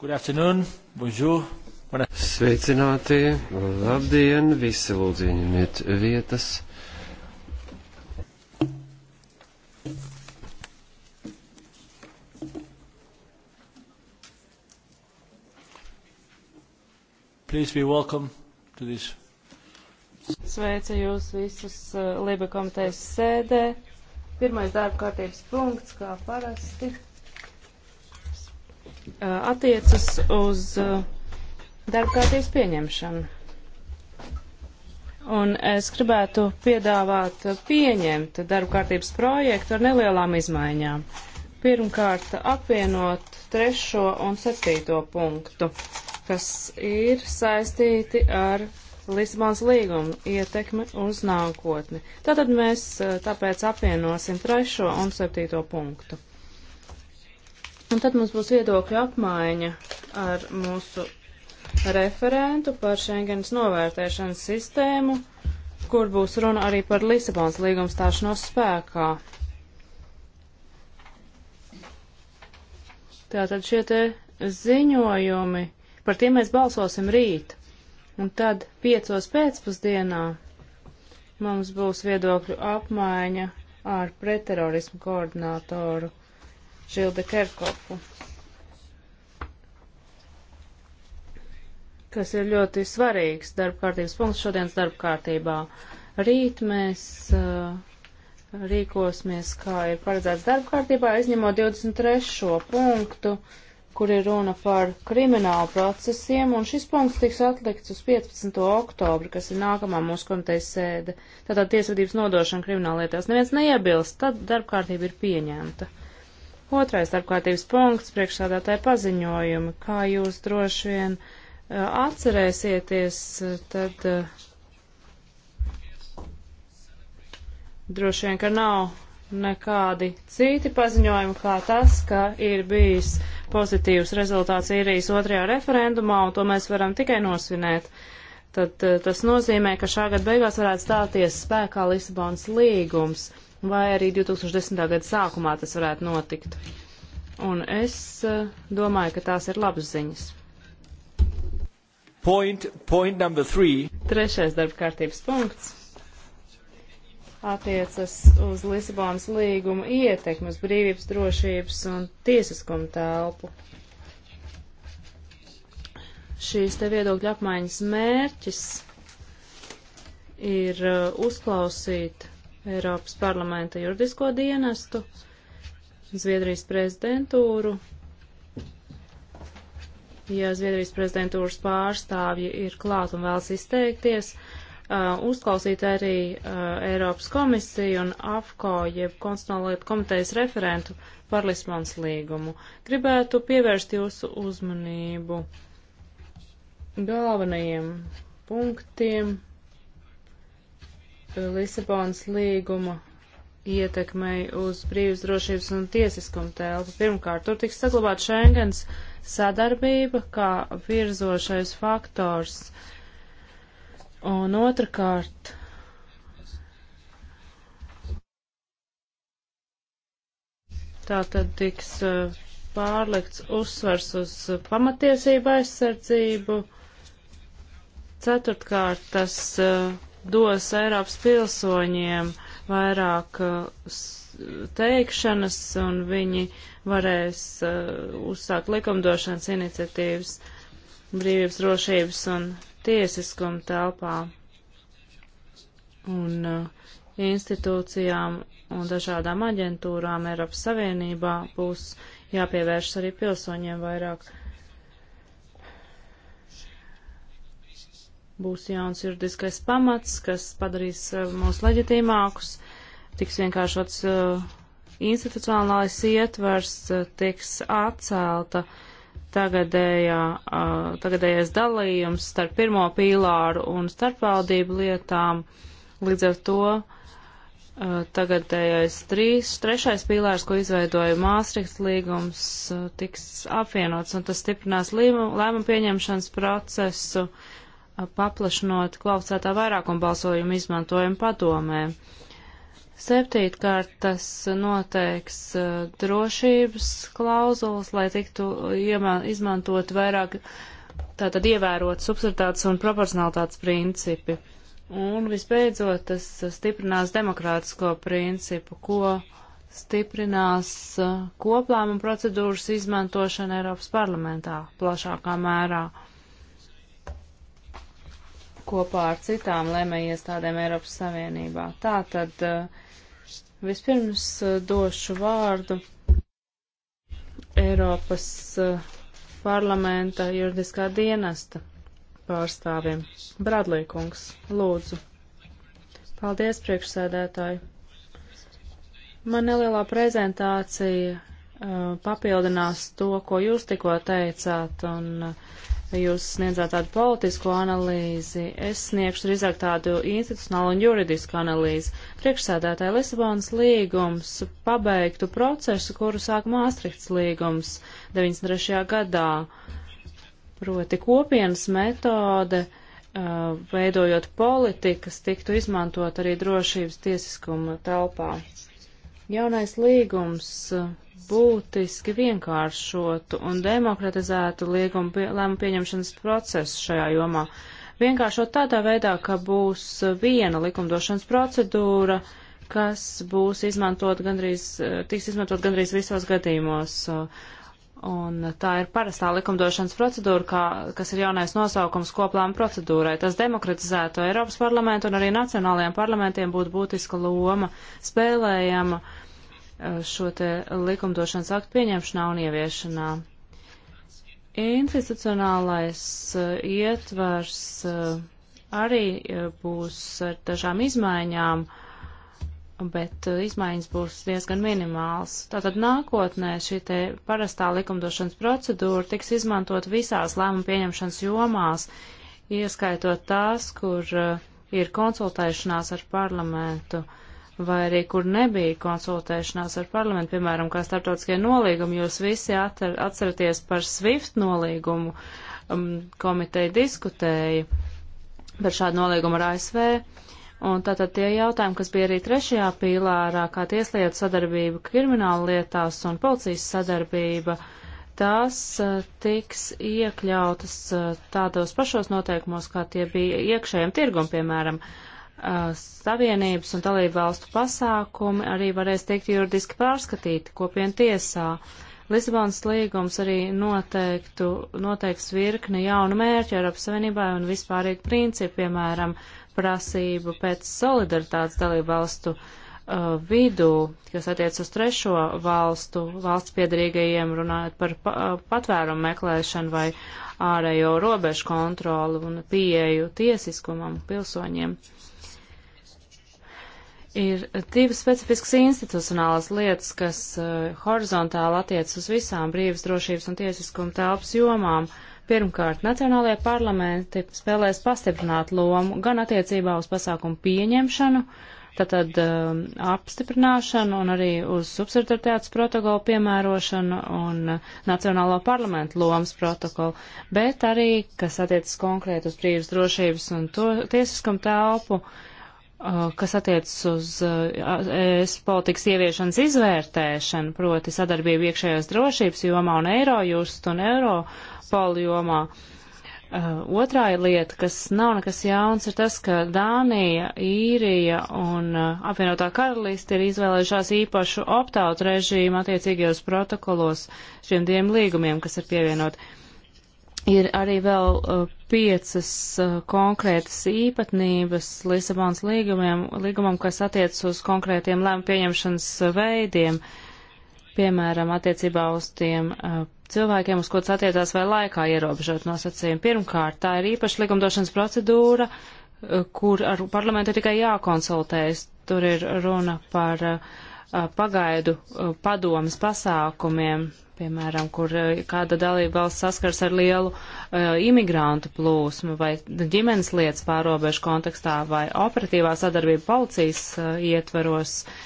Good afternoon, bonjour. Sveicināti, labdien, visi lūdzu ieņemiet vietas. Please be welcome to this. Sveicu jūs visus uh, Liba komitejas sēdē. Pirmais darba kārtības punkts, kā parasti attiecas uz darbkārtības pieņemšanu. Un es gribētu piedāvāt pieņemt darbkārtības projektu ar nelielām izmaiņām. Pirmkārt, apvienot trešo un septīto punktu, kas ir saistīti ar Lisabonas līgumu ietekmi uz nākotni. Tātad mēs tāpēc apvienosim trešo un septīto punktu. Un tad mums būs viedokļa apmaiņa ar mūsu referentu par Schengens novērtēšanas sistēmu, kur būs runa arī par Lisabons līgums stāšanos spēkā. Tātad šie te ziņojumi, par tiem mēs balsosim rīt. Un tad piecos pēcpusdienā mums būs viedokļu apmaiņa ar pretterorismu koordinātoru. Žilda Kerkopu, kas ir ļoti svarīgs darba kārtības punkts šodienas darba kārtībā. Rīt mēs uh, rīkosimies, kā ir paredzēts darba kārtībā, izņemot 23. punktu, kur ir runa par kriminālu procesiem, un šis punkts tiks atlikts uz 15. oktobru, kas ir nākamā mūsu komitejas sēde. Tātad tiesvedības nodošana krimināllietās neviens neiebilst, tad darba kārtība ir pieņemta. Otrais darbkārtības punkts priekšsādātāja paziņojumi. Kā jūs droši vien uh, atcerēsieties, uh, tad uh, droši vien, ka nav nekādi citi paziņojumi kā tas, ka ir bijis pozitīvs rezultāts īrijas otrajā referendumā, un to mēs varam tikai nosvinēt. Tad tas nozīmē, ka šā gada beigās varētu stāties spēkā Lisabonas līgums vai arī 2010. gada sākumā tas varētu notikt. Un es eh, domāju, ka tās ir labas ziņas. Point, point number three. Trešais darba kārtības punkts attiecas uz Lisabonas līguma ietekmi uz brīvības, drošības un tiesiskumu telpu. Šīs te viedokļa apmaiņas mērķis ir eh, uzklausīt Eiropas parlamenta juridisko dienestu, Zviedrijas prezidentūru. Ja Zviedrijas prezidentūras pārstāvji ir klāt un vēlas izteikties, uh, uzklausīt arī uh, Eiropas komisiju un AFCO, jeb konstitucionālietu komitejas referentu par Lisbonas līgumu. Gribētu pievērst jūsu uzmanību galvenajiem punktiem Lisabonas līguma ietekmei uz brīvības drošības un tiesiskuma telpu. Pirmkārt, tur tiks saglabāt Schengens sadarbība kā virzošais faktors. Un otrkārt, tā tad tiks uh, pārlikts uzsvars uz pamatiesību aizsardzību. Ceturtkārt, tas uh, dos Eiropas pilsoņiem vairāk uh, teikšanas un viņi varēs uh, uzsākt likumdošanas iniciatīvas brīvības, drošības un tiesiskuma telpā un uh, institūcijām un dažādām aģentūrām Eiropas Savienībā būs jāpievēršas arī pilsoņiem vairāk. Uh, būs jauns juridiskais pamats, kas padarīs uh, mūs leģitīmākus, tiks vienkāršots uh, institucionālais ietvers, uh, tiks atcelta tagadējā, tagadējais dalījums starp pirmo pīlāru un starpvaldību lietām. Līdz ar to tagadējais trīs, trešais pīlārs, ko izveidoja Māsrikts līgums, tiks apvienots, un tas stiprinās lēmumu pieņemšanas procesu paplašinot kvalificētā vairākuma balsojumu izmantojumu padomē. Septītkārt tas noteiks uh, drošības klauzulas, lai tiktu izmantot vairāk, tātad ievērot subsidētas un proporcionalitātes principi. Un visbeidzot, tas stiprinās demokrātisko principu, ko stiprinās uh, koplāma procedūras izmantošana Eiropas parlamentā plašākā mērā kopā ar citām lēmēja iestādēm Eiropas Savienībā. Tā tad eh, vispirms eh, došu vārdu Eiropas eh, parlamenta juridiskā dienesta pārstāvjiem. Bradlīkungs, lūdzu. Paldies, priekšsēdētāji. Man nelielā prezentācija papildinās to, ko jūs tikko teicāt, un Jūs sniedzāt tādu politisku analīzi, es sniegšu drīzāk tādu institucionālu un juridisku analīzi. Priekšsēdētāja Lisabonas līgums pabeigtu procesu, kuru sāk Māstrihts līgums 93. gadā, proti kopienas metode uh, veidojot politikas, tiktu izmantot arī drošības tiesiskuma telpā. Jaunais līgums uh, būtiski vienkāršotu un demokratizētu līguma pie, lēmu pieņemšanas procesu šajā jomā. Vienkāršot tādā veidā, ka būs viena likumdošanas procedūra, kas būs izmantot gandrīz, uh, tiks izmantot gandrīz visos gadījumos. Uh, Un tā ir parastā likumdošanas procedūra, kā, kas ir jaunais nosaukums koplām procedūrai. Tas demokratizēto Eiropas parlamentu un arī nacionālajiem parlamentiem būtu būtiska loma spēlējama eh, šo te likumdošanas aktu pieņemšanā un ieviešanā. Institucionālais eh, ietvars eh, arī būs ar dažām izmaiņām. Uh, bet uh, izmaiņas būs diezgan minimāls. Tātad nākotnē šī te parastā likumdošanas procedūra tiks izmantot visās lēmumu pieņemšanas jomās, ieskaitot tās, kur uh, ir konsultēšanās ar parlamentu vai arī kur nebija konsultēšanās ar parlamentu, piemēram, kā starptautiskie nolīgumi, jūs visi atceraties par SWIFT nolīgumu, um, komiteja diskutēja par šādu nolīgumu ar ASV. Un tātad tie jautājumi, kas bija arī trešajā pīlārā, kā tieslietu sadarbība krimināla lietās un policijas sadarbība, tās eh, tiks iekļautas eh, tādos pašos noteikumos, kā tie bija iekšējiem tirgum, piemēram, eh, savienības un dalību valstu pasākumi arī varēs tikt juridiski pārskatīti kopien tiesā. Lisabonas līgums arī noteiktu, noteiks virkni jaunu mērķu Eiropas Savienībā un vispārīgi principu, piemēram, uh, prasību pēc solidaritātes dalību valstu uh, vidū, kas attiec uz trešo valstu, valsts piedarīgajiem runājot par pa, uh, patvērumu meklēšanu vai ārējo robežu kontroli un pieeju tiesiskumam pilsoņiem ir divas specifiskas institucionālas lietas, kas uh, horizontāli attiec uz visām brīvas drošības un tiesiskuma telpas jomām. Pirmkārt, nacionālajie parlamenti spēlēs pastiprināt lomu gan attiecībā uz pasākumu pieņemšanu, tātad um, apstiprināšanu un arī uz subsidiaritātes protokolu piemērošanu un uh, Nacionālo parlamentu lomas protokolu, bet arī, kas attiecas konkrēti uz brīvas drošības un to, tiesiskam telpu, uh, kas attiecas uz uh, ES politikas ieviešanas izvērtēšanu, proti sadarbību iekšējās drošības jomā un eiro just un eiro Eiropola jomā. Uh, otrā lieta, kas nav nekas jauns, ir tas, ka Dānija, Īrija un uh, apvienotā karaliste ir izvēlējušās īpašu optautu režīmu attiecīgajos protokolos šiem diviem līgumiem, kas ir pievienot. Ir arī vēl uh, piecas uh, konkrētas īpatnības Lisabonas līgumiem, līgumam, kas attiec uz konkrētiem lēmu pieņemšanas uh, veidiem. Uh, piemēram, attiecībā uz tiem uh, cilvēkiem, uz ko tas attiecās vai laikā ierobežot nosacījumi. Pirmkārt, tā ir īpaša likumdošanas procedūra, uh, kur ar parlamentu tikai jākonsultējas. Tur ir runa par uh, uh pagaidu uh, padomas pasākumiem, piemēram, kur uh, kāda dalība valsts saskars ar lielu uh, imigrantu plūsmu vai ģimenes lietas pārobežu kontekstā vai operatīvā sadarbība policijas uh, ietvaros. Uh,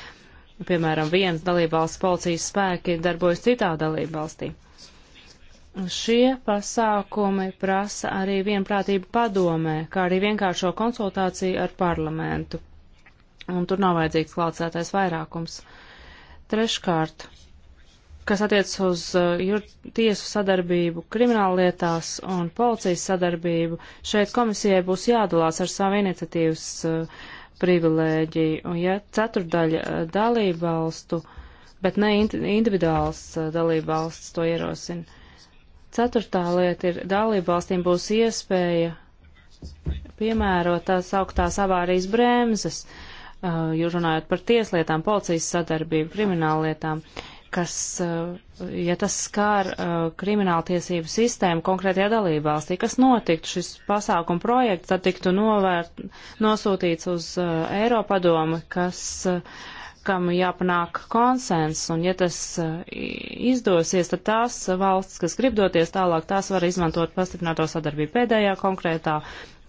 piemēram, viens dalībvalsts policijas spēki darbojas citā dalībvalstī. Šie pasākumi prasa arī vienprātību padomē, kā arī vienkāršo konsultāciju ar parlamentu. Un tur nav vajadzīgs klātsētais vairākums. Treškārt, kas attiecas uz uh, tiesu sadarbību krimināllietās un policijas sadarbību, šeit komisijai būs jādalās ar savu iniciatīvas uh, privilēģiju. Un ja ceturdaļa eh, dalībvalstu, bet ne individuāls eh, dalībvalsts to ierosina. Ceturtā lieta ir dalībvalstīm būs iespēja piemērot tās augtās avārijas bremzes, uh, runājot par tieslietām, policijas sadarbību, krimināllietām. Uh, kas, eh, ja tas skār eh, krimināla tiesību sistēmu konkrētajā dalībvalstī, kas notiktu šis pasākuma projekts, tad tiktu novērt, nosūtīts uz eh, Eiropadomu, kas kam jāpanāk konsens, un ja tas izdosies, tad tās valsts, kas grib doties tālāk, tās var izmantot pastiprināto sadarbību. Pēdējā konkrētā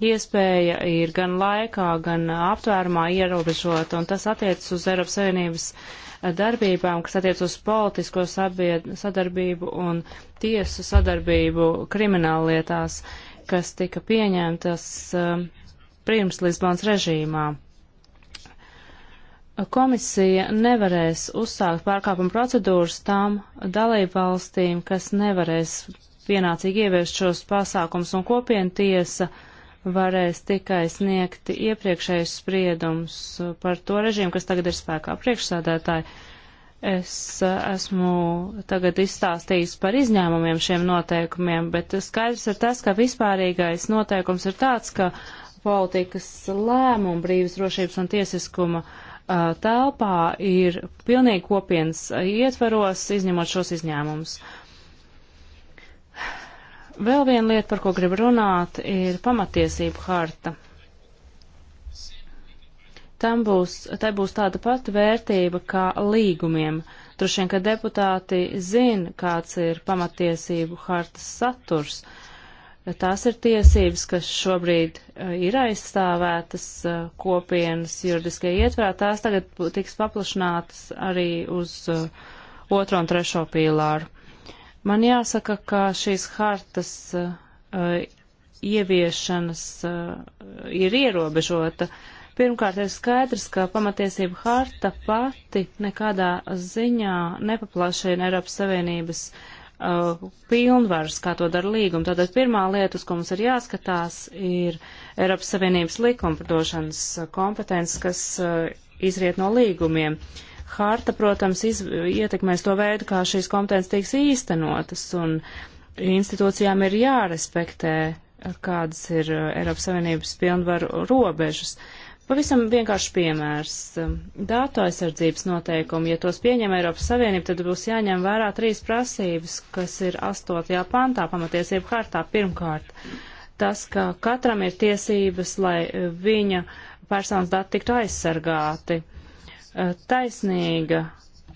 iespēja ir gan laikā, gan aptvērumā ierobežota, un tas attiecas uz Eiropas Savienības uh, darbībām, kas attiec uz politisko sabied, sadarbību un tiesu sadarbību krimināllietās, kas tika pieņemtas um, pirms Lisbonas režīmā. Komisija nevarēs uzsākt pārkāpuma procedūras tām dalību valstīm, kas nevarēs pienācīgi ieviest šos pasākums un kopienu tiesa uh, varēs tikai sniegt iepriekšējais spriedums par to režīmu, kas tagad ir spēkā priekšsādātāji. Es eh, esmu tagad izstāstījis par izņēmumiem šiem noteikumiem, bet skaidrs ir tas, ka vispārīgais noteikums ir tāds, ka politikas lēmumu brīvas drošības un tiesiskuma eh, telpā ir pilnīgi kopienas ietvaros, izņemot šos izņēmumus. Uh, Vēl viena lieta, par ko gribu runāt, ir pamatiesību harta. Tam būs, tai būs tāda pati vērtība kā līgumiem. Droši vien, ka deputāti zina, kāds ir pamatiesību hartas saturs. Tās ir tiesības, kas šobrīd e, ir aizstāvētas e, kopienas juridiskajā ietverā. Tās tagad tiks paplašinātas arī uz e, otro un trešo pīlāru. Man jāsaka, ka šīs hartas uh, ieviešanas uh, ir ierobežota. Pirmkārt, ir skaidrs, ka pamatiesība harta pati nekādā ziņā nepaplašina Eiropas Savienības uh, pilnvaras, kā to dara līguma. Tātad pirmā lieta, uz ko mums ir jāskatās, ir Eiropas Savienības likumprodošanas kompetences, kas uh, izriet no līgumiem. Uh, harta, protams, iz, ietekmēs to veidu, kā šīs kompetences tiks īstenotas, un institūcijām ir jārespektē, kādas ir uh, Eiropas Savienības pilnvaru robežas. Pavisam vienkārši piemērs. Dātu aizsardzības noteikumi, ja tos pieņem Eiropas Savienība, tad būs jāņem vērā trīs prasības, kas ir 8. pantā pamatiesību hartā. Pirmkārt, tas, ka katram ir tiesības, lai uh, viņa personas dati tiktu aizsargāti. Eh, taisnīga.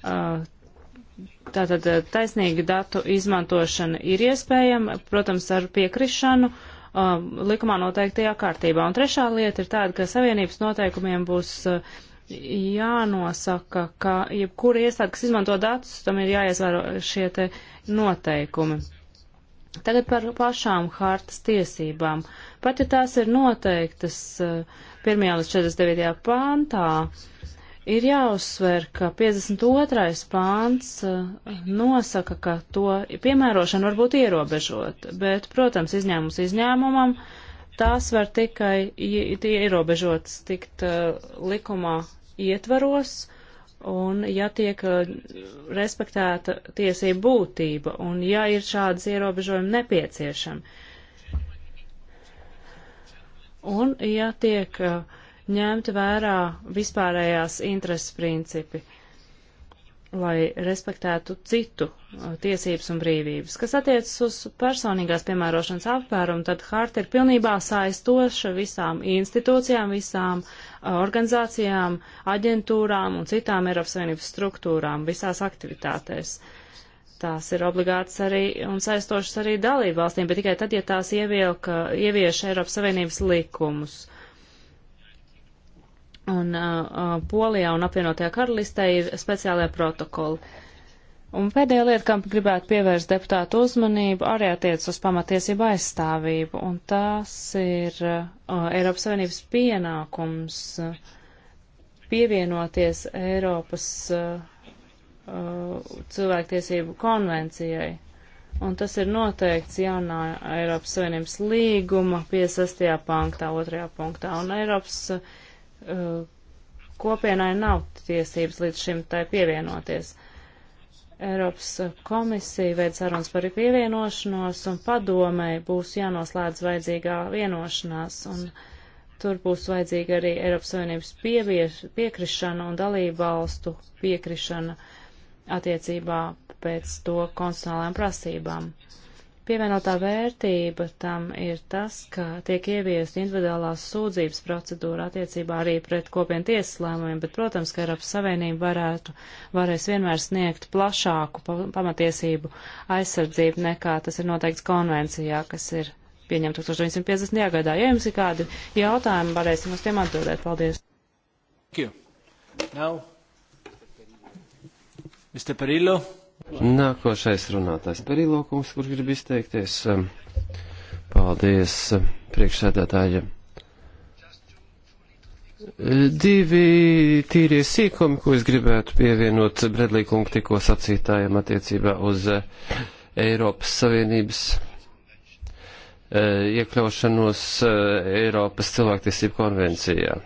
Eh, tātad eh, taisnīga datu izmantošana ir iespējama, protams, ar piekrišanu likumā noteiktajā kārtībā. Un trešā lieta ir tāda, ka savienības noteikumiem būs jānosaka, ka jebkura iestāde, kas izmanto datus, tam ir jāiezvēro šie te noteikumi. Tagad par pašām hartas tiesībām. Pat ja tās ir noteiktas 1. līdz 49. pāntā, Ir jāuzsver, ka 52. pāns eh, nosaka, ka to piemērošana var būt ierobežot, bet, protams, izņēmums izņēmumam tās var tikai ierobežotas tikt eh, likumā ietvaros, un ja tiek eh, respektēta tiesība būtība, un ja ir šādas ierobežojumi nepieciešami. Un ja tiek uh, ņemti vērā vispārējās intereses principi, lai respektētu citu uh, tiesības un brīvības. Kas attiecas uz personīgās piemērošanas apvērumu, tad harta ir pilnībā saistoša visām institūcijām, visām uh, organizācijām, aģentūrām un citām Eiropas Savienības struktūrām, visās aktivitātēs tās ir obligātas arī un saistošas arī dalību valstīm, bet tikai tad, ja tās ievielka, ievieš Eiropas Savienības likumus. Un uh, uh, Polijā un apvienotajā karalistē ir speciālie protokoli. Un pēdējā lieta, kam gribētu pievērst deputātu uzmanību, arī attiec uz pamatiesību aizstāvību, un tas ir uh, Eiropas Savienības pienākums uh, pievienoties Eiropas uh, uh, cilvēktiesību konvencijai. Un tas ir noteikts jaunā Eiropas Savienības līguma 56. punktā, 2. punktā, un Eiropas uh, Uh, kopienai nav tiesības līdz šim tai pievienoties. Eiropas komisija veids sarunas par pievienošanos un padomei būs jānoslēdz vajadzīgā vienošanās un tur būs vajadzīga arī Eiropas Savienības pievieš, piekrišana un dalību valstu piekrišana attiecībā pēc to konstitucionālajām prasībām. Pievienotā vērtība tam ir tas, ka tiek ieviest individuālās sūdzības procedūra attiecībā arī pret kopienu tiesas lēmumiem, bet, protams, ka Eiropas Savienība varētu, varēs vienmēr sniegt plašāku pamatiesību aizsardzību nekā tas ir noteikts konvencijā, kas ir pieņemta 1950. gadā. Ja jums ir kādi jautājumi, varēsim uz tiem atbildēt. Paldies. Thank you. Now, Mr. Perillo. Nākošais runātājs Perilokums, kurš grib izteikties. Paldies, priekšsēdētāji. Divi tīrie sīkumi, ko es gribētu pievienot Bredlīkungu tikko sacītājiem attiecībā uz eh, Eiropas Savienības eh, iekļaušanos eh, Eiropas cilvēktiesību konvencijā.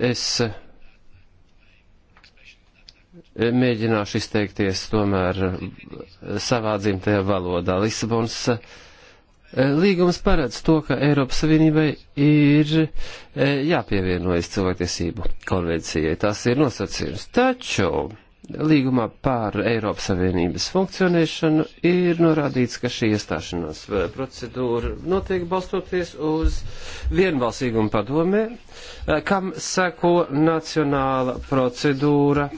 Es mēģināšu izteikties tomēr savā dzimtajā valodā. Lisabons eh, līgums paredz to, ka Eiropas Savienībai ir eh, jāpievienojas cilvēktiesību konvencijai. Tas ir nosacījums. Taču līgumā pār Eiropas Savienības funkcionēšanu ir norādīts, ka šī iestāšanās eh, procedūra notiek balstoties uz vienbalsīgumu padomē, kam seko nacionāla procedūra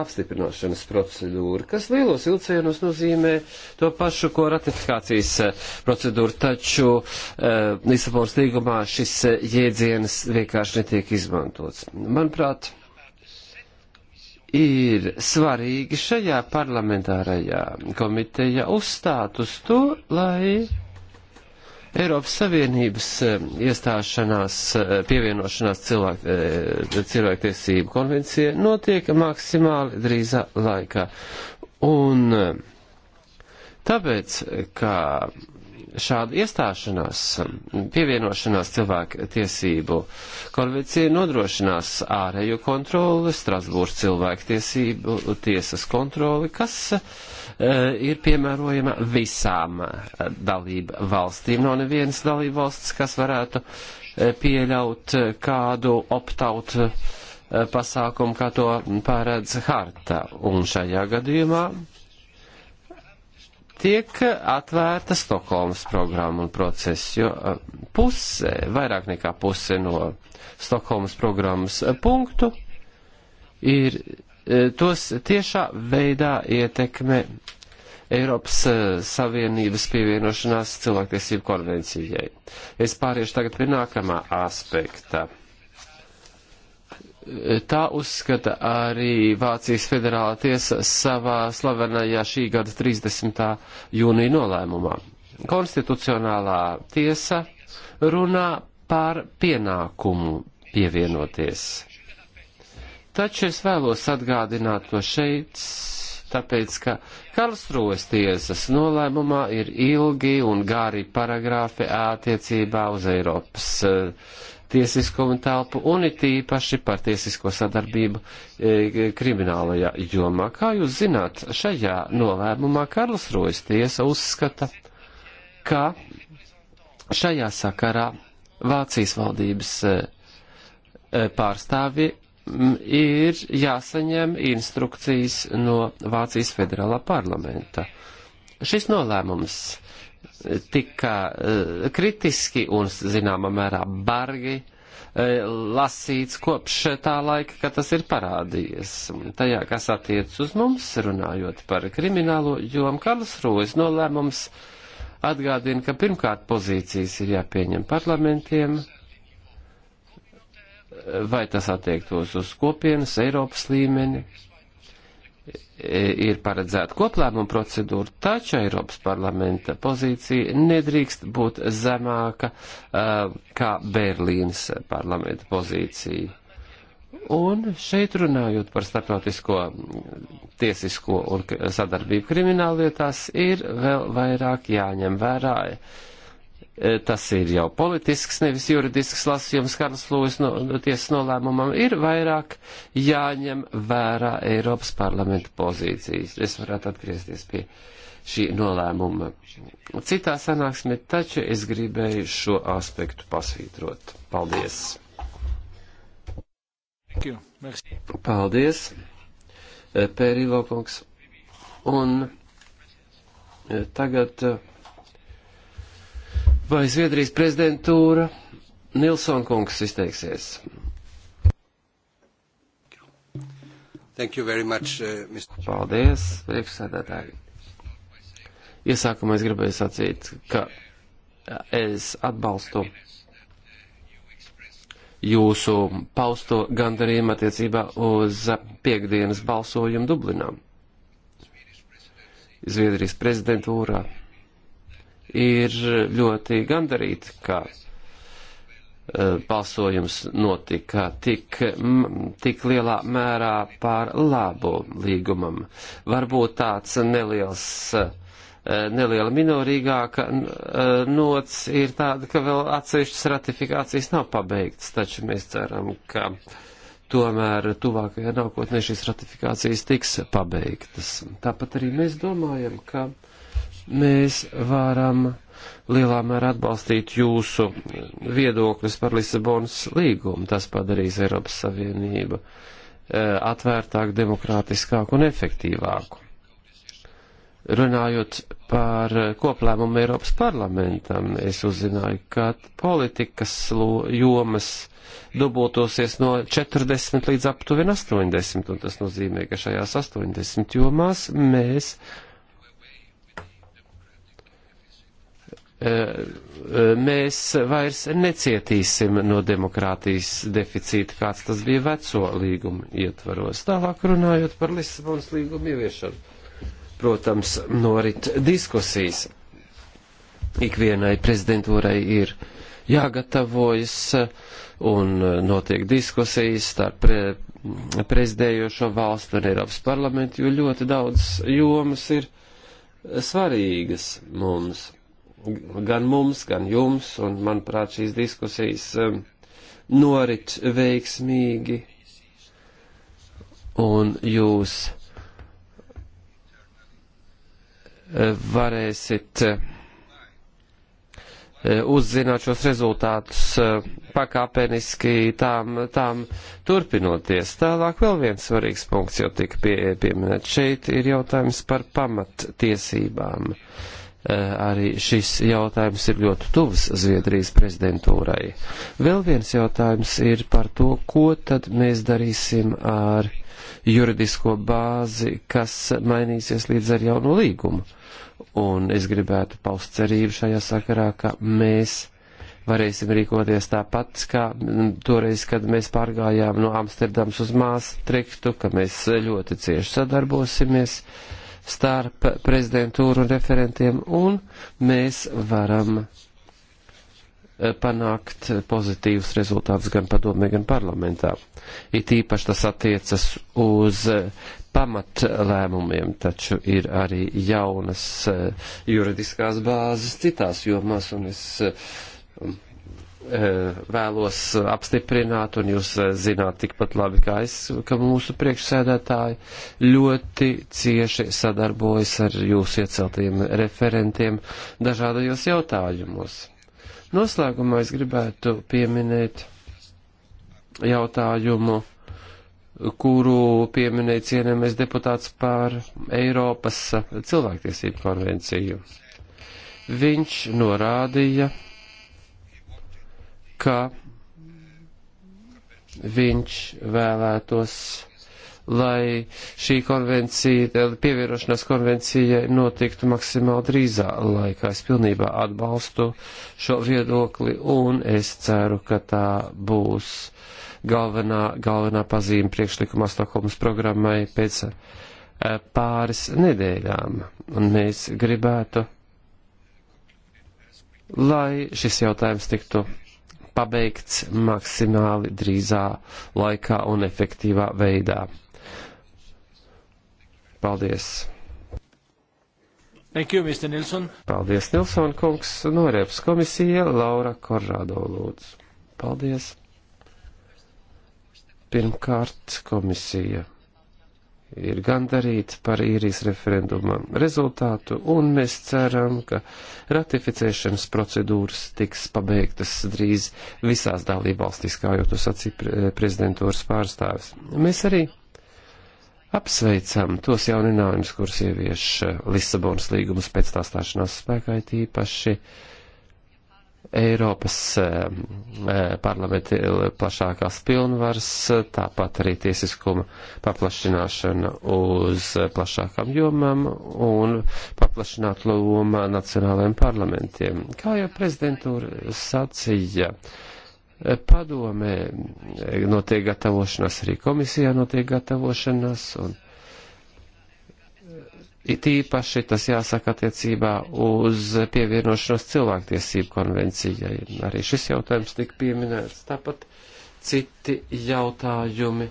apstiprināšanas procedūra, kas lielos ilcienos nozīmē to pašu, ko ratifikācijas eh, procedūra, taču uh, Lisabonas līgumā šis eh, jēdziens vienkārši netiek izmantots. Manuprāt, ir svarīgi šajā parlamentārajā komitejā uzstāt uz to, lai Eiropas Savienības eh, iestāšanās, eh, pievienošanās cilvēk, eh, cilvēktiesību konvencija notiek maksimāli drīzā laikā. Un tāpēc, ka šāda iestāšanās, mm, pievienošanās cilvēku tiesību konvencija nodrošinās ārēju kontroli, Strasbūras cilvēku tiesību tiesas kontroli, kas uh, Eh, ir piemērojama visām eh, dalību valstīm. Nav no nevienas dalību valsts, kas varētu eh, pieļaut kādu optaut pasākumu, kā to pārēdz harta. Un šajā gadījumā tiek atvērta Stokholmas programma un process, jo puse, vairāk nekā puse no Stokholmas programmas punktu ir E, tos tiešā veidā ietekmē Eiropas e, Savienības pievienošanās cilvēktiesību konvencijai. Es pāriešu tagad pie nākamā aspekta. E, tā uzskata arī Vācijas federālā tiesa savā slavenajā šī gada 30. jūnija nolēmumā. Konstitucionālā tiesa runā par pienākumu pievienoties Taču es vēlos atgādināt to šeit, tāpēc, ka Karlsruves tiesas nolēmumā ir ilgi un gari paragrāfi attiecībā uz Eiropas eh, tiesiskumu telpu un it īpaši par tiesisko sadarbību e, kriminālajā jomā. Kā jūs zināt, šajā nolēmumā Karlsruves tiesa uzskata, ka šajā sakarā Vācijas valdības e, pārstāvji ir jāsaņem instrukcijas no Vācijas federālā parlamenta. Šis nolēmums tika e, kritiski un, zināmā mērā, bargi e, lasīts kopš tā laika, kad tas ir parādījies. Tajā, kas attiec uz mums, runājot par kriminālo jomu, Karls Rūjas nolēmums atgādina, ka pirmkārt pozīcijas ir jāpieņem parlamentiem, vai tas attiektos uz kopienas Eiropas līmeni, e, ir paredzēta koplēmuma procedūra, taču Eiropas parlamenta pozīcija nedrīkst būt zemāka e, kā Berlīnas parlamenta pozīcija. Un šeit runājot par starptautisko tiesisko un sadarbību krimināllietās, ir vēl vairāk jāņem vērā E, tas ir jau politisks, nevis juridisks lasījums, Karnas Lūis no, no tiesas nolēmumam, ir vairāk jāņem vērā Eiropas parlamenta pozīcijas. Es varētu atgriezties pie šī nolēmuma. Citā sanāksmē taču es gribēju šo aspektu pasvītrot. Paldies! Paldies, e, Pērīlokungs. Un e, tagad. Uh, Vai Zviedrijas prezidentūra Nilsona kungs izteiksies? Thank you very much, uh, Mr. Paldies, priekšsēdētāji. Iesākumā es gribēju sacīt, ka uh, es atbalstu jūsu pausto gandarījumu attiecībā uz uh, piekdienas balsojumu Dublinā. Zviedrijas prezidentūrā ir ļoti gandarīti, ka e, balsojums notika tik, tik lielā mērā par labu līgumam. Varbūt tāds neliels, e, neliela minorīgāka e, nots ir tāda, ka vēl atsevišķas ratifikācijas nav pabeigts, taču mēs ceram, ka tomēr tuvākajā nākotnē šīs ratifikācijas tiks pabeigtas. Tāpat arī mēs domājam, ka mēs varam lielā mērā atbalstīt jūsu viedokļus par Lisabonas līgumu. Tas padarīs Eiropas Savienību eh, atvērtāku, demokrātiskāku un efektīvāku. Runājot par koplēmumu Eiropas parlamentam, es uzzināju, ka politikas jomas dubultosies no 40 līdz aptuveni 80, un tas nozīmē, ka šajās 80 jomās mēs Eh, eh, mēs vairs necietīsim no demokrātijas deficīta, kāds tas bija veco līguma ietvaros. Tālāk runājot par Lisabonas līguma ieviešanu, protams, norit diskusijas. Ikvienai prezidentūrai ir jāgatavojas eh, un notiek diskusijas starp pre prezidējošo valstu un Eiropas parlamentu, jo ļoti daudz jomas ir svarīgas mums gan mums, gan jums, un manuprāt šīs diskusijas um, norit veiksmīgi, un jūs uh, varēsit uh, uzzināt šos rezultātus uh, pakāpeniski tām, tām turpinoties. Tālāk vēl viens svarīgs punkts jau tika pie, pieminēts. Šeit ir jautājums par pamattiesībām. Uh, Eh, arī šis jautājums ir ļoti tuvs Zviedrijas prezidentūrai. Vēl viens jautājums ir par to, ko tad mēs darīsim ar juridisko bāzi, kas mainīsies līdz ar jauno līgumu. Un es gribētu paust cerību šajā sakarā, ka mēs varēsim rīkoties tāpat, kā toreiz, kad mēs pārgājām no Amsterdams uz Māstriktu, ka mēs ļoti cieši sadarbosimies. Uh, starp prezidentūru un referentiem, un mēs varam eh, panākt pozitīvus rezultātus gan padomē, gan parlamentā. It īpaši tas attiecas uz eh, pamatlēmumiem, taču ir arī jaunas eh, juridiskās bāzes citās jomās, un es Eh, vēlos apstiprināt, un jūs eh, zināt tikpat labi kā es, ka mūsu priekšsēdētāji ļoti cieši sadarbojas ar jūsu ieceltajiem referentiem dažādajos jautājumos. Noslēgumā es gribētu pieminēt jautājumu, kuru pieminēja cienējamais deputāts par Eiropas cilvēktiesību konvenciju. Viņš norādīja, ka viņš vēlētos, lai šī konvencija, pievienošanās konvencija notiktu maksimāli drīzā laikā. Es pilnībā atbalstu šo viedokli un es ceru, ka tā būs galvenā, galvenā pazīme priekšlikumā Stokholmas programmai pēc eh, pāris nedēļām. Un mēs gribētu, lai šis jautājums tiktu pabeigts maksimāli drīzā laikā un efektīvā veidā. Paldies! Thank you, Mr. Nilsson. Paldies, Nilsson kungs. Norēps komisija Laura Korrado lūdzu. Paldies. Pirmkārt, komisija ir gandarīti par īrijas referenduma rezultātu, un mēs ceram, ka ratificēšanas procedūras tiks pabeigtas drīz visās dalībvalstīs, kā jau tu sacīji prezidentūras pārstāvis. Mēs arī apsveicam tos jauninājumus, kurus ievieš Lisabonas līgumus pēc tā stāšanās spēkā, tīpaši. Ja Eiropas eh, eh, parlamenta plašākās pilnvaras, eh, tāpat arī tiesiskuma paplašināšana uz plašākām jomām un paplašināt lomā nacionālajiem parlamentiem. Kā jau prezidentūra sacīja, padomē notiek gatavošanās, arī komisijā notiek gatavošanās. Un It īpaši tas jāsaka attiecībā uz pievienošanos cilvēktiesību konvencijai. Arī šis jautājums tika pieminēts. Tāpat citi jautājumi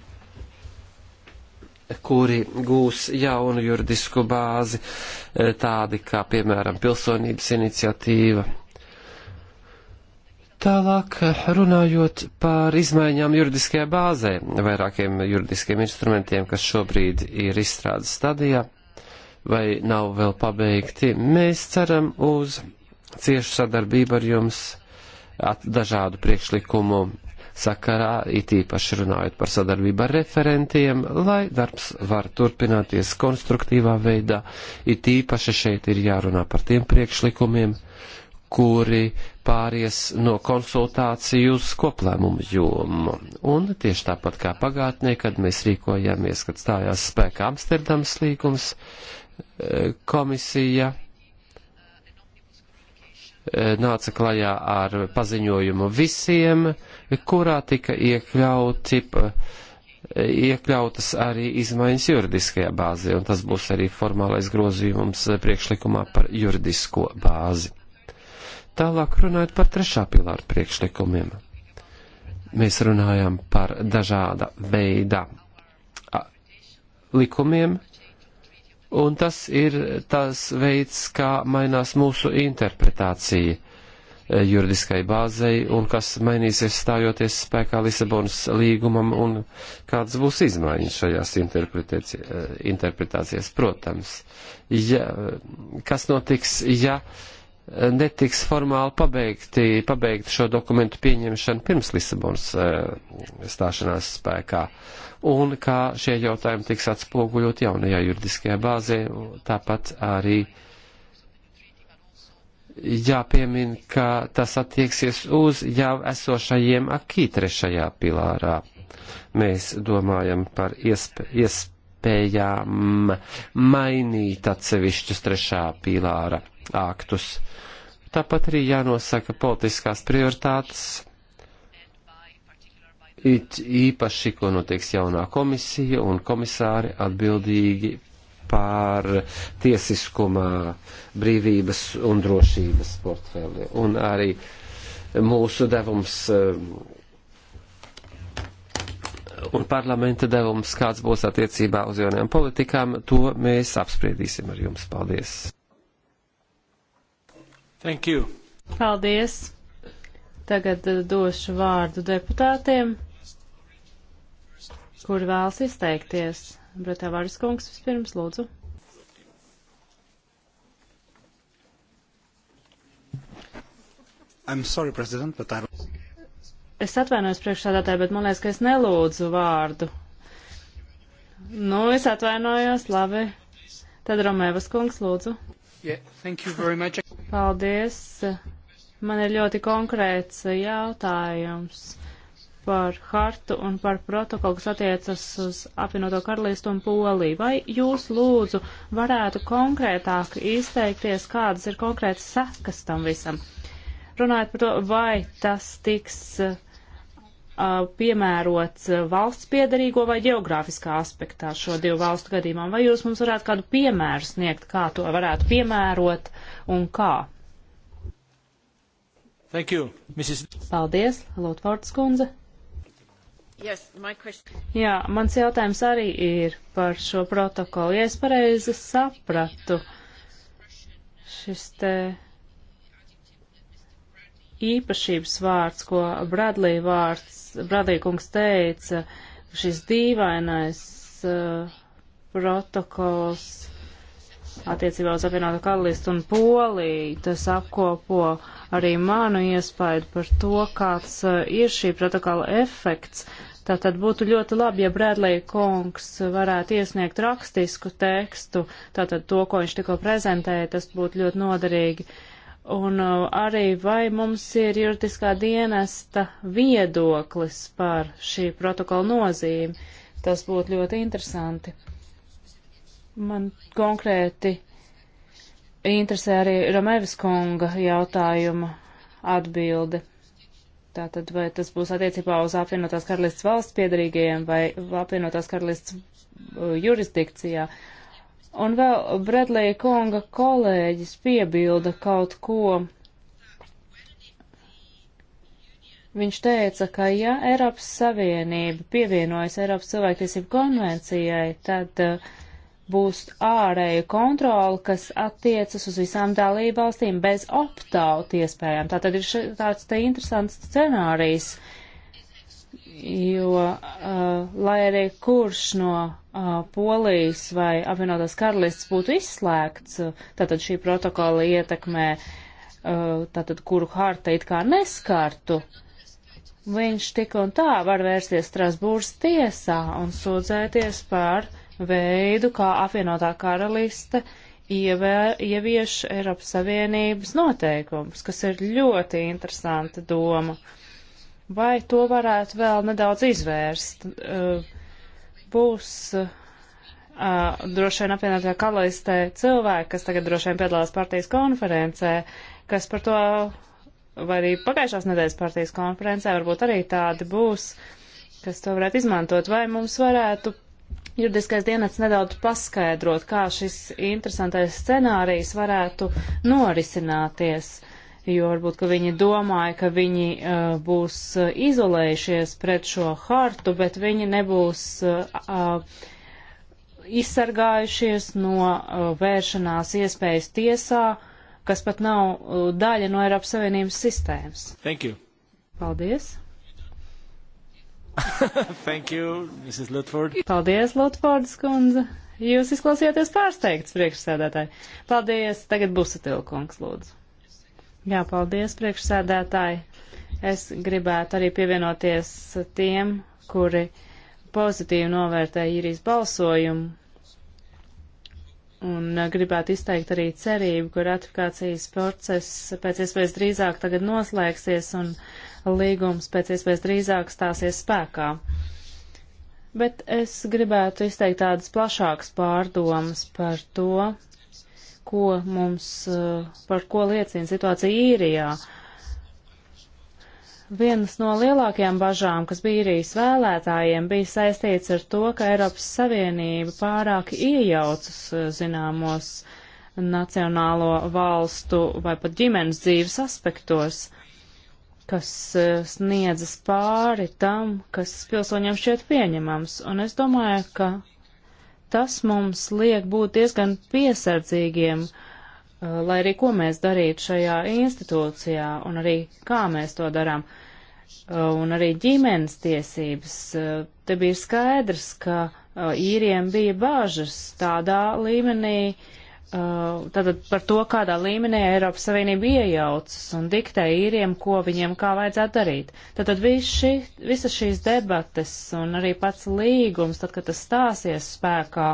kuri gūs jaunu juridisku bāzi, e, tādi kā, piemēram, pilsonības iniciatīva. Tālāk e, runājot par izmaiņām juridiskajā bāzē, vairākiem juridiskiem instrumentiem, kas šobrīd ir izstrādes stadijā, vai nav vēl pabeigti. Mēs ceram uz ciešu sadarbību ar jums dažādu priekšlikumu sakarā, it īpaši runājot par sadarbību ar referentiem, lai darbs var turpināties konstruktīvā veidā, it īpaši šeit ir jārunā par tiem priekšlikumiem, kuri pāries no konsultāciju uz koplēmumu jomu. Un tieši tāpat kā pagātnē, kad mēs rīkojāmies, kad stājās spēkā Amsterdams līgums, komisija e, nāca klajā ar paziņojumu visiem, kurā tika iekļauti, e, iekļautas arī izmaiņas juridiskajā bāzē, un tas būs arī formālais grozījums priekšlikumā par juridisko bāzi. Tālāk runājot par trešā pilāra priekšlikumiem. Mēs runājam par dažāda veida likumiem, un tas ir tas veids, kā mainās mūsu interpretācija eh, juridiskai bāzei un kas mainīsies stājoties spēkā Lisabonas līgumam un kādas būs izmaiņas šajās eh, interpretācijās. Protams, ja, kas notiks, ja netiks formāli pabeigti, pabeigti šo dokumentu pieņemšanu pirms Lisabonas eh, stāšanās spēkā, un kā šie jautājumi tiks atspoguļot jaunajā juridiskajā bāzē, tāpat arī jāpiemin, ka tas attieksies uz jau esošajiem akī trešajā pilārā. Mēs domājam par iespēju. Iesp iespējām mainīt atsevišķus trešā pīlāra aktus. Tāpat arī jānosaka politiskās prioritātes, it īpaši, ko noteiks jaunā komisija un komisāri atbildīgi pār tiesiskumā brīvības un drošības portfeli. Un arī mūsu devums eh, un parlamenta devums, kāds būs attiecībā uz jaunajām politikām, to mēs apspriedīsim ar jums. Paldies! Thank you. Paldies. Tagad eh, došu vārdu deputātiem, kuri vēlas izteikties. Bretavāris kungs vispirms, lūdzu. I'm sorry, President, but I... Es atvainojos priekšsādātāji, bet man liekas, ka es nelūdzu vārdu. Nu, es atvainojos, labi. Tad Romēvas kungs, lūdzu. Yeah, thank you very much. Paldies. Man ir ļoti konkrēts jautājums par hartu un par protokolu, kas attiecas uz apvienoto karalistu un Poliju. Vai jūs lūdzu varētu konkrētāk izteikties, kādas ir konkrētas sekas tam visam? Runājot par to, vai tas tiks Uh, piemērots uh, valsts piedarīgo vai geogrāfiskā aspektā šo divu valstu gadījumā? Vai jūs mums varētu kādu piemēru sniegt, kā to varētu piemērot un kā? Thank you, Mrs. Paldies, Lūtvārds kundze. Yes, Jā, mans jautājums arī ir par šo protokolu. Ja es pareizi sapratu, šis te īpašības vārds, ko Bradlī vārds, Bradlī kungs teica, šis dīvainais uh, protokols attiecībā uz apvienoto karalistu un Poliju, tas apkopo arī manu iespēju par to, kāds uh, ir šī protokola efekts. Tātad būtu ļoti labi, ja Bradlī kungs varētu iesniegt rakstisku tekstu, tātad to, ko viņš tikko prezentēja, tas būtu ļoti noderīgi. Uh, Un uh, arī vai mums ir juridiskā dienesta viedoklis par šī protokola nozīmi, tas būtu ļoti interesanti. Man konkrēti interesē arī Romēvis kunga jautājuma atbilde. Tātad, vai tas būs attiecībā uz apvienotās karalists valsts piedarīgajiem vai apvienotās karalists uh, jurisdikcijā. Uh, Un vēl Bredlija Konga kolēģis piebilda kaut ko. Viņš teica, ka ja Eiropas Savienība pievienojas Eiropas cilvēktiesību konvencijai, tad uh, būs ārēju kontroli, kas attiecas uz visām dalībvalstīm bez optautu iespējām. Tā tad ir tāds te interesants scenārijs, jo, uh, lai arī kurš no uh, Polijas vai apvienotās karalists būtu izslēgts, uh, tātad šī protokola ietekmē, uh, tātad kuru harta it kā neskartu, viņš tik un tā var vērsties Strasbūras tiesā un sūdzēties par veidu, kā apvienotā karaliste ievē, ievieš Eiropas Savienības noteikumus, kas ir ļoti interesanta doma. Uh, Vai to varētu vēl nedaudz izvērst? Eh, būs eh, droši vien apvienotajā karalistē cilvēki, kas tagad droši vien piedalās partijas konferencē, kas par to, vai arī pagājušās nedēļas partijas konferencē, varbūt arī tādi būs, kas to varētu izmantot. Vai mums varētu juridiskais dienas nedaudz paskaidrot, kā šis interesantais scenārijs varētu norisināties? Uh, jo varbūt, ka viņi domāja, ka viņi uh, būs uh, izolējušies pret šo hartu, bet viņi nebūs uh, uh, izsargājušies no uh, vēršanās iespējas tiesā, kas pat nav uh, daļa no Eiropas Savienības sistēmas. Thank you. Paldies. Thank you, Mrs. Lutford. Paldies, Lutfordas kundze. Jūs izklausījāties pārsteigts priekšsēdētāji. Paldies, tagad būs atilkungs, lūdzu. Jā, paldies, priekšsēdētāji. Es gribētu arī pievienoties tiem, kuri pozitīvi novērtē īrijas balsojumu. Un uh, gribētu izteikt arī cerību, ka ratifikācijas process pēc iespējas drīzāk tagad noslēgsies un līgums pēc iespējas drīzāk stāsies spēkā. Bet es gribētu izteikt tādas plašākas pārdomas par to, ko mums, eh, par ko liecina situācija īrijā. Vienas no lielākajām bažām, kas bija īrijas vēlētājiem, bija saistīts ar to, ka Eiropas Savienība pārāk iejaucas eh, zināmos nacionālo valstu vai pat ģimenes dzīves aspektos, kas eh, sniedzas pāri tam, kas pilsoņiem šķiet pieņemams. Un es domāju, ka tas mums liek būt diezgan piesardzīgiem, uh, lai arī ko mēs darītu šajā institūcijā un arī kā mēs to darām. Uh, un arī ģimenes tiesības. Uh, te bija skaidrs, ka īriem bija bāžas tādā līmenī, uh, Uh, tātad par to, kādā līmenī Eiropas Savienība iejaucas un diktē īriem, ko viņiem kā vajadzētu darīt. Tātad ši, visas šīs debates un arī pats līgums, tad, kad tas stāsies spēkā,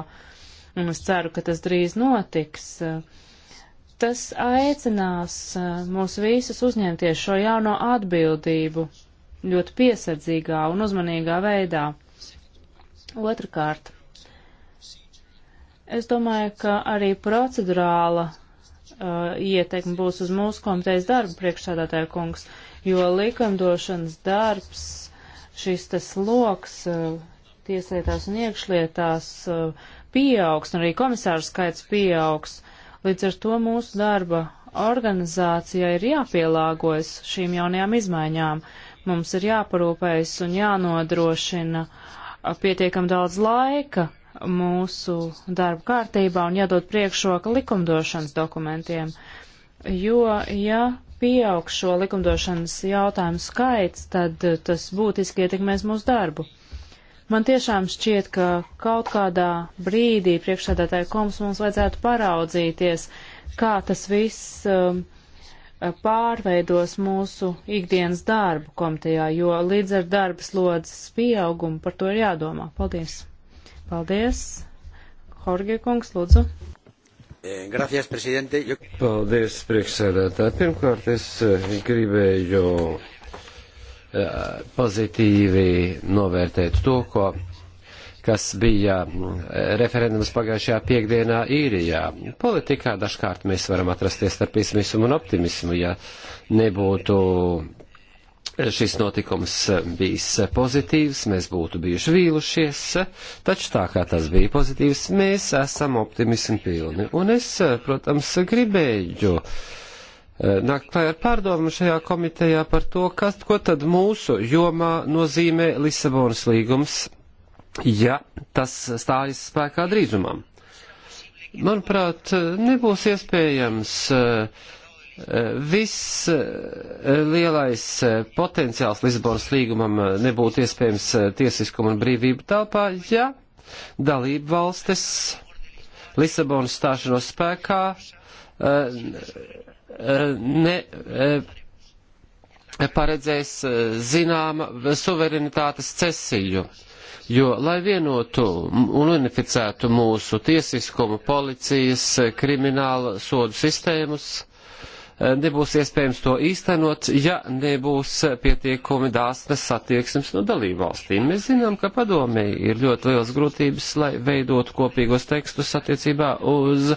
un es ceru, ka tas drīz notiks, uh, tas aicinās uh, mūs visus uzņemties šo jauno atbildību ļoti piesardzīgā un uzmanīgā veidā. Otrakārt Es domāju, ka arī procedurāla uh, ietekme būs uz mūsu komitejas darbu priekšsādātāja kungs, jo likumdošanas darbs, šis tas loks uh, tieslietās un iekšlietās uh, pieaugs, un arī komisāru skaits pieaugs. Līdz ar to mūsu darba organizācijai ir jāpielāgojas šīm jaunajām izmaiņām. Mums ir jāparūpējas un jānodrošina uh, pietiekam daudz laika mūsu darba kārtībā un jādod priekšroka likumdošanas dokumentiem. Jo, ja pieaug šo likumdošanas jautājumu skaits, tad eh, tas būtiski ietekmēs mūsu darbu. Man tiešām šķiet, ka kaut kādā brīdī priekšsēdētāja koms mums vajadzētu paraudzīties, kā tas viss um, eh, pārveidos mūsu ikdienas darbu komitejā, jo līdz ar darba slodzes pieaugumu par to ir jādomā. Paldies! Paldies. Horgi kungs, lūdzu. Eh, gracias, prezidente. Paldies, priekšsēdētāji. Pirmkārt, es eh, gribēju eh, pozitīvi novērtēt to, ko kas bija referendums pagājušajā piekdienā īrijā. Politikā dažkārt mēs varam atrasties starp pesimismu un optimismu, ja nebūtu šis notikums bijis pozitīvs, mēs būtu bijuši vīlušies, taču tā kā tas bija pozitīvs, mēs esam optimismi pilni. Un es, protams, gribēju eh, nākt klāt ar pārdomu šajā komitejā par to, kas, ko tad mūsu jomā nozīmē Lisabonas līgums, ja tas stājas spēkā drīzumam. Manuprāt, nebūs iespējams uh, Viss lielais eh, potenciāls Lisbonas līgumam eh, nebūtu iespējams eh, tiesiskuma un brīvību telpā, ja dalību valstis Lisabonas stāšanos spēkā ne paredzēs zināma suverenitātes cesiju. Jo, lai vienotu un unificētu mūsu tiesiskumu, policijas, krimināla sodu sistēmas, Eh, nebūs iespējams to īstenot, ja nebūs pietiekumi dāsnes attieksmes no dalībvalstīm. Mēs zinām, ka padomē ir ļoti liels grūtības, lai veidot kopīgos tekstus attiecībā uz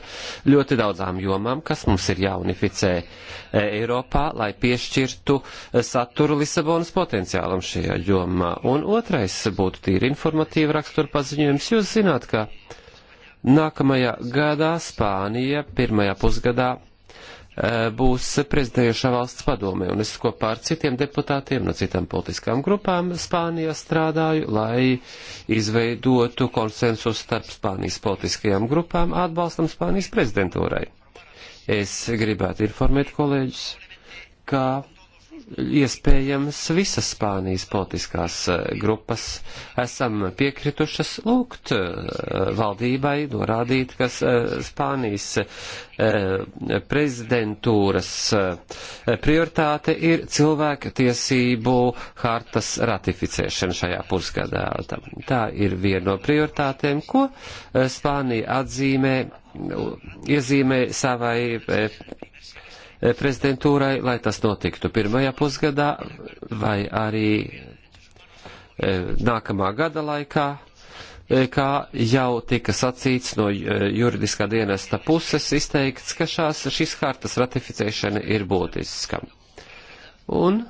ļoti daudzām jomām, kas mums ir jāunificē eh, Eiropā, lai piešķirtu eh, saturu Lisabonas potenciālam šajā jomā. Un otrais būtu tīri informatīva rakstura paziņojums. Jūs zināt, ka nākamajā gadā Spānija pirmajā pusgadā Eh, būs prezidējušā valsts padome, un es kopā ar citiem deputātiem no citām politiskām grupām Spānijā strādāju, lai izveidotu konsensus starp Spānijas politiskajām grupām atbalstam Spānijas prezidentūrai. Es gribētu informēt kolēģis, ka iespējams visas Spānijas politiskās eh, grupas esam piekritušas lūgt eh, valdībai norādīt, ka eh, Spānijas prezidentūras prioritāte ir cilvēka tiesību hartas ratificēšana šajā pusgadā. Tā ir viena no prioritātēm, ko Spānija atzīmē, iezīmē savai Eh, prezidentūrai, lai tas notiktu pirmajā pusgadā vai arī eh, nākamā gada laikā, eh, kā jau tika sacīts no juridiskā dienesta puses, izteikts, ka šās, šīs hartas ratificēšana ir būtiska. Un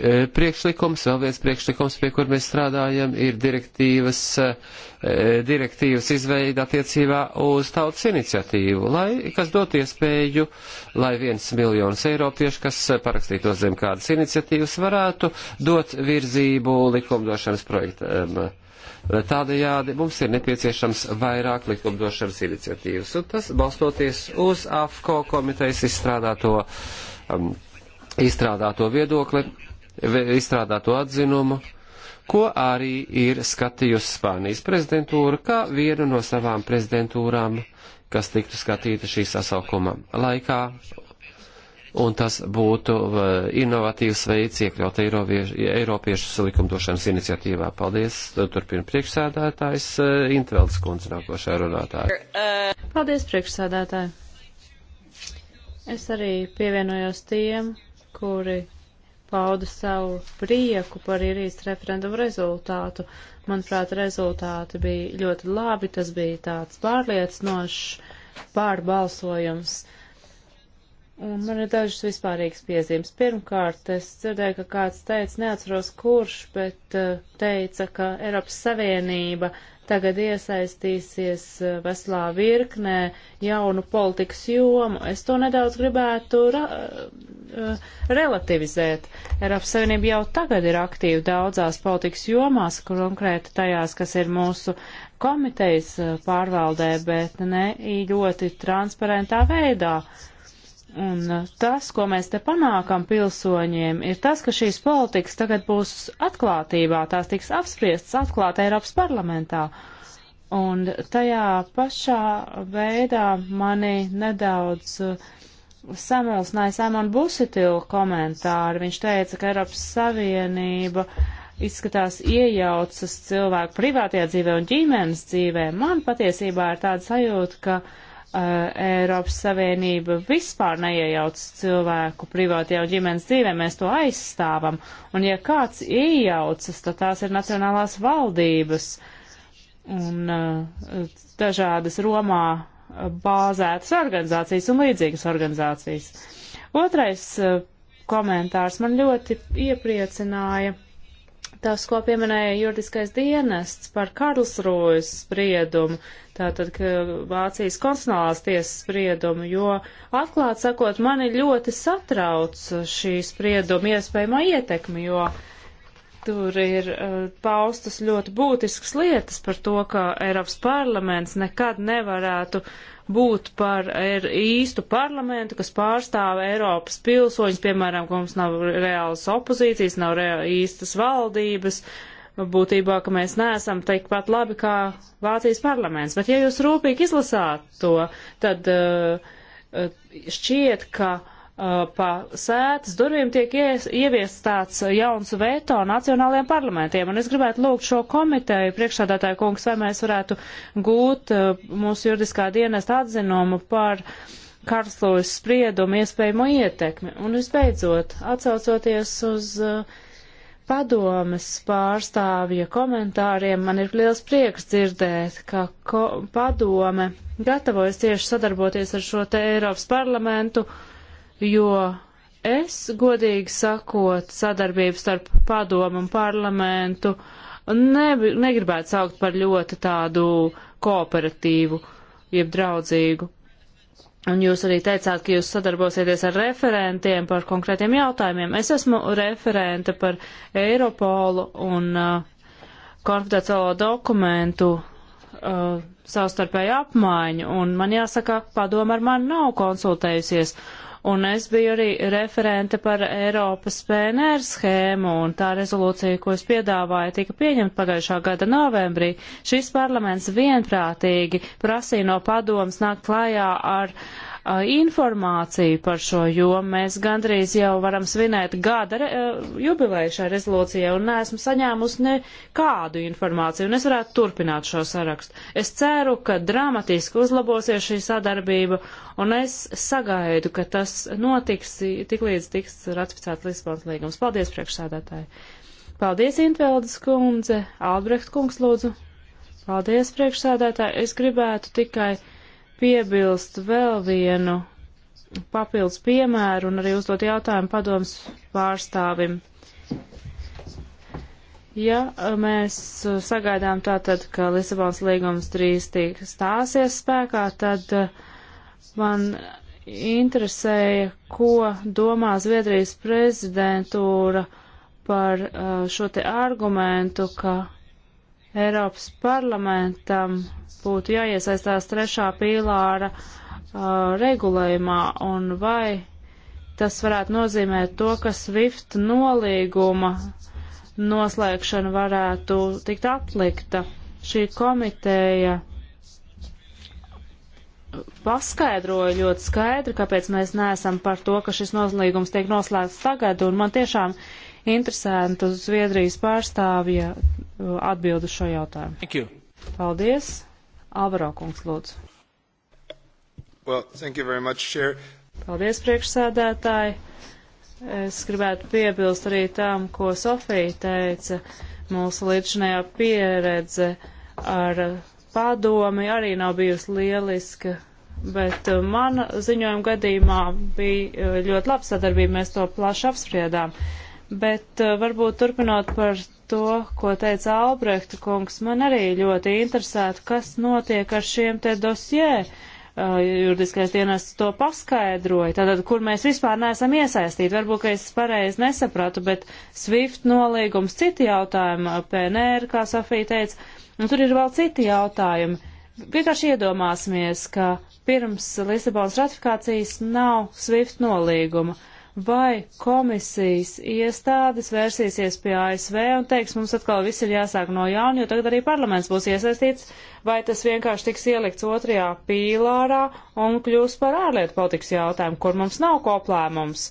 E, priekšlikums, vēl viens priekšlikums, pie kur mēs strādājam, ir direktīvas, e, direktīvas izveida attiecībā uz tautas iniciatīvu, lai, kas dot iespēju, lai viens miljonus eiropiešu, kas parakstītos zem kādas iniciatīvas, varētu dot virzību likumdošanas projektam. Tādējādi mums ir nepieciešams vairāk likumdošanas iniciatīvas, un tas balstoties uz AFCO komitejas izstrādāto, um, izstrādāto viedokli izstrādāto atzinumu, ko arī ir skatījusi Spānijas prezidentūra kā vienu no savām prezidentūrām, kas tiktu skatīta šī sasaukuma laikā. Un tas būtu inovatīvs veids iekļaut Eiropiešu likumdošanas iniciatīvā. Paldies, turpina priekšsēdētājs e, Intveldes kundze nākošā runātāja. Paldies, priekšsēdētāji. Es arī pievienojos tiem, kuri pauda savu prieku par īrijas referendumu rezultātu. Manuprāt, rezultāti bija ļoti labi, tas bija tāds pārliecinošs pārbalsojums. Un man ir dažas vispārīgas piezīmes. Pirmkārt, es dzirdēju, ka kāds teica, neatceros kurš, bet eh, teica, ka Eiropas Savienība tagad iesaistīsies eh, veselā virknē jaunu politikas jomu. Es to nedaudz gribētu eh, relativizēt. Eiropas Savienība jau tagad ir aktīva daudzās politikas jomās, konkrēti tajās, kas ir mūsu komitejas eh, pārvaldē, bet ne ļoti transparentā veidā. Uh, Un uh, tas, ko mēs te panākam pilsoņiem, ir tas, ka šīs politikas tagad būs atklātībā, tās tiks apspriestas atklāt Eiropas parlamentā. Un tajā pašā veidā mani nedaudz uh, samulsināja Simon Busitilu komentāri. Viņš teica, ka Eiropas Savienība izskatās iejaucas cilvēku privātajā dzīvē un ģimenes dzīvē. Man patiesībā ir tāda sajūta, ka Uh, Eiropas Savienība vispār neiejauc cilvēku privātajā un ģimenes dzīvē, mēs to aizstāvam. Un ja kāds iejaucas, tad tās ir nacionālās valdības un uh, dažādas Romā uh, bāzētas organizācijas un līdzīgas organizācijas. Otrais uh, komentārs man ļoti iepriecināja tas, ko pieminēja juridiskais dienests par Karlsrūjas spriedumu, tātad Vācijas konstitucionālās tiesas spriedumu, jo atklāt sakot, mani ļoti satrauc šī sprieduma iespējamā ietekme, jo Tur ir uh, paustas ļoti būtiskas lietas par to, ka Eiropas parlaments nekad nevarētu būt par er, īstu parlamentu, kas pārstāv Eiropas pilsoņus, piemēram, ka mums nav reālas opozīcijas, nav rea īstas valdības, būtībā, ka mēs neesam tikpat labi kā Vācijas parlaments. Bet ja jūs rūpīgi izlasāt to, tad uh, šķiet, ka Uh, pa sētas durvīm tiek ieviests tāds jauns veto nacionālajiem parlamentiem. Un es gribētu lūgt šo komiteju, priekšsādātāju kungs, vai mēs varētu gūt uh, mūsu juridiskā dienesta atzinumu par Karlslovis spriedumu iespējamo ietekmi. Un visbeidzot, atsaucoties uz uh, padomes pārstāvja komentāriem, man ir liels prieks dzirdēt, ka padome gatavojas tieši sadarboties ar šo te Eiropas parlamentu uh, jo es, godīgi sakot, sadarbību starp padomu un parlamentu ne, negribētu saukt par ļoti tādu kooperatīvu, jeb draudzīgu. Un jūs arī teicāt, ka jūs sadarbosieties ar referentiem par konkrētiem jautājumiem. Es esmu referente par Eiropolu un uh, konfidenciālo dokumentu uh, savstarpēju apmaiņu, un man jāsaka, padoma ar mani nav konsultējusies. Uh, un es biju arī referente par Eiropas PNR schēmu, un tā rezolūcija, ko es piedāvāju, tika pieņemta pagājušā gada novembrī. Šis parlaments vienprātīgi prasīja no padomas nākt klājā ar uh, informāciju par šo jomu. Mēs gandrīz jau varam svinēt gada jubileju šai rezolūcijai un neesmu saņēmusi nekādu informāciju, un es varētu turpināt šo sarakstu. Es ceru, ka dramatiski uzlabosies šī sadarbība, un es sagaidu, ka tas notiks tik līdz tiks ratificēts Lisbonas līgums. Paldies, priekšsēdētāji! Paldies, Intveldes kundze! Albrecht kungs, lūdzu! Paldies, priekšsēdētāji! Es gribētu tikai piebilst vēl vienu papildus piemēru un arī uzdot jautājumu padoms pārstāvim. Ja mēs sagaidām tātad, ka Lisabons līgums drīz tiek stāsies spēkā, tad man interesēja, ko domā Zviedrijas prezidentūra par šo te argumentu, ka Eiropas parlamentam būtu jāiesaistās trešā pīlāra uh, regulējumā un vai tas varētu nozīmēt to, ka SWIFT nolīguma noslēgšana varētu tikt atlikta. Šī komiteja paskaidroja ļoti skaidri, kāpēc mēs neesam par to, ka šis noslīgums tiek noslēgts tagad, un man tiešām interesantu Zviedrijas pārstāvja uh, atbildu šo jautājumu. Paldies. Alvaro kungs, lūdzu. Well, much, Chair. Paldies, priekšsēdētāji. Es gribētu piebilst arī tam, ko Sofija teica. Mūsu līdzinējā pieredze ar padomi arī nav bijusi lieliska, bet uh, mana ziņojuma gadījumā bija uh, ļoti laba sadarbība, mēs to plaši apspriedām. Uh, Bet eh, varbūt turpinot par to, ko teica Albrehta kungs, man arī ļoti interesētu, kas notiek ar šiem te dosjē. Eh, juridiskais dienests to paskaidroja. Tātad, kur mēs vispār neesam iesaistīti, varbūt, ka es pareizi nesapratu, bet SWIFT nolīgums citi jautājumi, eh, PNR, kā Sofija teica, un tur ir vēl citi jautājumi. Vienkārši iedomāsimies, ka pirms Lisabonas ratifikācijas nav SWIFT nolīguma. Uh, vai komisijas iestādes vērsīsies pie ASV un teiks, mums atkal viss ir jāsāk no jauna, jo tagad arī parlaments būs iesaistīts, vai tas vienkārši tiks ielikts otrajā pīlārā un kļūs par ārlietu politikas jautājumu, kur mums nav koplēmums.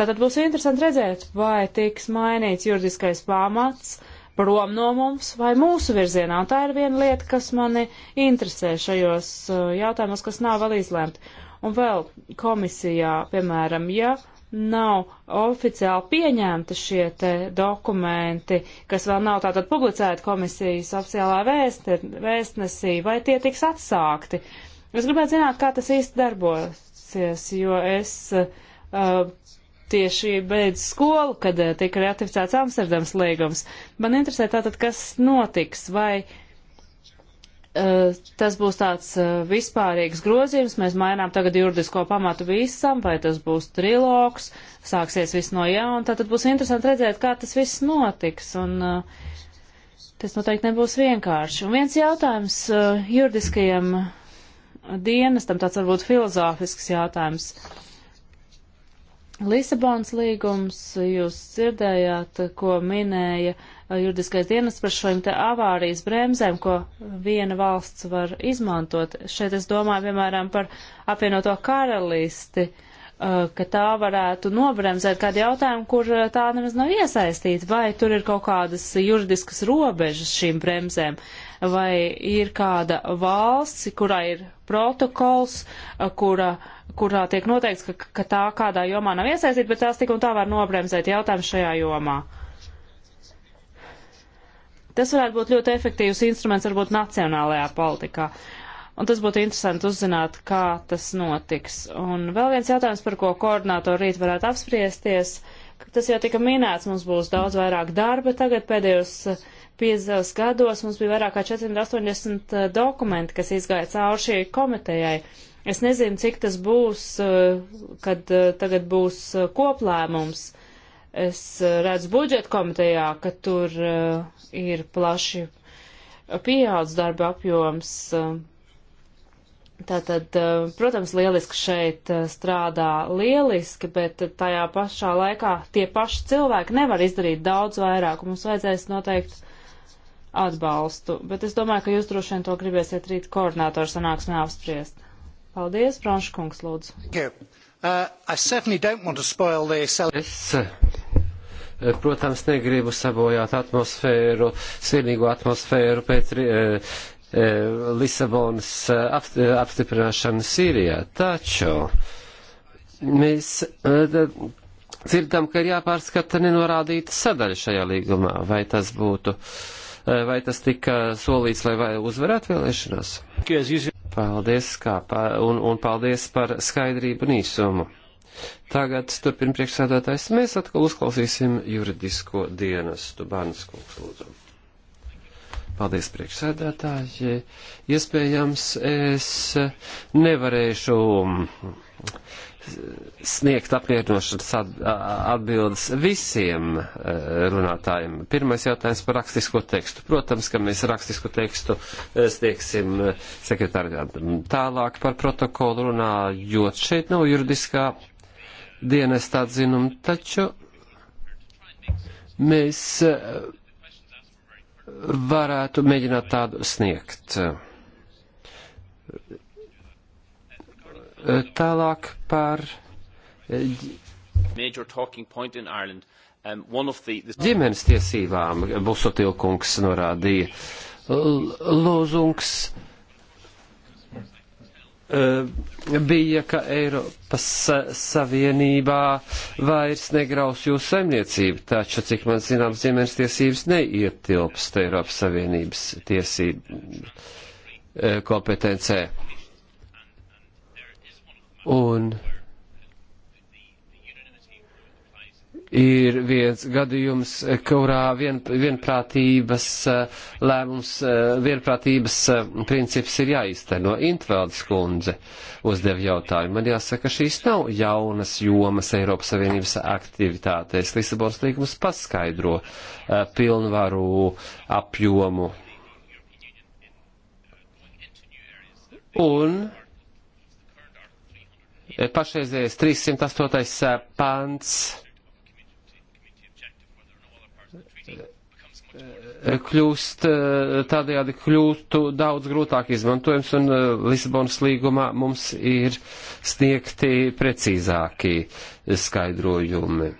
Tātad būs interesanti redzēt, vai tiks mainīts juridiskais pamats prom no mums vai mūsu virzienā. Un tā ir viena lieta, kas mani interesē šajos uh, jautājumos, kas nav vēl izlēmta. Un vēl komisijā, piemēram, ja nav oficiāli pieņemti šie te dokumenti, kas vēl nav tātad publicēti komisijas oficiālā vēsti, vēstnesī, vai tie tiks atsākti. Es gribētu zināt, kā tas īsti darbosies, jo es uh, tieši beidz skolu, kad uh, tika ratificēts Amsterdams līgums. Man interesē tātad, kas notiks, vai uh, Eh, tas būs tāds eh, vispārīgs grozījums. Mēs mainām tagad juridisko pamatu visam, vai tas būs trilogs, sāksies viss no jauna. Tātad būs interesanti redzēt, kā tas viss notiks. Un, eh, tas noteikti nebūs vienkārši. Un viens jautājums juridiskajam dienestam, tāds varbūt filozofisks jautājums. Lisabons līgums, jūs dzirdējāt, ko minēja uh, juridiskais dienas par šiem te avārijas bremzēm, ko viena valsts var izmantot. Šeit es domāju, piemēram, par apvienoto karalisti, uh, ka tā varētu nobremzēt kādu jautājumu, kur uh, tā nemaz nav iesaistīta, vai tur ir kaut kādas juridiskas robežas šīm bremzēm vai ir kāda valsts, kurā ir protokols, kura kurā tiek noteikts, ka, ka tā kādā jomā nav iesaistīta, bet tās tik un tā var nobremzēt jautājumu šajā jomā. Tas varētu būt ļoti efektīvs instruments varbūt nacionālajā politikā. Un tas būtu interesanti uzzināt, kā tas notiks. Un vēl viens jautājums, par ko koordinātori rīt varētu apspriesties. Tas jau tika minēts, mums būs daudz vairāk darba tagad pēdējos eh, piecos gados mums bija vairāk kā 480 eh, dokumenti, kas izgāja cauri šī komitejai. Es nezinu, cik tas būs, eh, kad eh, tagad būs eh, koplēmums. Es redzu budžeta komitejā, ka tur ir plaši pieaudz darba apjoms. Tātad, protams, lieliski šeit strādā lieliski, bet tajā pašā laikā tie paši cilvēki nevar izdarīt daudz vairāk. Mums vajadzēs noteikti atbalstu, bet es domāju, ka jūs droši vien to gribēsiet rīt koordinātoru sanāksmē apspriest. Paldies, Franškungs, lūdzu. Uh, es eh, protams, negribu sabojāt atmosfēru, svinīgo atmosfēru pēc e, e, Lisabonas apst, apstiprināšanas Sīrijā. Taču mēs e, dzirdam, ka ir jāpārskata nenorādīta sadaļa šajā līgumā, vai tas būtu. E, Eh, vai tas tika solīts, lai uzvarētu vēlēšanās? Paldies, kā, un, un paldies par skaidrību un īsumu. Tagad turpina priekšsēdētājs. Mēs atkal uzklausīsim juridisko dienestu Bārnaskungs lūdzu. Paldies, priekšsēdētāji. Iespējams, es nevarēšu sniegt apmierinošanas atbildes visiem e, runātājiem. Pirmais jautājums par rakstisko tekstu. Protams, ka mēs rakstisko tekstu e, sniegsim e, sekretārijām. Tālāk par protokolu runājot. Šeit nav juridiskā dienesta atzinuma, taču mēs varētu mēģināt tādu sniegt Tālāk par eh, um, ģimenes tiesībām Busotilkungs norādīja. Lozungs eh, bija, ka Eiropas Savienībā vairs negraus jūsu saimniecību, taču, cik man zināms, ģimenes tiesības neietilpst Eiropas Savienības tiesību eh, kompetencē. Un ir viens gadījums, kurā vien, vienprātības eh, lēmums, eh, vienprātības eh, princips ir jāizteno. Intveldes kundze uzdev jautājumu. Man jāsaka, šīs nav jaunas jomas Eiropas Savienības aktivitātēs. Lisabons līgums paskaidro pilnvaru apjomu. Un pašreizējais 308. Eh, pants eh, eh, kļūst tādējādi kļūtu daudz grūtāk izmantojams un Lisabonas līgumā mums ir sniegti precīzāki skaidrojumi.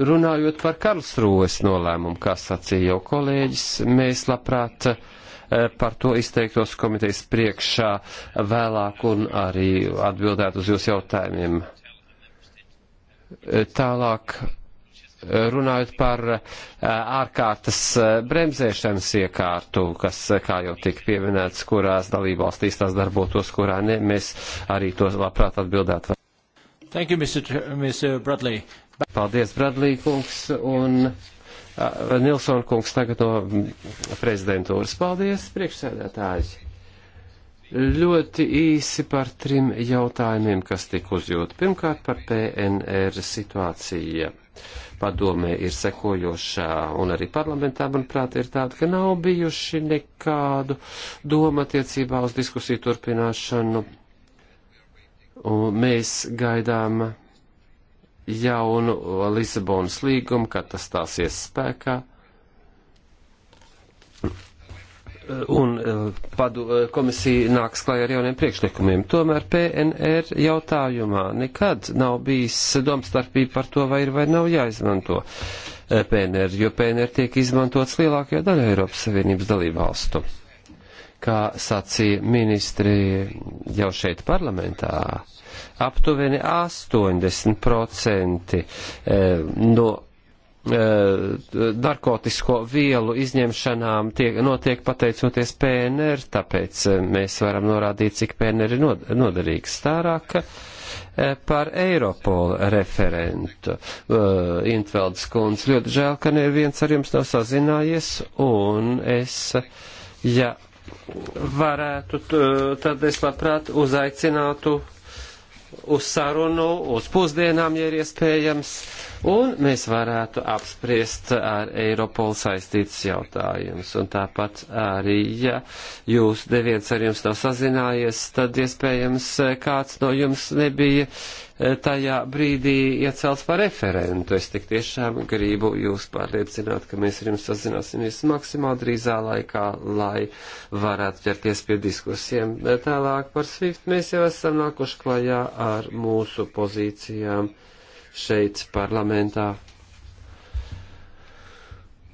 Runājot par Karlsrūves nolēmumu, kā sacīja jau kolēģis, mēs labprāt uh, par to izteiktos komitejas priekšā vēlāk un arī atbildētu uz jūsu jautājumiem. Tālāk runājot par eh, ārkārtas eh, bremzēšanas iekārtu, kas, eh, kā jau tika pieminēts, kurās dalībvalstīs tās darbotos, kurā ne, mēs arī to labprāt atbildētu. Thank you, Mr. Mr. Bradley. Paldies, Bradley kungs, un Nilsona kungs tagad no prezidentūras. Paldies, priekšsēdētājs. Ļoti īsi par trim jautājumiem, kas tika uzjūta. Pirmkārt, par PNR situāciju. Padomē ir sekojošā, un arī parlamentā, manuprāt, ir tāda, ka nav bijuši nekādu domu attiecībā uz diskusiju turpināšanu. Un mēs gaidām jaunu Lisabonas līgumu, kad tas stāsies spēkā. Un e, padu, e, komisija nāks klāj ar jauniem priekšlikumiem. Tomēr PNR jautājumā nekad nav bijis domstarpība par to, vai ir vai nav jāizmanto e, PNR, jo PNR tiek izmantots lielākajā daļā Eiropas Savienības dalībvalstu. Kā sacīja ministri jau šeit parlamentā, uh, aptuveni 80% eh, no eh, narkotisko vielu izņemšanām tiek, notiek pateicoties PNR, tāpēc eh, mēs varam norādīt, cik PNR ir noderīgs stārāk par Eiropolu referentu. Intveldes kundze, ļoti žēl, ka neviens ar jums nav sazinājies, un es, ja varētu, tad es labprāt uzaicinātu uz sarunu, uz pusdienām, ja ir iespējams. Uh, un mēs varētu apspriest ar Eiropolu saistītas jautājumus. Un tāpat arī, ja jūs neviens ar jums nav sazinājies, tad iespējams eh, kāds no jums nebija eh, tajā brīdī iecelts par referentu. Es tik tiešām gribu jūs pārliecināt, ka mēs ar jums sazināsimies maksimāli drīzā laikā, lai varētu ķerties pie diskusijām. Tālāk par SWIFT mēs jau esam nākuši klajā ar mūsu pozīcijām šeit parlamentā.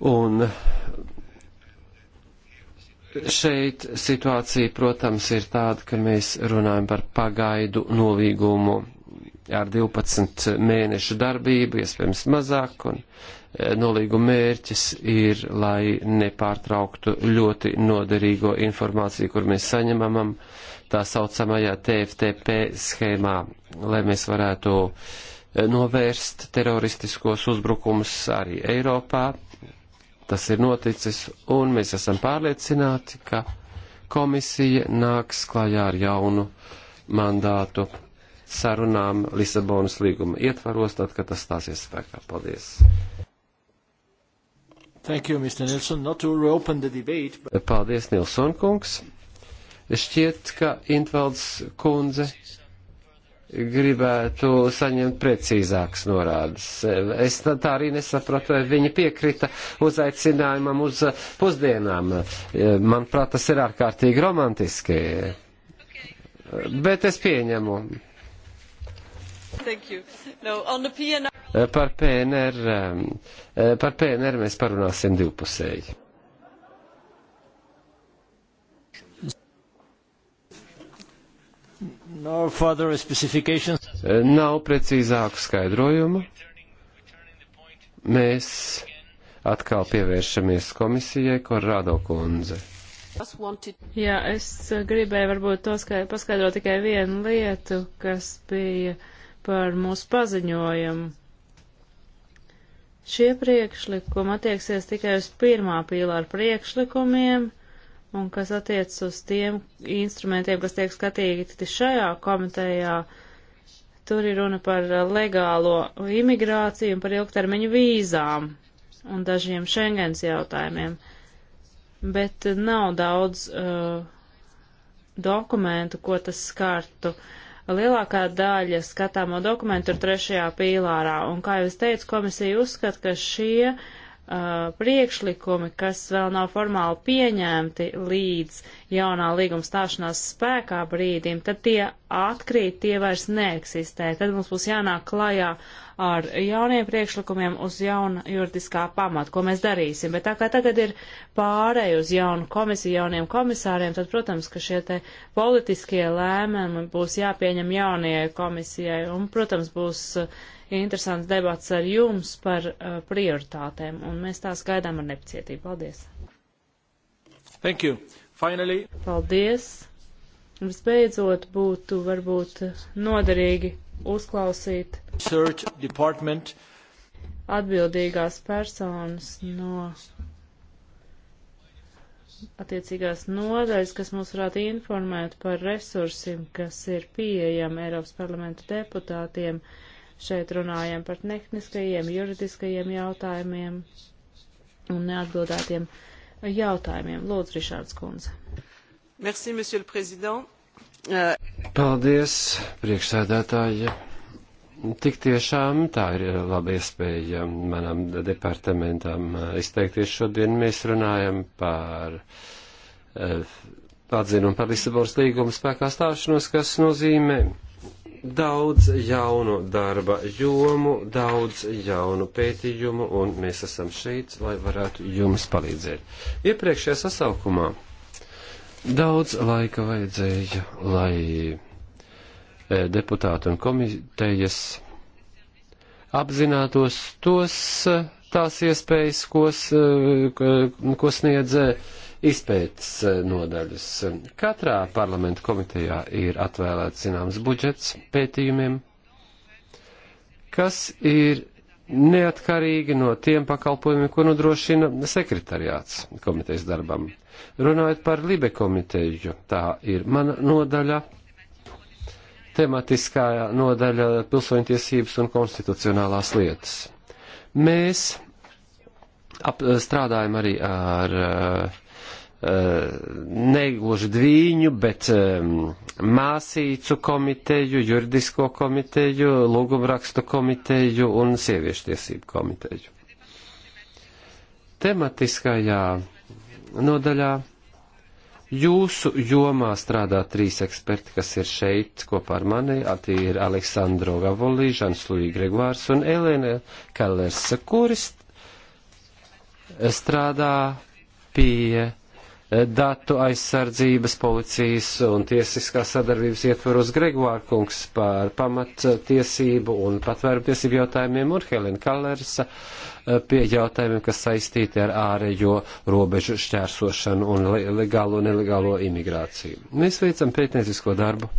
Un šeit situācija, protams, ir tāda, ka mēs runājam par pagaidu novīgumu ar 12 mēnešu darbību, iespējams mazāk, un e, nolīguma mērķis ir, lai nepārtrauktu ļoti noderīgo informāciju, kur mēs saņemam tā saucamajā TFTP schēmā, lai mēs varētu uh, novērst teroristiskos uzbrukumus arī Eiropā. Tas ir noticis, un mēs esam pārliecināti, ka komisija nāks klajā ar jaunu mandātu sarunām Lisabonas līguma ietvaros, tad, kad tas stāsies spēkā. Paldies! Thank you, Mr. Nilsson. Not to reopen the debate, but... Paldies, Nilsson kungs. Šķiet, ka Intvalds kundze gribētu saņemt precīzākas norādes. Es tā arī nesapratu, vai viņa piekrita uzaicinājumam uz pusdienām. Manuprāt, tas ir ārkārtīgi romantiski. Bet es pieņemu. No, PNR... Par PNR, par PNR mēs parunāsim divpusēji. No eh, Nav precīzāku skaidrojumu. Mēs atkal pievēršamies komisijai, kur rado kundze. Jā, es eh, gribēju varbūt to paskaidrot tikai vienu lietu, kas bija par mūsu paziņojumu. Šie priekšlikumi attieksies tikai uz pirmā pīlāra priekšlikumiem. Uh, un kas attiecas uz tiem instrumentiem, kas tiek skatīti šajā komitejā, tur ir runa par legālo imigrāciju un par ilgtermiņu vīzām un dažiem Schengens jautājumiem. Bet nav daudz uh, dokumentu, ko tas skartu. Lielākā daļa skatāmo dokumentu ir trešajā pīlārā, un, kā jau es teicu, komisija uzskata, ka šie uh, Uh, priekšlikumi, kas vēl nav formāli pieņemti līdz jaunā līguma stāšanās spēkā brīdim, tad tie atkrīt, tie vairs neeksistē. Tad mums būs jānāk klajā ar jauniem priekšlikumiem uz jauna juridiskā pamata, ko mēs darīsim. Bet tā kā tagad ir pārēj uz jaunu komisiju, jauniem komisāriem, tad, protams, ka šie te politiskie lēmumi būs jāpieņem jaunie komisijai un, protams, būs uh, interesants debats ar jums par uh, prioritātēm, un mēs tās gaidām ar nepacietību. Paldies! Thank you! Finally! Paldies! Visbeidzot, būtu varbūt noderīgi uzklausīt atbildīgās personas no attiecīgās nodaļas, kas mūs varētu informēt par resursiem, kas ir pieejami Eiropas parlamenta deputātiem, uh, Šeit runājam par tehniskajiem, juridiskajiem jautājumiem un neatbildētiem jautājumiem. Lūdzu, Rišārds Kunze. Merci, monsieur le président. Uh, Paldies, priekšsēdētāji. Tik tiešām tā ir laba iespēja manam departamentam izteikties šodien. Mēs runājam par uh, atzinumu par Lisabonas līgumu spēkā stāšanos, kas nozīmē daudz jaunu darba jomu, daudz jaunu pētījumu, un mēs esam šeit, lai varētu jums palīdzēt. Iepriekšējā sasaukumā daudz laika vajadzēja, lai e, deputāti un komitejas apzinātos tos e, tās iespējas, e, ko, ko sniedzēja izpētes e, nodaļas. Katrā parlamenta komitejā ir atvēlēts zināms budžets pētījumiem, kas ir neatkarīgi no tiem pakalpojumiem, ko nodrošina sekretariāts komitejas darbam. Runājot par Libe komiteju, tā ir mana nodaļa, tematiskā nodaļa pilsoņtiesības un konstitucionālās lietas. Mēs ap, strādājam arī ar uh, Eh, negluži dviņu, bet māsīcu komiteju, juridisko komiteju, lūgumrakstu komiteju un sieviešu tiesību komiteju. Tematiskajā nodaļā jūsu jomā strādā trīs eksperti, kas ir šeit kopā ar mani. Tie ir Aleksandro Gavolī, Žans Luī Gregvārs un Elena Kalers, kuris strādā pie Eh, datu aizsardzības policijas un tiesiskās sadarbības ietvaros Gregvārkungs par pamattiesību un patvērumtiesību jautājumiem un Helena Kalersa eh, pie jautājumiem, kas saistīti ar ārējo robežu šķērsošanu un legālo un nelegālo imigrāciju. Mēs veicam pētniecisko darbu.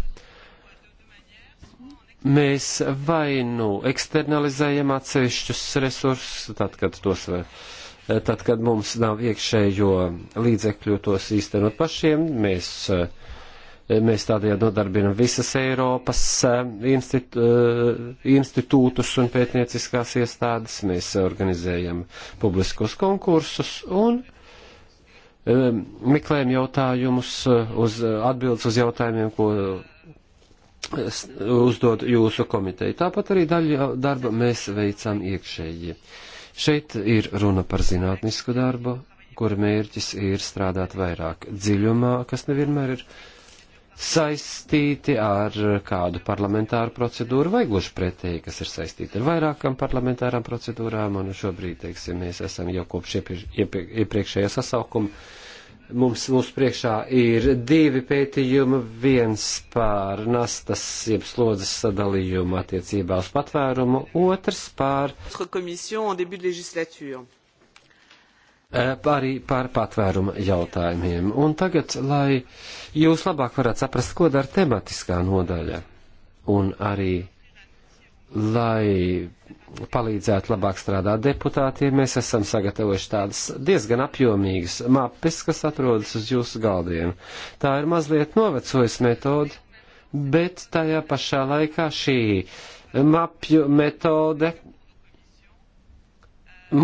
Mēs vai nu eksternalizējam atsevišķus resursus, tad, kad tos vēl eh, tad, kad mums nav iekšējo līdzekļu tos īstenot pašiem, mēs, eh, mēs tādējādi nodarbinam visas Eiropas eh, institu, eh, institūtus un pētnieciskās iestādes, mēs organizējam publiskos konkursus un meklējam jautājumus, uz, atbildes uz jautājumiem, ko uzdod jūsu komiteja. Tāpat arī daļu darba mēs veicam iekšēji. Šeit ir runa par zinātnisku darbu, kur mērķis ir strādāt vairāk dziļumā, kas nevienmēr ir saistīti ar kādu parlamentāru procedūru vai gluži pretēji, kas ir saistīti ar vairākām parlamentārām procedūrām, un šobrīd, teiksim, mēs esam jau kopš iepri, iepri, iepriekšējā sasaukuma Mums, mums priekšā ir divi pētījumi, viens par nastas jeb slodzes sadalījumu attiecībā uz patvērumu, otrs par, eh, arī par patvērumu jautājumiem. Un tagad, lai jūs labāk varētu saprast, ko dara tematiskā nodaļa, un arī, lai palīdzētu labāk strādāt deputātiem, mēs esam sagatavojuši tādas diezgan apjomīgas mapes, kas atrodas uz jūsu galdiem. Tā ir mazliet novecojas metode, bet tajā pašā laikā šī mapju metode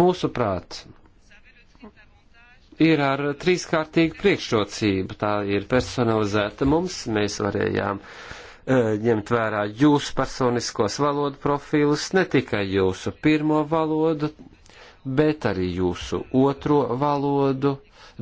mūsuprāt ir ar trīskārtīgu priekšrocību. Tā ir personalizēta mums, mēs varējām uh, Eh, ņemt vērā jūsu personiskos valodu profilus, ne tikai jūsu pirmo valodu, bet arī jūsu otro valodu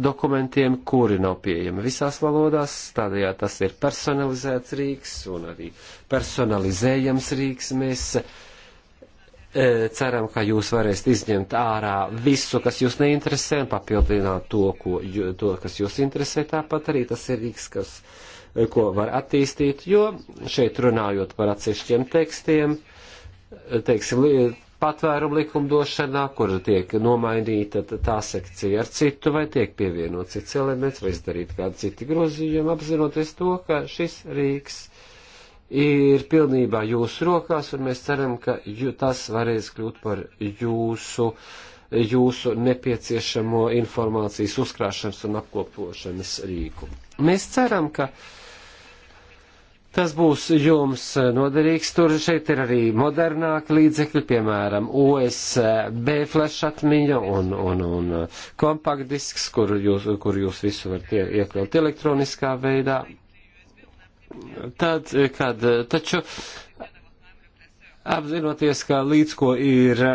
dokumentiem, kuri nav pieejami visās valodās. Tādējā tas ir personalizēts rīks un arī personalizējams rīks. Mēs e, ceram, ka jūs varēsiet izņemt ārā visu, kas jūs neinteresē, un papildināt to, ko, to, kas jūs interesē. Tāpat arī tas ir rīks, kas Eh, ko var attīstīt, jo šeit runājot par atsevišķiem tekstiem, eh, teiksim, patvērumu likumdošanā, kur tiek nomainīta tā sekcija ar citu, vai tiek pievienots cits elements, vai izdarīt kādu citu grozījumu, apzinoties to, ka šis rīks ir pilnībā jūsu rokās, un mēs ceram, ka jū, tas varēs kļūt par jūsu, jūsu nepieciešamo informācijas uzkrāšanas un apkopošanas rīku. Mēs ceram, ka uh, Tas būs jums eh, noderīgs. Tur šeit ir arī modernāki līdzekļi, piemēram, USB flash atmiņa un, un, un eh, kompaktdisks, kur jūs, kur jūs visu varat iekļaut elektroniskā veidā. Tad, eh, kad, taču apzinoties, ka līdz ko ir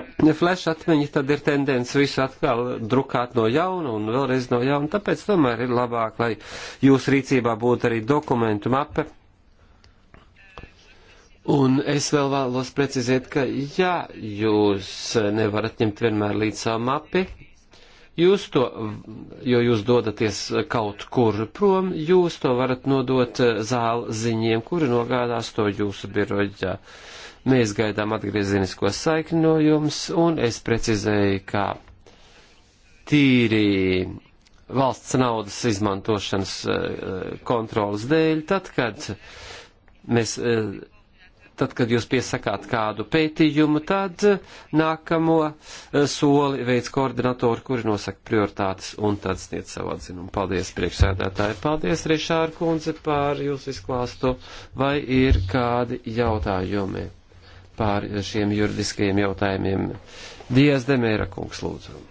flash atmiņa, tad ir tendence visu atkal drukāt no jauna un vēlreiz no jauna. Tāpēc tomēr ir labāk, lai jūsu rīcībā būtu arī dokumentu mape Un es vēl vēlos precizēt, ka ja jūs nevarat ņemt vienmēr līdz savu mapi, jūs to, jo jūs dodaties kaut kur prom, jūs to varat nodot zāli ziņiem, kuri nogādās to jūsu biroģā. Mēs gaidām atgriezinisko saikni no jums, un es precizēju, ka tīri valsts naudas izmantošanas eh, kontrolas dēļ, tad, kad mēs eh, tad, kad jūs piesakāt kādu pētījumu, tad nākamo eh, soli veids koordinatori, kuri nosaka prioritātes un tad sniedz savu atzinumu. Paldies, priekšsēdētāji. Paldies, Rišāra kundze, par jūsu izklāstu. Vai ir kādi jautājumi par šiem juridiskajiem jautājumiem? Dievs Demēra kungs, lūdzu.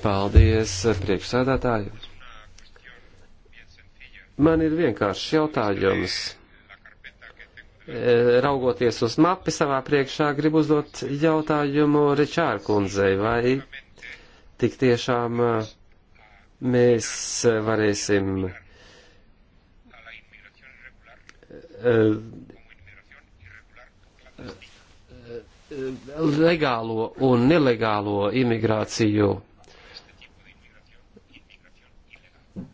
Paldies, priekšsēdētāji. Man ir vienkāršs jautājums. E, raugoties uz mapi savā priekšā, gribu uzdot jautājumu Ričāra kundzei, vai tik tiešām e, mēs varēsim e, legālo un nelegālo imigrāciju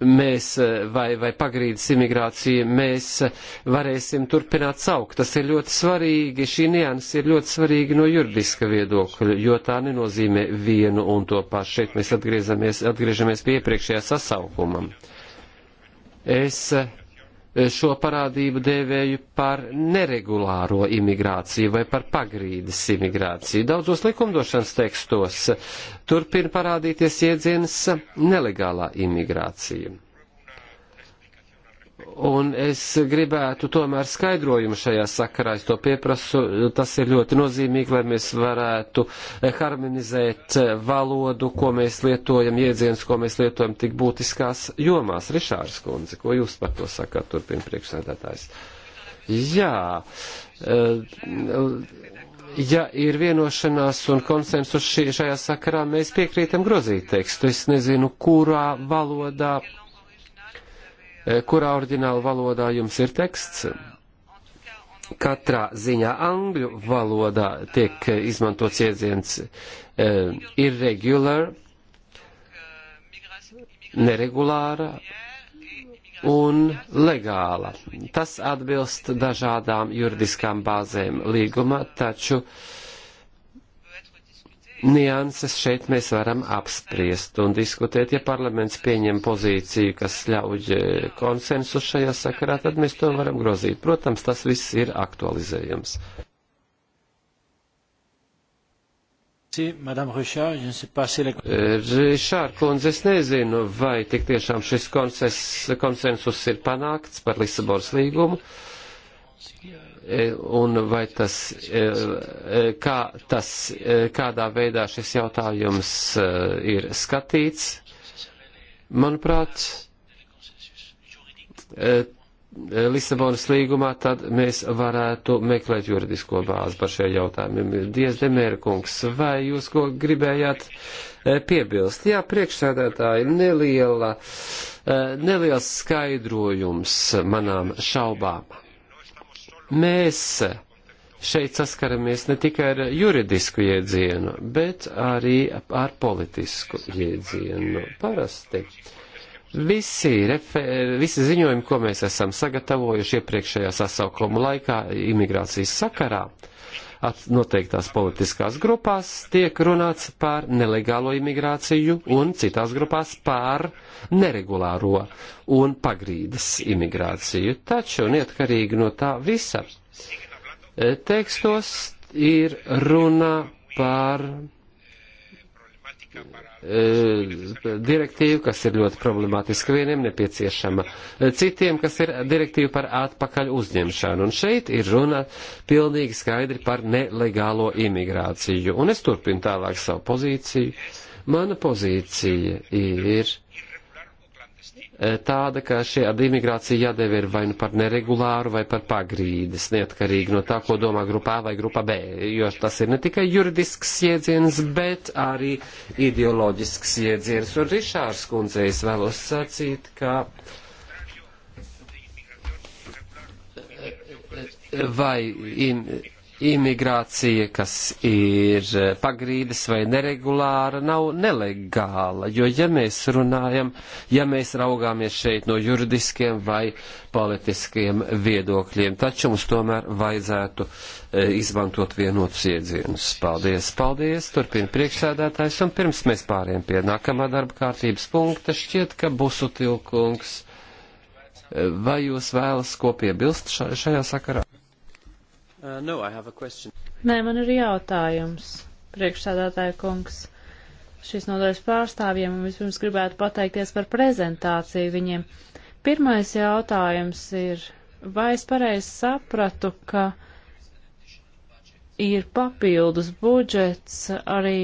mēs eh, vai, vai pagrīdas imigrācija mēs eh, varēsim turpināt saukt. Tas ir ļoti svarīgi, šī nianses ir ļoti svarīga no juridiska viedokļa, jo tā nenozīmē vienu un to pašu. Šeit mēs atgriežamies pie iepriekšējā sasaukumam. Es eh, Eh, šo parādību dēvēju par neregulāro imigrāciju vai par pagrīdes imigrāciju. Daudzos likumdošanas tekstos turpina parādīties iedzienas nelegālā imigrācija. Un es gribētu tomēr skaidrojumu šajā sakarā, es to pieprasu, tas ir ļoti nozīmīgi, lai mēs varētu harmonizēt valodu, ko mēs lietojam, iedziens, ko mēs lietojam tik būtiskās jomās. Rišārs Kundze, ko jūs par to sakāt, turpina priekšsēdētājs. Jā. Eh, ja ir vienošanās un konsensus šajā sakarā, mēs piekrītam grozīt tekstu. Es nezinu, kurā valodā Eh, kurā oriģināla valodā jums ir teksts. Katrā ziņā angļu valodā tiek eh, izmantots iedziens eh, irregular, neregulāra un legāla. Tas atbilst dažādām juridiskām bāzēm līgumā, taču uh, nianses šeit mēs varam apspriest un diskutēt. Ja parlaments pieņem pozīciju, kas ļauj eh, konsensu šajā sakarā, tad mēs to varam grozīt. Protams, tas viss ir aktualizējams. Rišār kundze, es nezinu, vai tik tiešām šis konses, konsensus ir panākts par Lisabonas līgumu. Yeah. E, un vai tas, e, e, kā tas, kādā veidā šis jautājums ir skatīts. Manuprāt, Lisabonas līgumā, tad mēs varētu meklēt juridisko bāzi par šiem jautājumiem. Diez Demērkungs, vai jūs ko gribējāt piebilst? Jā, priekšsēdētāji, neliela, neliels skaidrojums manām šaubām. Mēs šeit saskaramies ne tikai ar juridisku jēdzienu, bet arī ar politisku jēdzienu. Parasti visi, refer, visi ziņojumi, ko mēs esam sagatavojuši iepriekšējā sasaukuma laikā imigrācijas sakarā, uh, noteiktās politiskās grupās tiek runāts par nelegālo imigrāciju un citās grupās par neregulāro un pagrīdes imigrāciju. Taču, neatkarīgi no tā visa, e, tekstos ir runa par Eh, direktīva, kas ir ļoti problemātiska vieniem, nepieciešama eh, citiem, kas ir direktīva par atpakaļ uzņemšanu. Un šeit ir runa pilnīgi skaidri par nelegālo imigrāciju. Un es turpinu tālāk savu pozīciju. Mana pozīcija ir Eh, tāda, ka šie ar imigrāciju jādēvē ir vai nu par neregulāru, vai par pagrīdes, neatkarīgi no tā, ko domā grupā A vai grupā B, jo tas ir ne tikai juridisks jēdziens, bet arī ideoloģisks jēdziens. Un Rišārs kundzei es vēlos sacīt, ka eh, eh, vai. In, imigrācija, kas ir pagrīdes vai neregulāra, nav nelegāla, jo ja mēs runājam, ja mēs raugāmies šeit no juridiskiem vai politiskiem viedokļiem, taču mums tomēr vajadzētu e, izmantot vienotus iedzienus. Paldies, paldies, turpina priekšsēdētājs, un pirms mēs pāriem pie nākamā darba kārtības punkta, šķiet, ka busu tilkungs, e, vai jūs vēlas ko piebilst šajā sakarā? Uh, no, Nē, man ir jautājums, priekšsādātāja kungs. Šis nodaļas pārstāvjiem un vispirms gribētu pateikties par prezentāciju viņiem. Pirmais jautājums ir, vai es pareizi sapratu, ka ir papildus budžets arī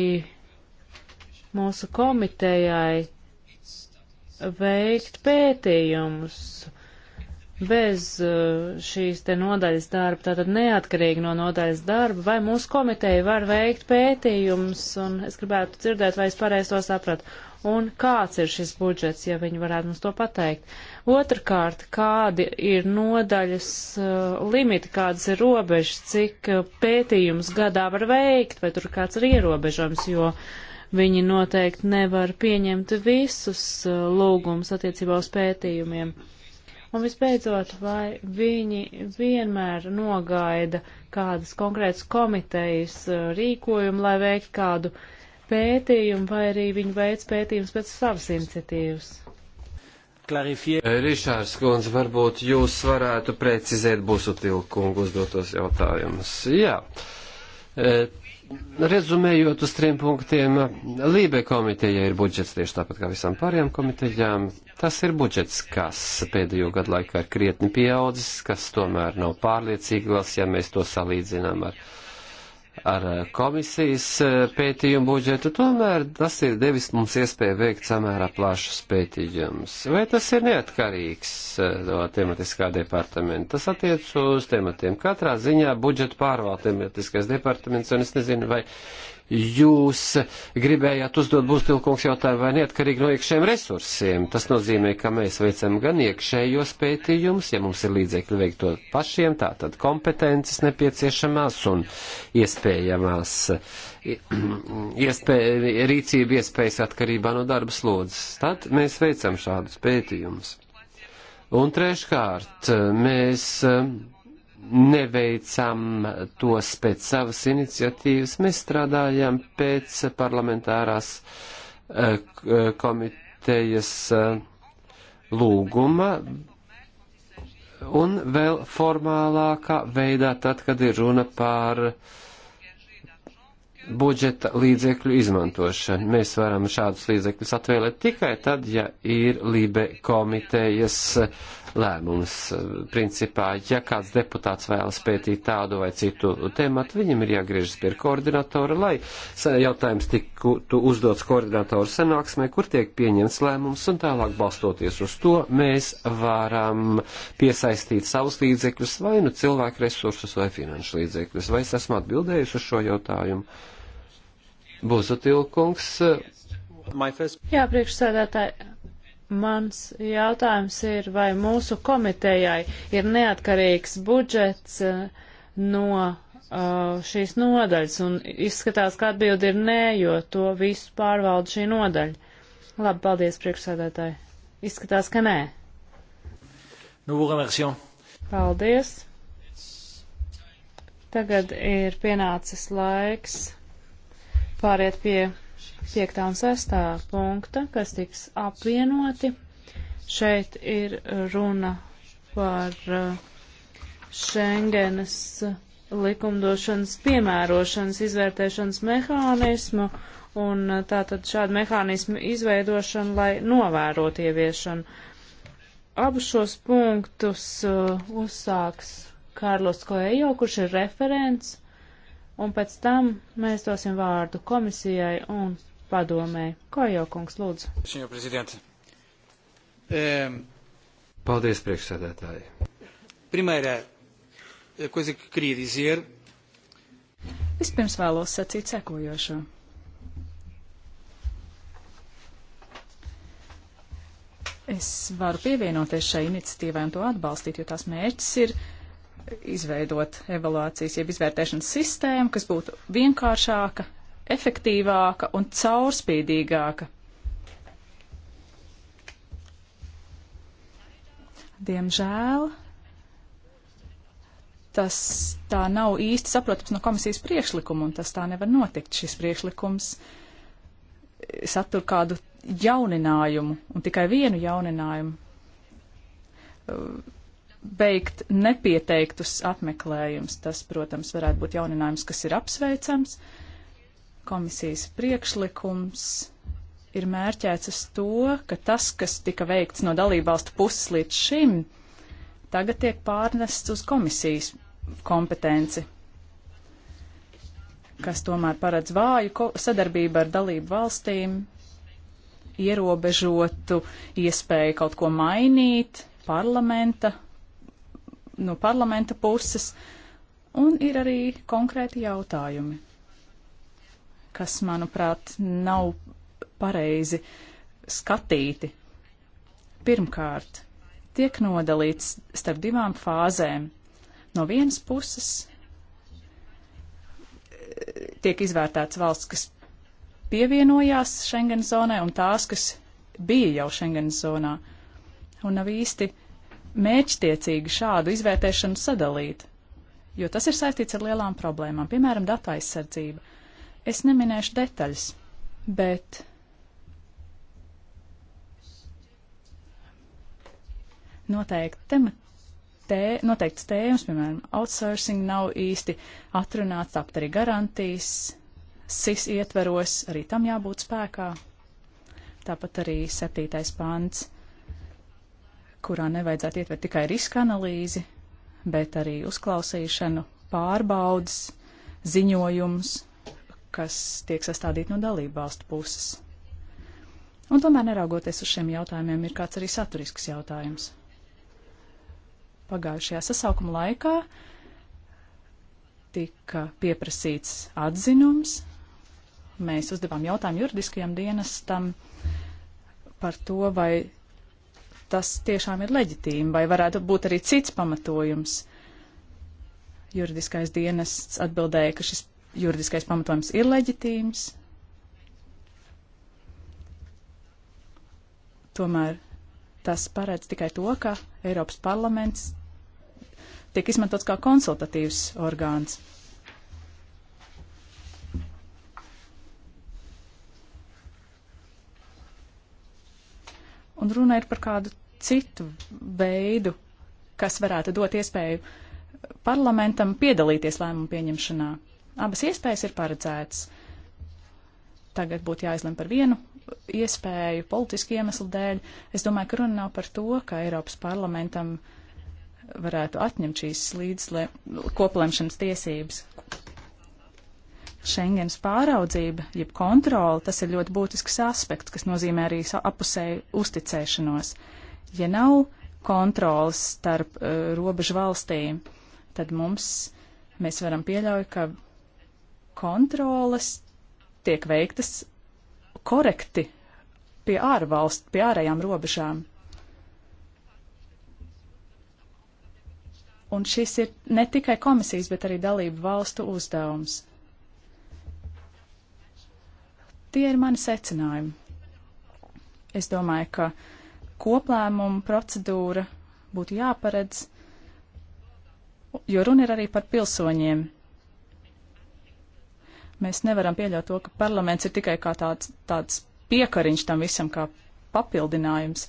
mūsu komitejai veikt pētījumus bez eh, šīs te nodaļas darba, tātad neatkarīgi no nodaļas darba, vai mūsu komiteja var veikt pētījumus, un es gribētu dzirdēt, vai es pareizi to sapratu, un kāds ir šis budžets, ja viņi varētu mums to pateikt. Otrakārt, kādi ir nodaļas uh, limiti, kādas ir robežas, cik eh, pētījums gadā var veikt, vai tur kāds ir ierobežojums, jo viņi noteikti nevar pieņemt visus uh, lūgumus attiecībā uz pētījumiem. Uh, Un visbeidzot, vai viņi vienmēr nogaida kādas konkrētas komitejas uh, rīkojumu, lai veiktu kādu pētījumu, vai arī viņi veic pētījumus pēc savas iniciatīvas? Klarifiē. Eh, Rišārs Kunz, varbūt jūs varētu precizēt Busutilku kungu uzdotos jautājumus. Jā. E, Rezumējot uz trim punktiem, Lībe komiteja ir budžets tieši tāpat kā visām pārējām komitejām. Tas ir budžets, kas pēdējo gadu laikā ir krietni pieaudzis, kas tomēr nav pārliecīgi liels, ja mēs to salīdzinām ar ar eh, komisijas eh, pētījumu budžetu, tomēr tas ir devis mums iespēju veikt samērā plašus pētījumus. Vai tas ir neatkarīgs eh, no tematiskā departamenta? Tas attiec uz tematiem. Katrā ziņā budžeta pārvalda tematiskais departaments, un es nezinu, vai jūs gribējāt uzdot būspilkungs jautājumu vai neatkarīgi no iekšējiem resursiem. Tas nozīmē, ka mēs veicam gan iekšējos pētījumus, ja mums ir līdzekļi veikt to pašiem, tātad kompetences nepieciešamās un iespējamās iespē, rīcība iespējas atkarībā no darba slodzes. Tad mēs veicam šādus pētījumus. Un treškārt, mēs neveicam tos pēc savas iniciatīvas, mēs strādājam pēc parlamentārās eh, eh, komitejas eh, lūguma un vēl formālākā veidā tad, kad ir runa par uh, budžeta līdzekļu izmantošanu. Mēs varam šādus līdzekļus atvēlēt tikai tad, ja ir Lībe komitejas eh, lēmums. Principā, ja kāds deputāts vēlas pētīt tādu vai citu tēmatu, viņam ir jāgriežas pie koordinatora, lai jautājums tiktu uzdots koordinatoru sanāksmē, kur tiek pieņemts lēmums, un tālāk balstoties uz to mēs varam piesaistīt savus līdzekļus, vai nu cilvēku resursus, vai finanšu līdzekļus. Vai es esmu atbildējusi uz šo jautājumu? Buzutilkungs. Jā, priekšsēdētāji, mans jautājums ir, vai mūsu komitejai ir neatkarīgs budžets eh, no eh, šīs nodaļas, un izskatās, ka atbildi ir nē, jo to visu pārvalda šī nodaļa. Labi, paldies, priekšsēdētāji. Izskatās, ka nē. Nu, paldies. Tagad ir pienācis laiks pāriet pie 5. un 6. punkta, kas tiks apvienoti. Šeit ir runa par uh, Schengenas likumdošanas piemērošanas izvērtēšanas mehānismu un uh, tātad šādu mehānismu izveidošanu, lai novērotu ieviešanu. Abus šos punktus uh, uzsāks Kārlos Koejo, kurš ir referents un pēc tam mēs dosim vārdu komisijai un padomē. Ko jau kungs lūdzu? Senjor prezident. Um, ehm, Paldies, priekšsēdētāji. Primairā, ko es eh, queria dizer. Vispirms vēlos sacīt sekojošo. Es varu pievienoties šai iniciatīvai un to atbalstīt, jo tās mērķis ir uh, izveidot evaluācijas, jeb izvērtēšanas sistēmu, kas būtu vienkāršāka, efektīvāka un caurspīdīgāka. Diemžēl tas tā nav īsti saprotams no komisijas priekšlikuma, un tas tā nevar notikt. Šis priekšlikums satur kādu jauninājumu, un tikai vienu jauninājumu beigt nepieteiktus apmeklējumus. Tas, protams, varētu būt jauninājums, kas ir apsveicams. Komisijas priekšlikums ir mērķēts uz to, ka tas, kas tika veikts no dalībvalstu puses līdz šim, tagad tiek pārnests uz komisijas kompetenci, kas tomēr paredz vāju sadarbību ar dalību valstīm, ierobežotu iespēju kaut ko mainīt parlamenta no parlamenta puses, un ir arī konkrēti jautājumi, kas, manuprāt, nav pareizi skatīti. Pirmkārt, tiek nodalīts starp divām fāzēm. No vienas puses tiek izvērtēts valsts, kas pievienojās Schengen zonai un tās, kas bija jau Schengen zonā un nav īsti uh, mērķtiecīgi šādu izvērtēšanu sadalīt, jo tas ir saistīts ar lielām problēmām, piemēram, datu aizsardzība. Es neminēšu detaļas, bet. Noteikti temati tē, noteikts tēmas, piemēram, outsourcing nav īsti atrunāts, tāpat arī garantijas, SIS ietveros, arī tam jābūt spēkā. Tāpat arī septītais pants kurā nevajadzētu ietvert tikai riska analīzi, bet arī uzklausīšanu, pārbaudas, ziņojums, kas tiek sastādīti no dalību valstu puses. Un tomēr, neraugoties uz šiem jautājumiem, ir kāds arī saturisks jautājums. Pagājušajā sasaukuma laikā tika pieprasīts atzinums. Mēs uzdevām jautājumu juridiskajam dienestam par to, vai tas tiešām ir leģitīmi, vai varētu būt arī cits pamatojums. Juridiskais dienests atbildēja, ka šis juridiskais pamatojums ir leģitīms. Tomēr tas paredz tikai to, ka Eiropas parlaments tiek izmantots kā konsultatīvs orgāns. un runa ir par kādu citu veidu, kas varētu dot iespēju parlamentam piedalīties lēmumu pieņemšanā. Abas iespējas ir paredzētas. Tagad būtu jāizlem par vienu iespēju politisku iemeslu dēļ. Es domāju, ka runa nav par to, ka Eiropas parlamentam varētu atņemt šīs līdz koplemšanas tiesības. Schengens pāraudzība, jeb kontrola, tas ir ļoti būtisks aspekts, kas nozīmē arī apusēju uzticēšanos. Ja nav kontrolas starp uh, robežu valstīm, tad mums, mēs varam pieļaut, ka kontrolas tiek veiktas korekti pie ārvalstu, pie ārējām robežām. Un šis ir ne tikai komisijas, bet arī dalību valstu uzdevums. Tie ir mani secinājumi. Es domāju, ka koplēmumu procedūra būtu jāparedz, jo runa ir arī par pilsoņiem. Mēs nevaram pieļaut to, ka parlaments ir tikai kā tāds, tāds piekariņš tam visam, kā papildinājums.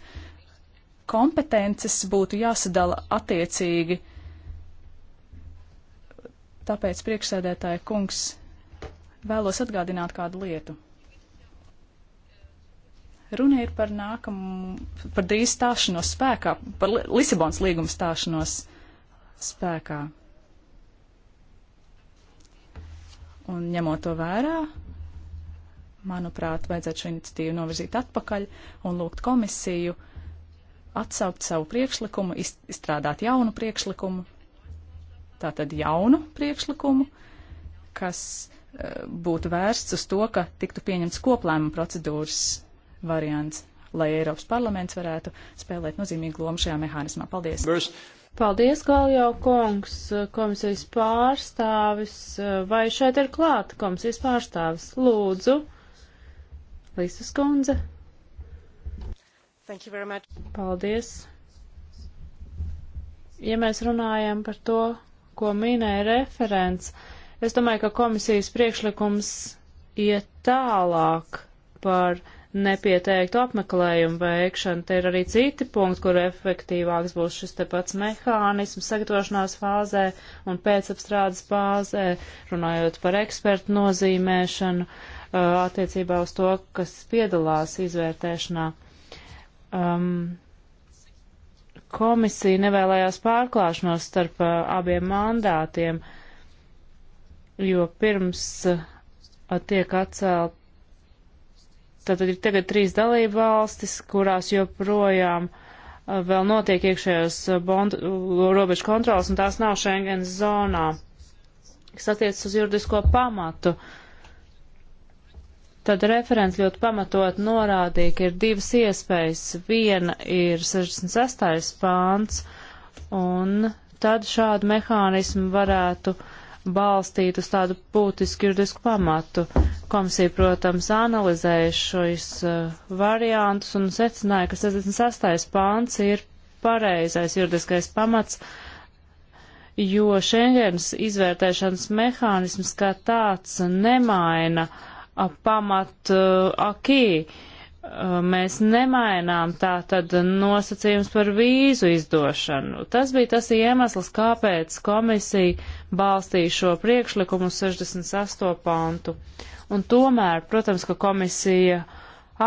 Kompetences būtu jāsadala attiecīgi. Tāpēc priekšsēdētāja kungs vēlos atgādināt kādu lietu. Runa ir par nākamu, par drīz stāšanos spēkā, par Lisabons līgumu stāšanos spēkā. Un ņemot to vērā, manuprāt, vajadzētu šo iniciatīvu novirzīt atpakaļ un lūgt komisiju atsaukt savu priekšlikumu, izstrādāt jaunu priekšlikumu, tātad jaunu priekšlikumu, kas eh, būtu vērsts uz to, ka tiktu pieņemts koplēmuma procedūras variants, lai Eiropas parlaments varētu spēlēt nozīmīgu lomu šajā mehānismā. Paldies! Paldies, Galjau kungs, komisijas pārstāvis. Vai šeit ir klāta komisijas pārstāvis? Lūdzu, Līsas kundze. Paldies. Ja mēs runājam par to, ko minēja referents, es domāju, ka komisijas priekšlikums iet tālāk par uh, nepieteiktu apmeklējumu veikšanu. Te ir arī citi punkti, kur efektīvāks būs šis te pats mehānisms sagatavošanās fāzē un pēcapstrādes fāzē, runājot par ekspertu nozīmēšanu attiecībā uz to, kas piedalās izvērtēšanā. Um, komisija nevēlējās pārklāšanos starp uh, abiem mandātiem, jo pirms uh, tiek atcelt Tātad ir tagad trīs dalība valstis, kurās joprojām uh, vēl notiek iekšējos uh, bondu, uh, robežu kontrols, un tās nav Schengens zonā, kas attiecas uz juridisko pamatu. Tad referents ļoti pamatot norādīja, ka ir divas iespējas. Viena ir 66. pāns, un tad šādu mehānismu varētu uh, balstīt uz tādu būtisku juridisku pamatu. Komisija, protams, analizēja šos uh, variantus un secināja, ka 66. pāns ir pareizais juridiskais pamats, jo Schengens izvērtēšanas mehānisms kā tāds nemaina uh, pamat uh, akī. Uh, Uh, mēs nemainām tā tad nosacījums par vīzu izdošanu. Tas bija tas iemesls, kāpēc komisija balstīja šo priekšlikumu 68 pantu. Un tomēr, protams, ka komisija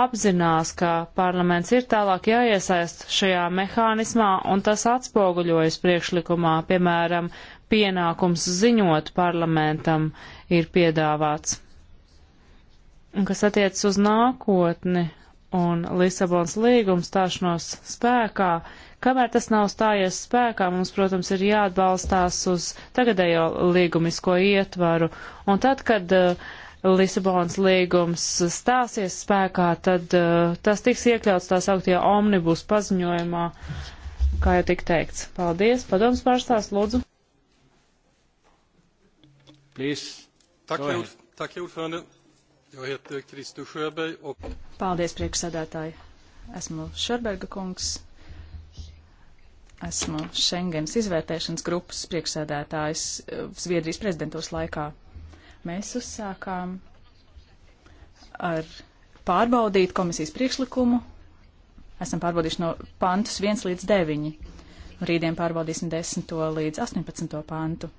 apzinās, ka parlaments ir tālāk jāiesaist šajā mehānismā, un tas atspoguļojas priekšlikumā, piemēram, pienākums ziņot parlamentam ir piedāvāts. Un kas attiecas uz nākotni, un Lisabons līgums stāšanos spēkā. Kamēr tas nav stājies spēkā, mums, protams, ir jāatbalstās uz tagadējo līgumisko ietvaru. Un tad, kad uh, Lisabonas līgums stāsies spēkā, tad uh, tas tiks iekļauts tās augtajā omnibus paziņojumā, kā jau tik teikts. Paldies, padoms pārstāvs, lūdzu. Please. Tak, jūt, tak, jūt, Paldies, priekšsēdētāji. Esmu Šerberga kungs. Esmu Schengens izvērtēšanas grupas priekšsēdētājs eh, Zviedrijas prezidentos laikā. Mēs uzsākām ar pārbaudīt komisijas priekšlikumu. Esam pārbaudījuši no pantus 1 līdz 9. Rītdien pārbaudīsim 10 līdz 18 pantu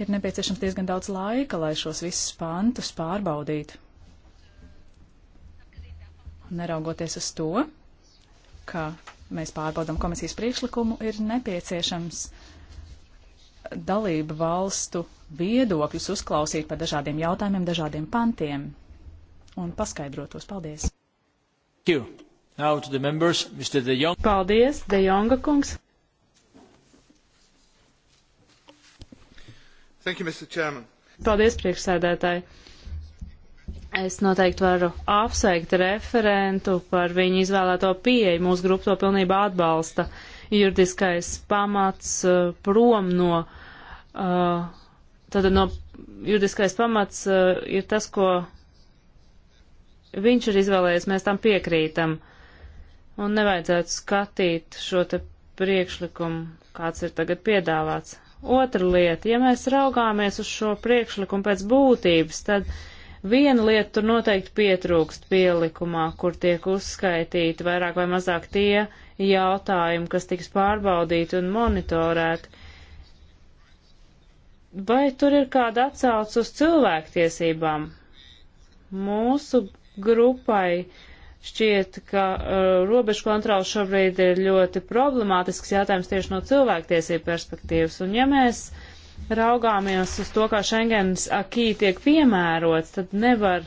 ir nepieciešams diezgan daudz laika, lai šos visus pantus pārbaudītu. Neraugoties uz to, ka mēs pārbaudām komisijas priekšlikumu, ir nepieciešams dalību valstu viedokļus uzklausīt par dažādiem jautājumiem, dažādiem pantiem un paskaidrot tos. Paldies! Paldies, De Jonga kungs! Thank you, Mr. Chairman. Paldies, priekšsēdētāji. Es noteikti varu apsveikt referentu par viņu izvēlēto pieeju. Mūsu grupa to pilnībā atbalsta. Juridiskais pamats uh, prom no, uh, tad no juridiskais pamats uh, ir tas, ko viņš ir izvēlējies, mēs tam piekrītam. Un nevajadzētu skatīt šo te priekšlikumu, kāds ir tagad piedāvāts. Otra lieta, ja mēs raugāmies uz šo priekšlikumu pēc būtības, tad viena lieta tur noteikti pietrūkst pielikumā, kur tiek uzskaitīti vairāk vai mazāk tie jautājumi, kas tiks pārbaudīti un monitorēti. Vai tur ir kāda atsauca uz cilvēktiesībām? Mūsu grupai uh, Šķiet, ka uh, robežu kontrola šobrīd ir ļoti problemātisks jautājums tieši no cilvēktiesību perspektīvas. Un ja mēs raugāmies uz to, kā Schengens akī tiek piemērots, tad nevar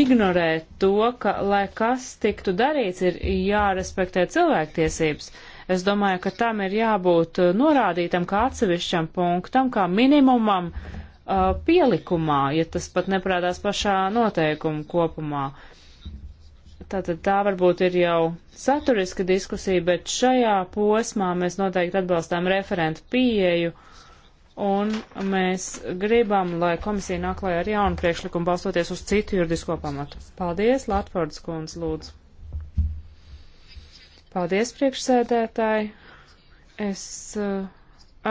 ignorēt to, ka, lai kas tiktu darīts, ir jārespektē cilvēktiesības. Es domāju, ka tam ir jābūt uh, norādītam kā atsevišķam punktam, kā minimumam, uh, pielikumā, ja tas pat neprādās pašā noteikuma kopumā. Tātad tā varbūt ir jau saturiska diskusija, bet šajā posmā mēs noteikti atbalstām referentu pieeju un mēs gribam, lai komisija nāk lai ar jaunu priekšlikumu balstoties uz citu juridisko pamatu. Paldies, Latvārds kundz, lūdzu. Paldies, priekšsēdētāji. Es uh,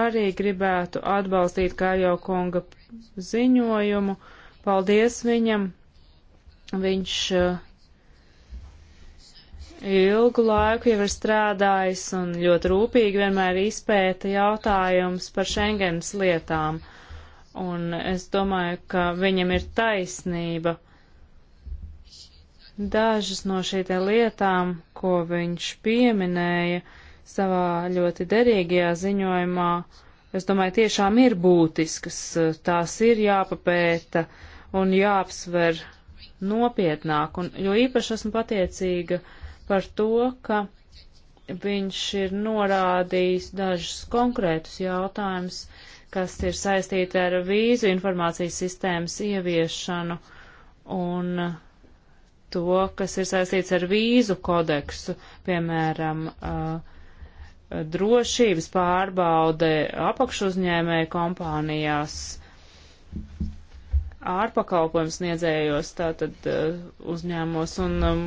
arī gribētu atbalstīt Kārjo kunga ziņojumu. Paldies viņam. Viņš uh, ilgu laiku jau ir strādājis un ļoti rūpīgi vienmēr izpēta jautājums par Schengens lietām. Un es domāju, ka viņam ir taisnība. Dažas no šīm lietām, ko viņš pieminēja savā ļoti derīgajā ziņojumā, es domāju, tiešām ir būtiskas. Tās ir jāpapēta un jāapsver nopietnāk. Un, jo īpaši esmu pateicīga uh, par to, ka viņš ir norādījis dažus konkrētus jautājumus, kas ir saistīti ar vīzu informācijas sistēmas ieviešanu un to, kas ir saistīts ar vīzu kodeksu, piemēram, uh, drošības pārbaude apakšuzņēmēju kompānijās, ārpakalpojums niedzējos, tātad uh, uzņēmos un um,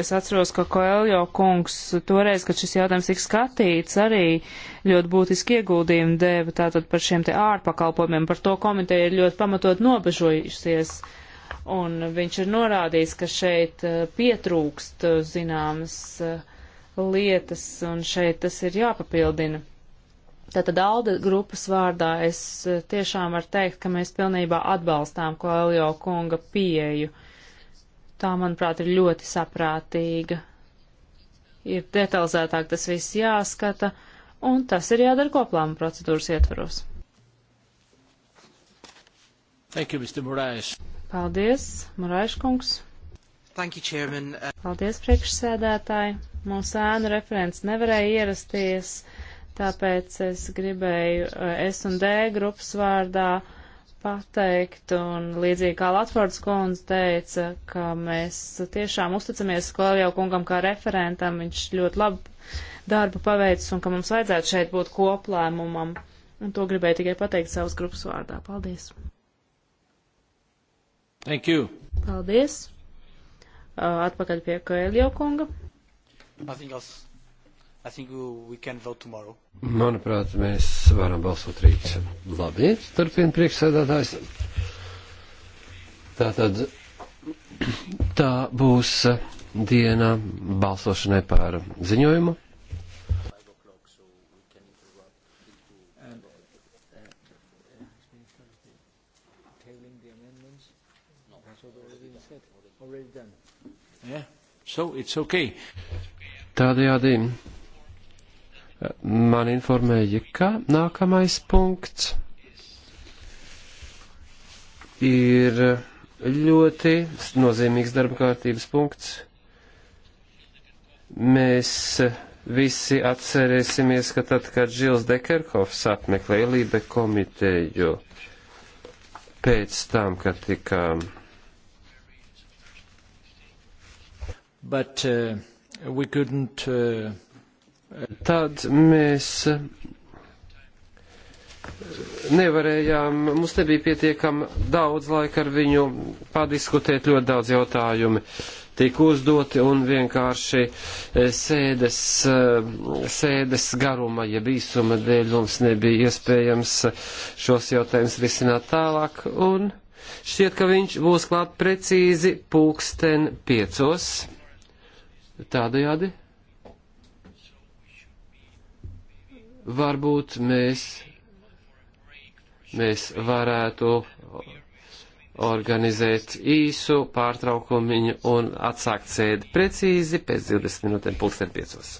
es atceros, ka Koeljo kungs toreiz, kad šis jautājums tika skatīts, arī ļoti būtiski ieguldījumu deva tātad par šiem te ārpakalpojumiem. Par to komiteja ir ļoti pamatot nobežojusies. Un viņš ir norādījis, ka šeit eh, pietrūkst eh, zināmas eh, lietas, un šeit tas ir jāpapildina. Tātad Alda grupas vārdā es tiešām varu teikt, ka mēs pilnībā atbalstām Koeljo kunga pieeju. Uh, tā, manuprāt, ir ļoti saprātīga. Ir detalizētāk tas viss jāskata, un tas ir jādara koplāma procedūras ietvaros. Thank you, Mr. Morais. Paldies, Morais kungs. Thank you, Chairman. Paldies, priekšsēdētāji. Mūsu ēnu referents nevarēja ierasties, tāpēc es gribēju eh, S un D grupas vārdā uh, pateikt, un līdzīgi kā Latvārds kundze teica, ka mēs tiešām uzticamies Koljau kungam kā referentam, viņš ļoti labu darbu paveicis un ka mums vajadzētu šeit būt koplēmumam. Un to gribēju tikai pateikt savas grupas vārdā. Paldies! Thank you! Paldies! Atpakaļ pie Koljau kunga. Nothing else. Manuprāt, mēs varam balsot rīt. Labi, turpina priekšsēdētājs. Tātad tā būs diena balsošanai par ziņojumu. Yeah. So it's okay. Tādējādi man informēja, ka nākamais punkts ir ļoti nozīmīgs darba kārtības punkts. Mēs visi atcerēsimies, ka tad, kad Žils Dekerkovs apmeklēja Lībe komiteju pēc tam, kad tika. But, uh, we couldn't, uh, tad mēs nevarējām, mums nebija pietiekam daudz laika ar viņu padiskutēt, ļoti daudz jautājumi tika uzdoti un vienkārši e, sēdes, e, sēdes garuma, ja bīsuma dēļ mums nebija iespējams šos jautājumus risināt tālāk. Un šķiet, ka viņš būs klāt precīzi pulksten piecos. Tādajādi. Varbūt mēs, mēs varētu organizēt īsu pārtraukumiņu un atsākt sēdi precīzi pēc 20 minūtēm pulksten piecos.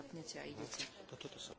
zapnete a idete. Toto sa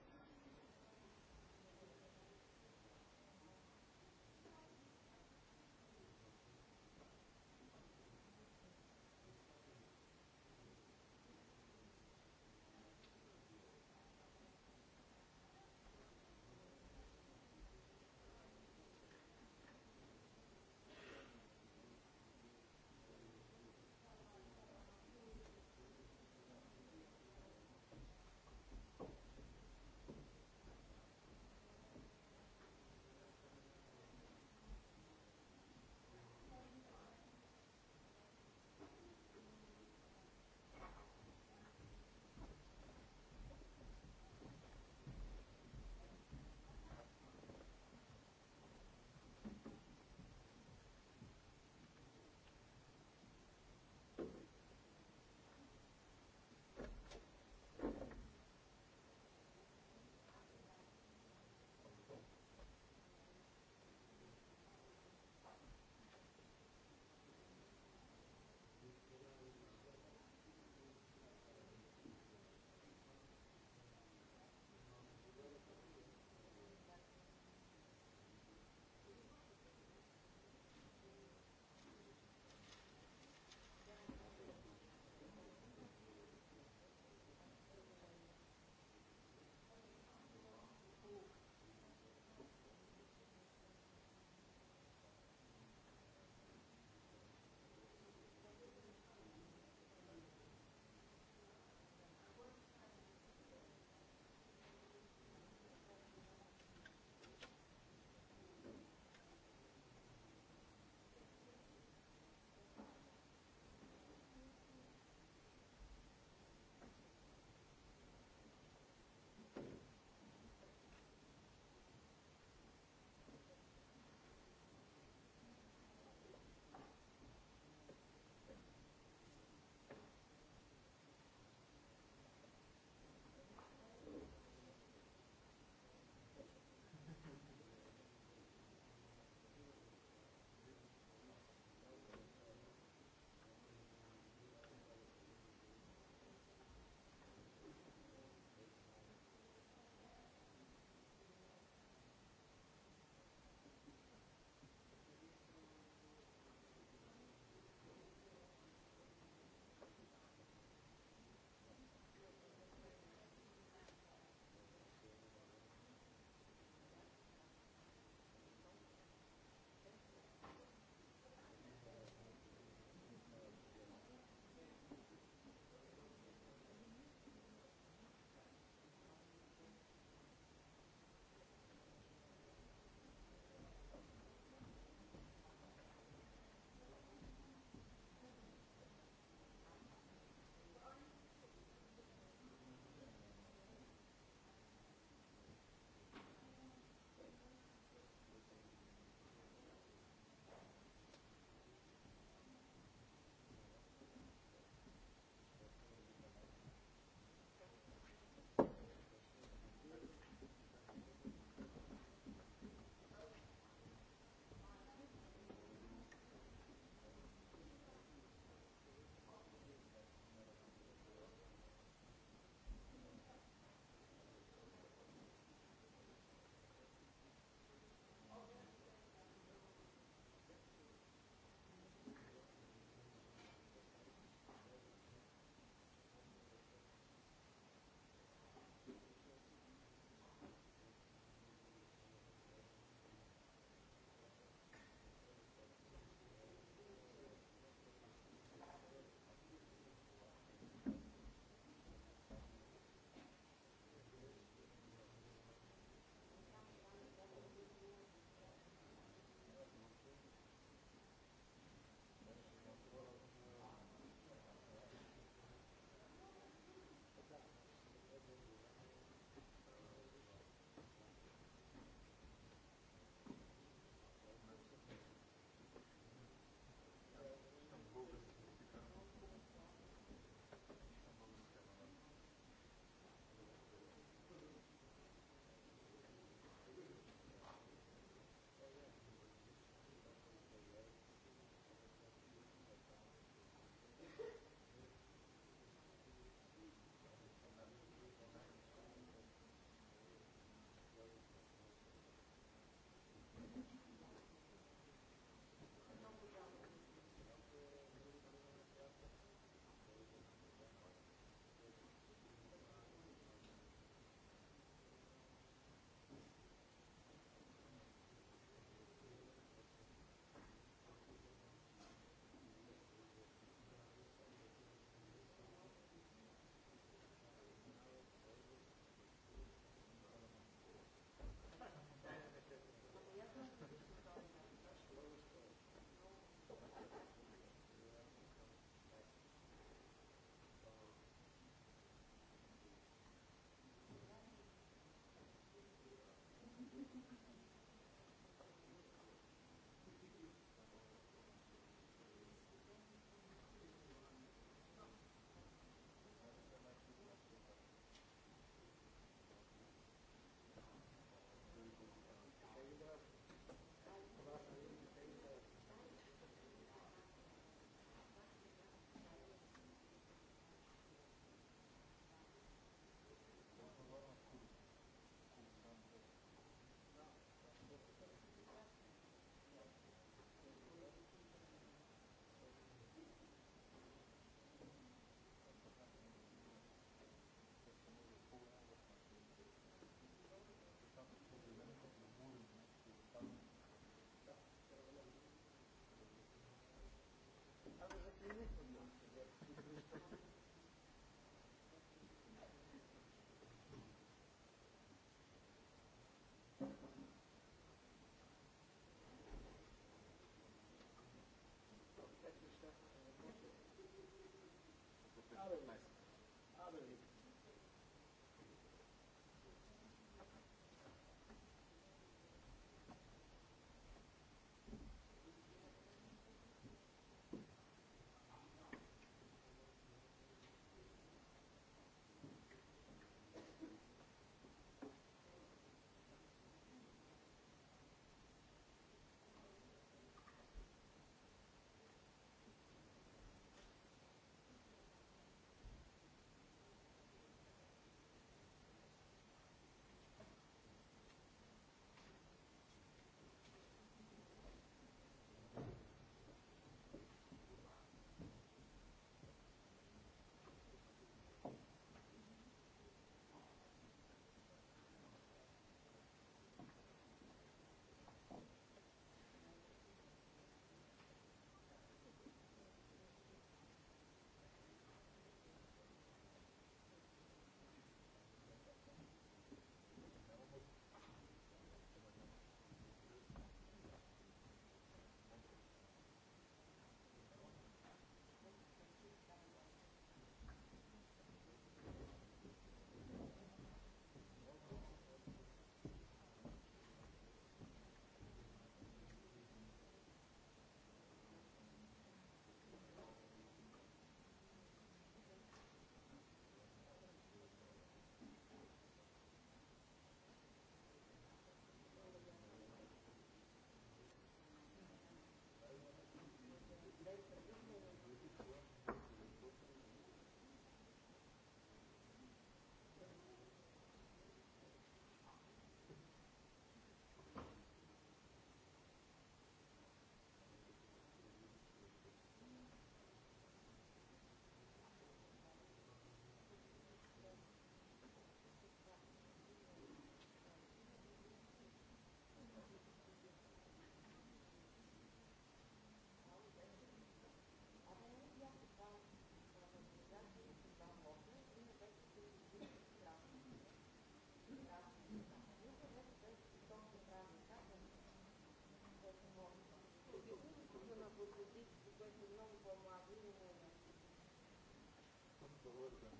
разговоры там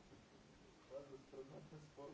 ладно страна спорт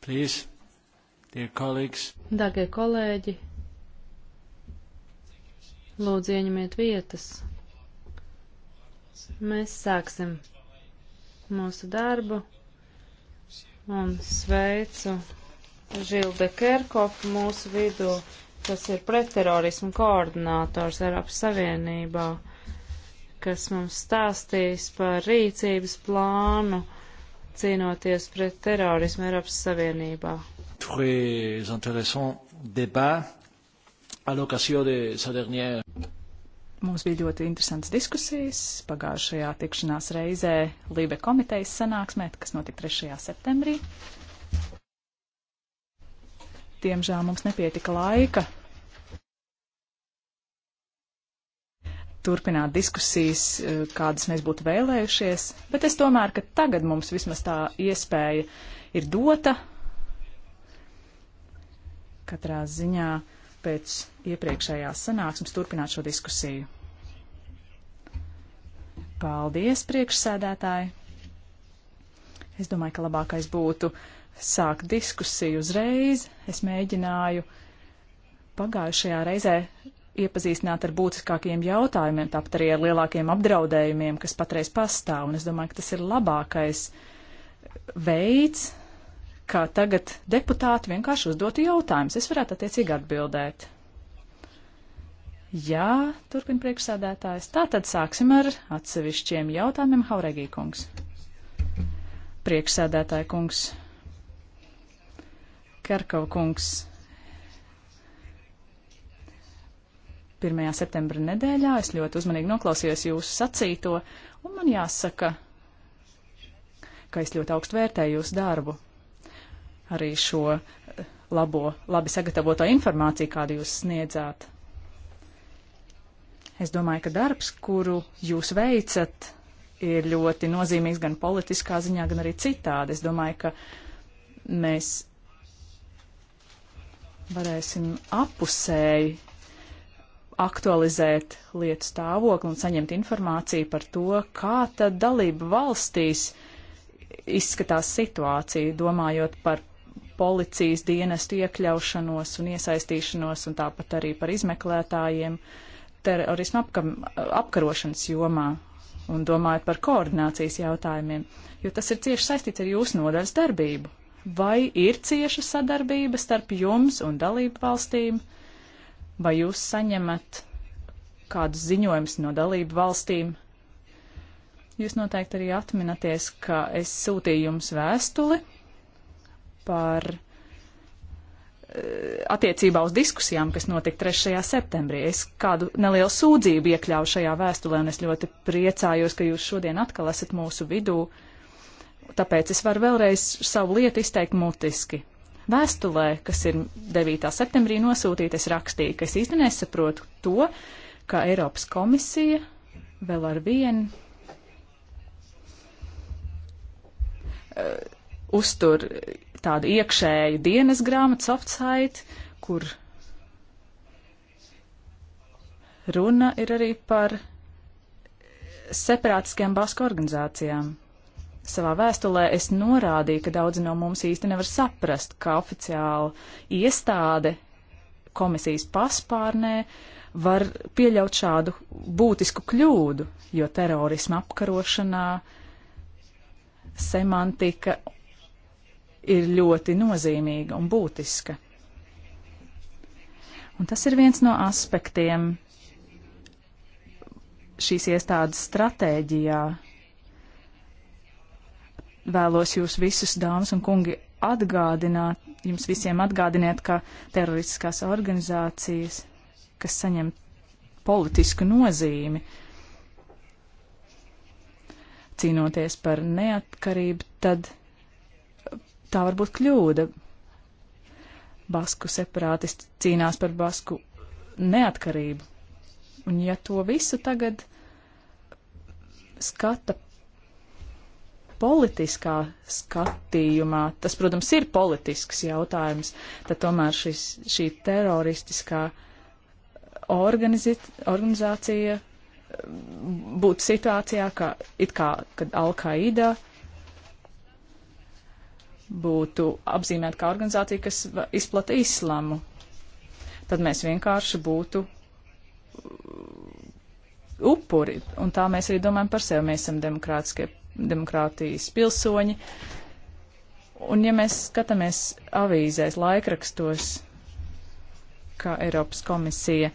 Please, dear colleagues. Dargie kolēģi, lūdzu ieņemiet vietas. Mēs sāksim mūsu darbu un sveicu Žilde Kerkopu mūsu vidū kas ir pretterorismu koordinātors Eiropas Savienībā, kas mums stāstīs par rīcības plānu cīnoties pret terorismu Eiropas Savienībā. Mums bija ļoti interesants diskusijas pagājušajā tikšanās reizē Lībe komitejas sanāksmē, kas notika 3. septembrī. Diemžēl mums nepietika laika turpināt diskusijas, eh, kādas mēs būtu vēlējušies, bet es tomēr, ka tagad mums vismaz tā iespēja ir dota. Katrā ziņā pēc iepriekšējās sanāksmes turpināt šo diskusiju. Paldies, priekšsēdētāji! Es domāju, ka labākais būtu uh, sākt diskusiju uzreiz. Es mēģināju pagājušajā reizē iepazīstināt ar būtiskākajiem jautājumiem, tāpat arī ar lielākiem apdraudējumiem, kas patreiz pastāv. Un es domāju, ka tas ir labākais veids, kā tagad deputāti vienkārši uzdotu jautājumus. Es varētu attiecīgi atbildēt. Jā, turpin priekšsādētājs. Tātad sāksim ar atsevišķiem jautājumiem, Haurēgī kungs. Priekšsādētāja kungs, Kerkov kungs. 1. septembra nedēļā es ļoti uzmanīgi noklausījos jūsu sacīto, un man jāsaka, ka es ļoti augstu vērtēju jūsu darbu. Arī šo eh, labo, labi sagatavoto informāciju, kādu jūs sniedzāt. Es domāju, ka darbs, kuru jūs veicat, ir ļoti nozīmīgs gan politiskā ziņā, gan arī citādi. Es domāju, ka mēs varēsim apusēji aktualizēt lietu stāvokli un saņemt informāciju par to, kā tad dalība valstīs izskatās situācija, domājot par policijas dienestu iekļaušanos un iesaistīšanos un tāpat arī par izmeklētājiem terorismu apka apkarošanas jomā un domājot par koordinācijas jautājumiem, jo tas ir cieši saistīts ar jūsu nodaļas darbību. Vai ir cieša sadarbība starp jums un dalību valstīm? Vai jūs saņemat kādus ziņojumus no dalību valstīm? Jūs noteikti arī atminaties, ka es sūtīju jums vēstuli par eh, attiecībā uz diskusijām, kas notika 3. septembrī. Es kādu nelielu sūdzību iekļauju šajā vēstulē, un es ļoti priecājos, ka jūs šodien atkal esat mūsu vidū. Uh, tāpēc es varu vēlreiz savu lietu izteikt mutiski. Vēstulē, kas ir 9. septembrī nosūtīta, es rakstīju, ka es īsti nesaprotu to, ka Eiropas komisija vēl ar vienu uh, uztur tādu iekšēju dienas grāmatu, soft site, kur runa ir arī par separātiskiem basku organizācijām. Savā vēstulē es norādīju, ka daudzi no mums īsti nevar saprast, ka oficiāla iestāde komisijas paspārnē var pieļaut šādu būtisku kļūdu, jo terorisma apkarošanā semantika ir ļoti nozīmīga un būtiska. Un tas ir viens no aspektiem šīs iestādes stratēģijā, vēlos jūs visus, dāmas un kungi, atgādināt, jums visiem atgādiniet, ka teroristiskās organizācijas, kas saņem politisku nozīmi, cīnoties par neatkarību, tad tā var būt kļūda. Basku separātisti cīnās par basku neatkarību. Un ja to visu tagad skata politiskā skatījumā, tas, protams, ir politisks jautājums, tad tomēr šis, šī teroristiskā organizācija mm, būtu situācijā, ka it kā, kad Al-Qaida būtu apzīmēta kā organizācija, kas izplata islamu, tad mēs vienkārši būtu upuri. Un tā mēs arī domājam par sevi. Mēs esam demokrātiskie demokrātijas pilsoņi. Un ja mēs skatāmies avīzēs, laikrakstos, kā Eiropas komisija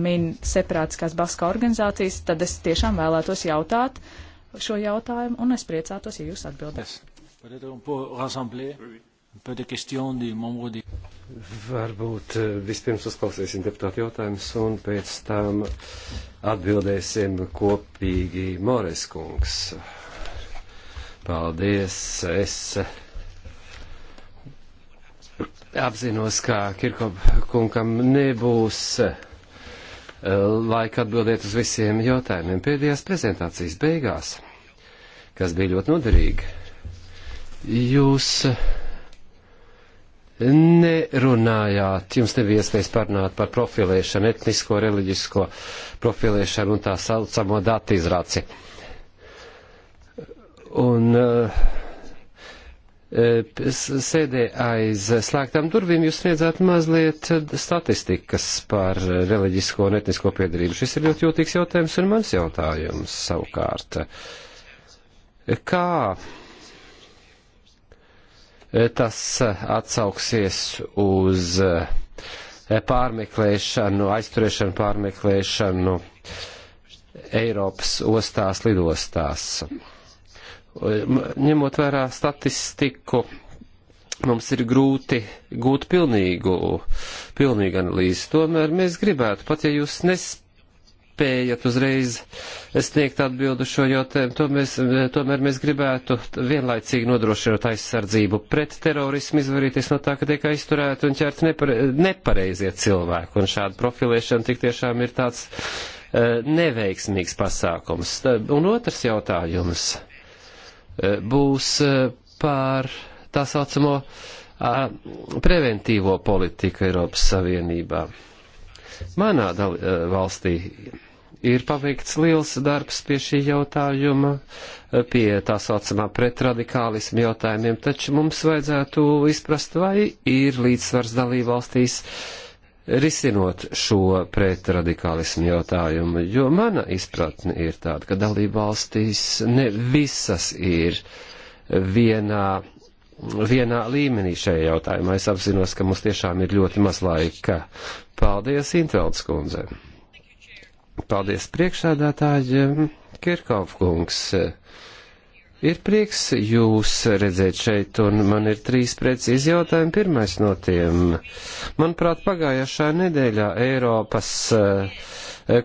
min separātiskās baska organizācijas, tad es tiešām vēlētos jautāt šo jautājumu, un es priecātos, ja jūs atbildēsiet. Varbūt eh, vispirms uzklausīsim deputātu jautājumus un pēc tam atbildēsim kopīgi Mores kungs. Paldies! Es eh, apzinos, ka Kirkop kungam nebūs eh, laika atbildēt uz visiem jautājumiem pēdējās prezentācijas beigās, kas bija ļoti noderīga. Jūs nerunājāt, jums nebija iespējas parunāt par profilēšanu, etnisko, reliģisko profilēšanu un tā saucamo datu izraci. Un uh, sēdē aiz slēgtām durvīm jūs sniedzāt mazliet statistikas par reliģisko un etnisko piedarību. Šis ir ļoti jūtīgs jautājums un mans jautājums savukārt. Kā Eh, tas eh, atsauksies uz eh, pārmeklēšanu, aizturēšanu, pārmeklēšanu Eiropas ostās, lidostās. Ņemot vērā statistiku, mums ir grūti gūt pilnīgu, pilnīgu analīzi. Tomēr mēs gribētu, pat ja jūs nespējat, nespējat uzreiz sniegt atbildu šo jautājumu, to mēs, tomēr mēs gribētu vienlaicīgi nodrošināt aizsardzību pret terorismu, izvarīties no tā, ka tiek aizturēti un ķert nepare, nepareizie cilvēki. Un šāda profilēšana tik tiešām ir tāds uh, neveiksmīgs pasākums. Un otrs jautājums eh, būs eh, par tā saucamo preventīvo politiku Eiropas Savienībā. Manā valstī ir paveikts liels darbs pie šī jautājuma, eh, pie tā saucamā pretradikālismu jautājumiem, taču mums vajadzētu izprast, vai ir līdzsvars dalībvalstīs risinot šo pretradikālismu jautājumu, jo mana izpratne ir tāda, ka dalībvalstīs ne visas ir vienā vienā līmenī šajā jautājumā. Es apzinos, ka mums tiešām ir ļoti maz laika. Paldies, Intvelds kundzei! Paldies priekšsēdētāji, um, Kirkovkungs. Ir prieks jūs redzēt šeit, un man ir trīs precīzi jautājumi. Pirmais no tiem. Manuprāt, pagājušā nedēļā Eiropas uh,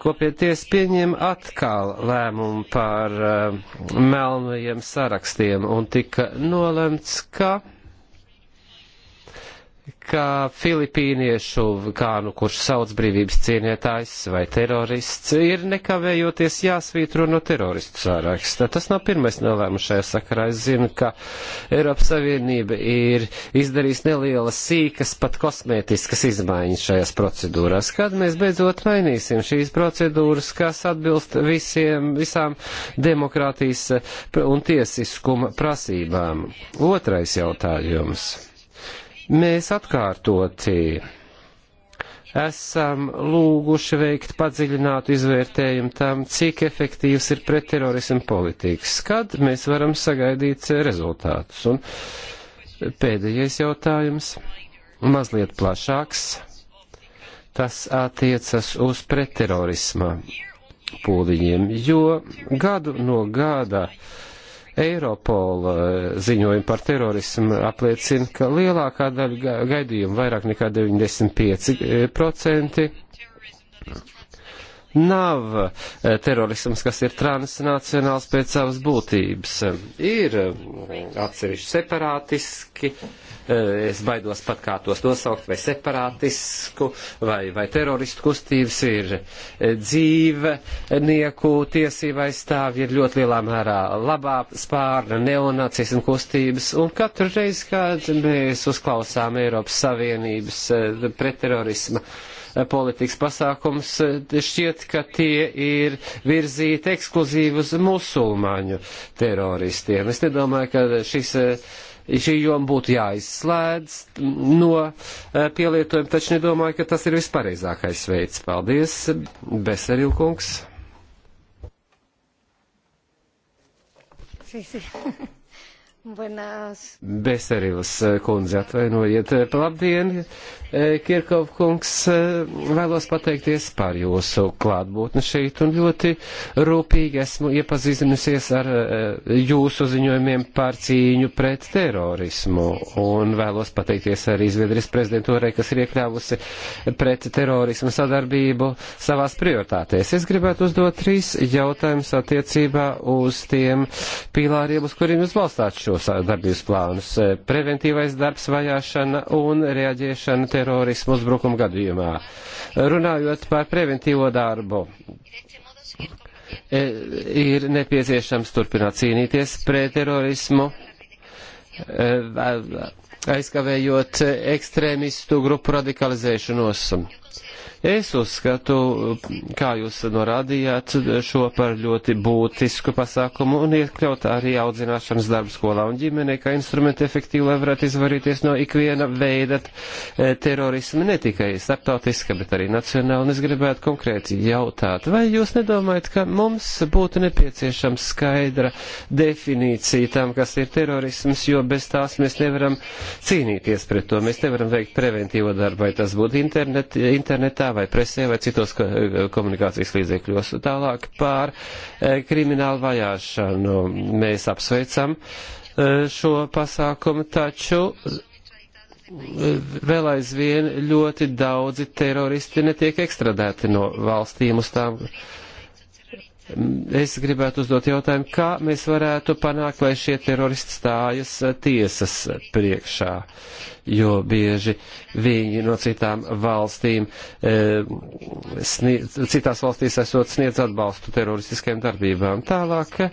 kopieties pieņēma atkal lēmumu par uh, melnajiem sarakstiem, un tika nolemts, ka kā filipīniešu kānu, kurš sauc brīvības cienītājs vai terorists, ir nekavējoties jāsvītro no teroristu sāraksta. Tas nav pirmais nelēmums šajā sakarā. Es zinu, ka Eiropas Savienība ir izdarījusi nelielas sīkas, pat kosmētiskas izmaiņas šajās procedūrās. Kad mēs beidzot mainīsim šīs procedūras, kas atbilst visiem, visām demokrātijas un tiesiskuma prasībām? Otrais jautājums. Mēs atkārtoti esam lūguši veikt padziļinātu izvērtējumu tam, cik efektīvs ir pretterorismu politikas, kad mēs varam sagaidīt rezultātus. Un pēdējais jautājums, mazliet plašāks, tas attiecas uz pretterorisma pūliņiem, jo gadu no gada uh, Eiropola eh, ziņojumi par terorismu apliecina, ka lielākā daļa gaidījumu, vairāk nekā 95%, eh, nav eh, terorisms, kas ir transnacionāls pēc savas būtības. Ir atsevišķi separātiski Eh, es baidos pat kā tos nosaukt, vai separātisku, vai, vai teroristu kustības, ir eh, dzīvnieku tiesība aizstāvja, ir ļoti lielā mērā labā spārna neonacismu kustības, un katru reizi, kad mēs uzklausām Eiropas Savienības eh, pretterorisma politikas pasākums, šķiet, ka tie ir virzīti ekskluzīvi uz musulmaņu teroristiem. Es nedomāju, ka šis šī joma būtu jāizslēdz no e, pielietojuma, taču nedomāju, ka tas ir vispareizākais veids. Paldies, Beserilkungs. Sí, sí. Buenas. Beserilas e, kundze atvainojiet. E, labdien! Eh, Kirkov kungs, eh, vēlos pateikties par jūsu klātbūtni šeit un ļoti rūpīgi esmu iepazīstinusies ar eh, jūsu ziņojumiem par cīņu pret terorismu un vēlos pateikties arī Zviedrijas prezidentūrai, kas ir iekļāvusi pret terorismu sadarbību savās prioritātēs. Es gribētu uzdot trīs jautājumus attiecībā uz tiem pīlāriem, uz kuriem jūs balstāt šos darbības plānus. Preventīvais darbs vajāšana un reaģēšana terorismu terorismu uzbrukumu gadījumā. Runājot par preventīvo darbu, e, ir nepieciešams turpināt cīnīties pret terorismu e, aizkavējot ekstrēmistu grupu radikalizēšanos Es uzskatu, kā jūs norādījāt, šo par ļoti būtisku pasākumu un iekļaut arī audzināšanas darbu skolā un ģimenē, kā instrumenti efektīvi, lai varētu izvarīties no ikviena veida eh, terorismu, ne tikai starptautiska, bet arī nacionāla. Un es gribētu konkrēti jautāt, vai jūs nedomājat, ka mums būtu nepieciešama skaidra definīcija tam, kas ir terorisms, jo bez tās mēs nevaram cīnīties pret to. Mēs nevaram veikt preventīvo darbu, vai tas būtu internet, internetā vai presē vai citos eh, komunikācijas līdzekļos. Tālāk pār eh, kriminālu vajāšanu mēs apsveicam eh, šo pasākumu, taču vēl aizvien ļoti daudzi teroristi netiek ekstradēti no valstīm uz tām Es gribētu uzdot jautājumu, kā mēs varētu panākt, lai šie teroristi stājas tiesas priekšā, jo bieži viņi no citām valstīm, eh, sniedz, citās valstīs esot sniedz atbalstu teroristiskiem darbībām. Tālāk,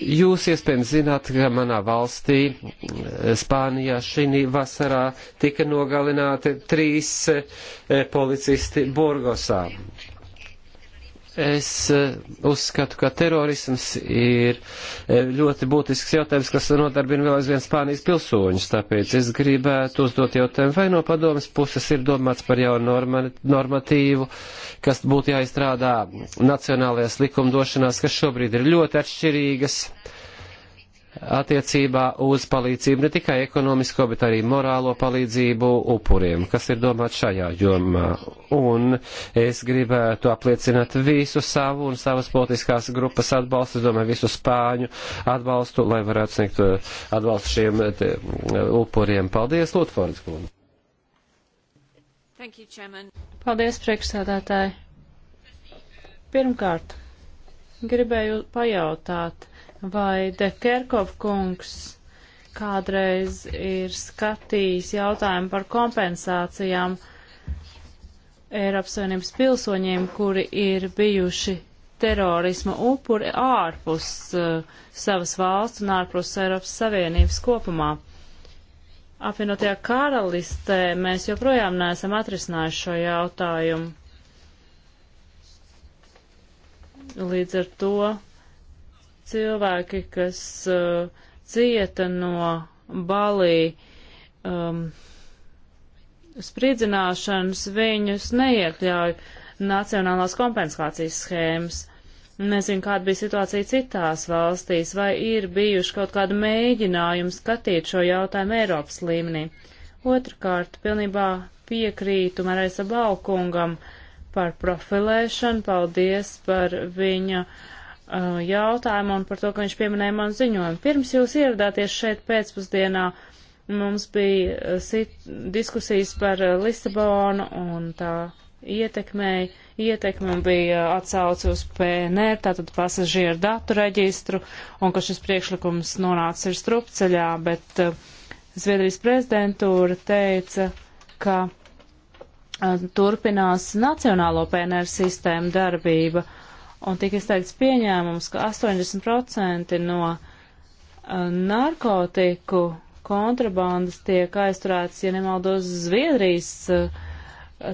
Jūs iespējams zināt, ka manā valstī, eh, Spānijā, šī vasarā tika nogalināti trīs eh, policisti Burgosā es eh, uzskatu, ka terorisms ir eh, ļoti būtisks jautājums, kas nodarbina vēl aizvien Spānijas pilsoņus, tāpēc es gribētu uzdot jautājumu, vai no padomas puses ir domāts par jaunu normatīvu, kas būtu jāizstrādā nacionālajās likumdošanās, kas šobrīd ir ļoti atšķirīgas. Uh, attiecībā uz palīdzību ne tikai ekonomisko, bet arī morālo palīdzību upuriem, kas ir domāts šajā jomā. Un es gribētu apliecināt visu savu un savas politiskās grupas atbalstu, es domāju, visu spāņu atbalstu, lai varētu sniegt uh, atbalstu šiem uh, te, uh, upuriem. Paldies, Lutfords kundze! Paldies, priekšsādātāji! Pirmkārt, gribēju pajautāt, vai Dekerkov kungs kādreiz ir skatījis jautājumu par kompensācijām Eiropas Savienības pilsoņiem, kuri ir bijuši terorisma upuri ārpus uh, savas valsts un ārpus Eiropas Savienības kopumā. Apvienotajā karalistē mēs joprojām neesam atrisinājuši šo jautājumu. Līdz ar to cilvēki, kas uh, cieta no balī um, spridzināšanas, viņus neiekļauj nacionālās kompensācijas schēmas. Nezinu, kāda bija situācija citās valstīs, vai ir bijuši kaut kādi mēģinājumi skatīt šo jautājumu Eiropas līmenī. Otrakārt, pilnībā piekrītu Marisa Balkungam par profilēšanu, paldies par viņa uh, Uh, jautājumu un par to, ka viņš pieminēja man ziņojumu. Pirms jūs ieradāties šeit pēcpusdienā, mums bija uh, diskusijas par uh, Lisabonu un tā ietekmēja. Ietekme bija atsauce uz PNR, tātad pasažieru datu reģistru, un ka šis priekšlikums nonāca ir strupceļā, bet Zviedrijas prezidentūra teica, ka turpinās nacionālo PNR sistēmu darbība. Uh, un tika izteikts pieņēmums, ka 80% no uh, narkotiku kontrabandas tiek aizturētas, ja nemaldos, Zviedrijas uh,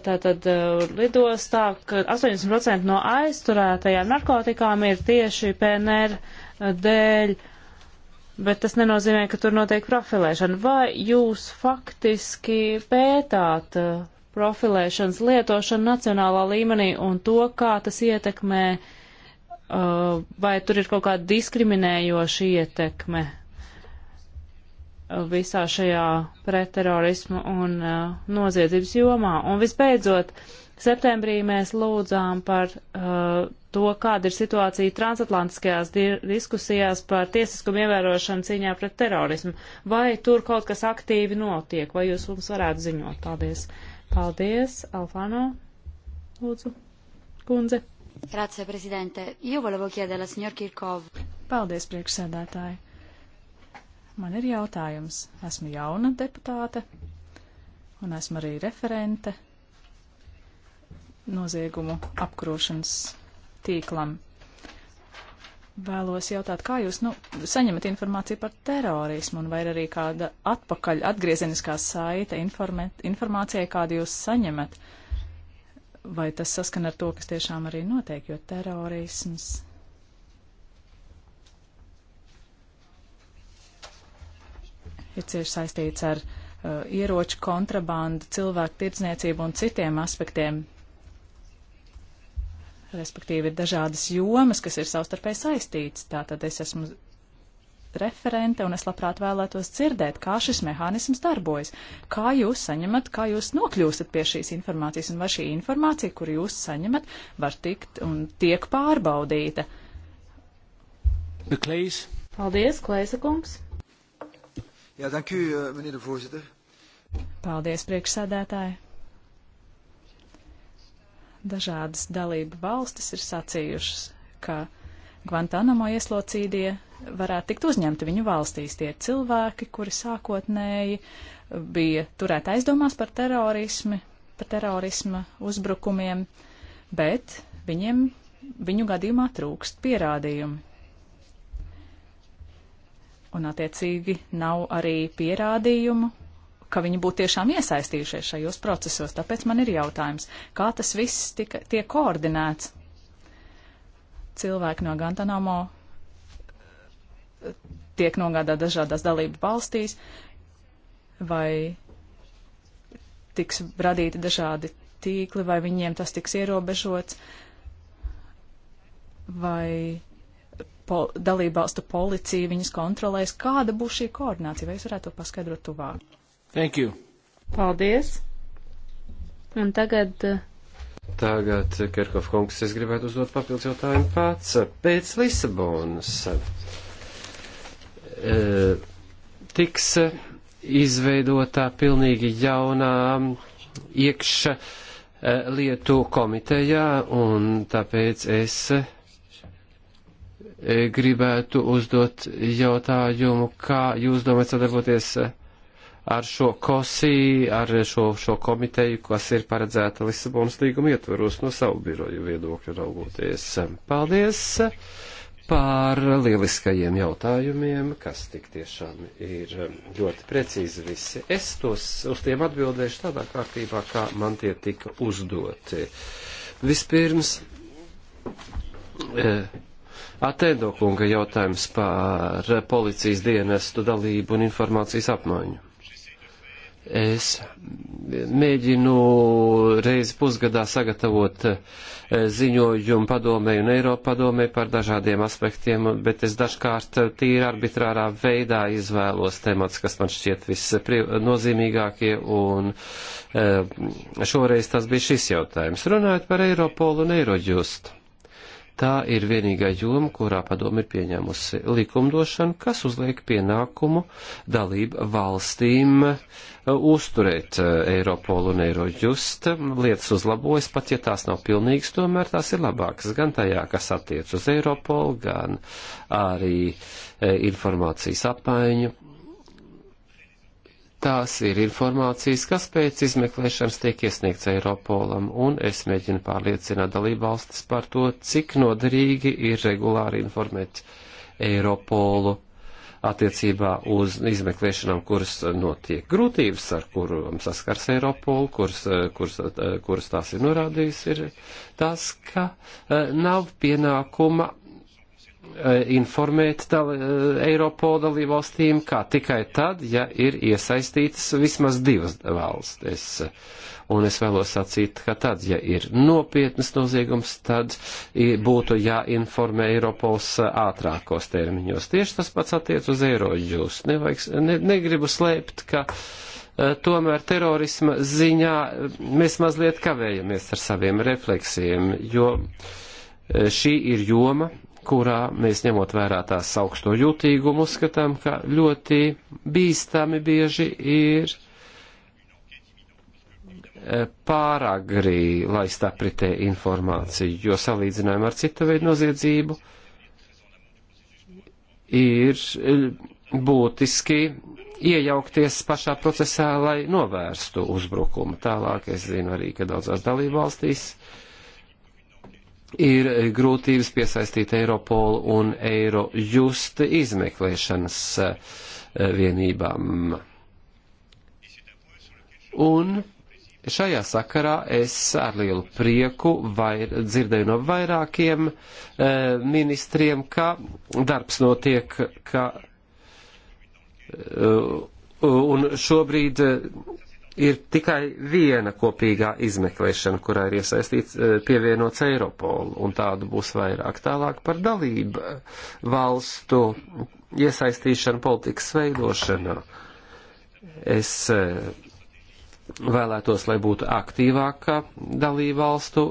tātad uh, lidostā, ka 80% no aizturētajām narkotikām ir tieši PNR uh, dēļ, bet tas nenozīmē, ka tur notiek profilēšana. Vai jūs faktiski pētāt? Uh, profilēšanas lietošanu nacionālā līmenī un to, kā tas ietekmē, uh, vai tur ir kaut kāda diskriminējoša ietekme uh, visā šajā pretterorismu un uh, noziedzības jomā. Un visbeidzot, septembrī mēs lūdzām par uh, to, kāda ir situācija transatlantiskajās di diskusijās par tiesiskumu ievērošanu cīņā pret terorismu. Vai tur kaut kas aktīvi notiek, vai jūs mums varētu ziņot? Paldies! Uh, Paldies, Alfāno, lūdzu, kundze. Grazie, prezidente. Io volevo chiedere alla signor Kirkov. Paldies, priekšsēdētāji. Man ir jautājums. Esmu jauna deputāte un esmu arī referente noziegumu apkrošanas tīklam. Vēlos jautāt, kā jūs nu, saņemat informāciju par terorismu, un vai ir arī kāda atpakaļ atgriezeniskā saite informācijai, kādu jūs saņemat? Vai tas saskan ar to, kas tiešām arī notiek, jo terorisms. Ir cieši saistīts ar uh, ieroču kontrabandu, cilvēku tirdzniecību un citiem aspektiem respektīvi ir dažādas jomas, kas ir savstarpēji saistītas. Tātad es esmu referente un es labprāt vēlētos dzirdēt, kā šis mehānisms darbojas, kā jūs saņemat, kā jūs nokļūstat pie šīs informācijas un vai šī informācija, kur jūs saņemat, var tikt un tiek pārbaudīta. Klējs. Paldies, Klēsa kungs. Jā, danku, eh, meneer de voorzitter. Paldies, priekšsēdētāji. Dažādas dalību valstis ir sacījušas, ka Guantanamo ieslocītie varētu tikt uzņemti viņu valstīs. Tie cilvēki, kuri sākotnēji bija turēti aizdomās par, par terorisma uzbrukumiem, bet viņiem, viņu gadījumā trūkst pierādījumi. Un attiecīgi nav arī pierādījumu ka viņi būtu tiešām iesaistījušies šajos procesos. Tāpēc man ir jautājums, kā tas viss tika, tiek koordinēts? Cilvēki no Gantanamo eh, tiek nogādāti dažādās dalību valstīs, vai tiks radīti dažādi tīkli, vai viņiem tas tiks ierobežots, vai pol dalībvalstu policija viņus kontrolēs. Kāda būs šī koordinācija? Vai jūs varētu to paskaidrot tuvāk? Thank you. Paldies. Un tagad. Eh, tagad, eh, Kirkov kungs, es gribētu uzdot papildus jautājumu pats. Eh, pēc Lisabonas e, tiks izveidotā pilnīgi jaunā mm, iekša lietu komitejā, un tāpēc es gribētu uzdot jautājumu, kā jūs domājat sadarboties ar šo kosī, ar šo, šo komiteju, kas ir paredzēta Lisabonas līguma ietvaros no savu biroju viedokļu raugoties. Paldies par lieliskajiem jautājumiem, kas tik tiešām ir ļoti precīzi visi. Es tos uz tiem atbildēšu tādā kārtībā, kā man tie tika uzdoti. Vispirms. Eh, Atēdo kunga jautājums par policijas dienestu dalību un informācijas apmaiņu. Es mēģinu reizi pusgadā sagatavot eh, ziņojumu padomēju un Eiropa padomēju par dažādiem aspektiem, bet es dažkārt eh, tīri arbitrārā veidā izvēlos temats, kas man šķiet visnozīmīgākie, un eh, šoreiz tas bija šis jautājums. Runājot par Eiropolu un Eirojustu tā ir vienīgā joma, kurā padomi ir pieņēmusi likumdošanu, kas uzliek pienākumu dalību valstīm uh, uzturēt uh, Eiropolu un Eirojust. Lietas uzlabojas, pat ja tās nav pilnīgas, tomēr tās ir labākas gan tajā, kas attiec uz Eiropolu, gan arī uh, informācijas apmaiņu Tās ir informācijas, kas pēc izmeklēšanas tiek iesniegts Eiropolam, un es mēģinu pārliecināt dalībvalstis par to, cik noderīgi ir regulāri informēt Eiropolu attiecībā uz izmeklēšanām, kuras notiek grūtības, ar kurām saskars Eiropola, kuras, kuras, kuras tās ir norādījis, ir tas, ka eh, nav pienākuma Eh, informēt dal, eh, Eiropo dalību valstīm, kā tikai tad, ja ir iesaistītas vismaz divas valstis. Un es vēlos sacīt, ka tad, ja ir nopietnas noziegums, tad būtu jāinformē Eiropols ātrākos termiņos. Tieši tas pats attiec uz Eiroģus. Nevajag, ne, negribu slēpt, ka eh, tomēr terorisma ziņā mēs mazliet kavējamies ar saviem refleksiem, jo šī ir joma, kurā mēs ņemot vērā tās augsto jūtīgumu uzskatām, ka ļoti bīstami bieži ir e, pāragri laist apritē informāciju, jo salīdzinājumā ar cita veida noziedzību ir e, būtiski iejaukties pašā procesā, lai novērstu uzbrukumu. Tālāk es zinu arī, ka daudzās dalībvalstīs valstīs ir grūtības piesaistīt Eiropolu un Eiro just izmeklēšanas eh, vienībām. Un šajā sakarā es ar lielu prieku vair, dzirdēju no vairākiem e, ministriem, ka darbs notiek, ka e, un šobrīd ir tikai viena kopīgā izmeklēšana, kurā ir iesaistīts eh, pievienots Eiropolu, un tādu būs vairāk tālāk par dalību eh, valstu iesaistīšanu politikas veidošanā. Es eh, vēlētos, lai būtu aktīvāka dalība valstu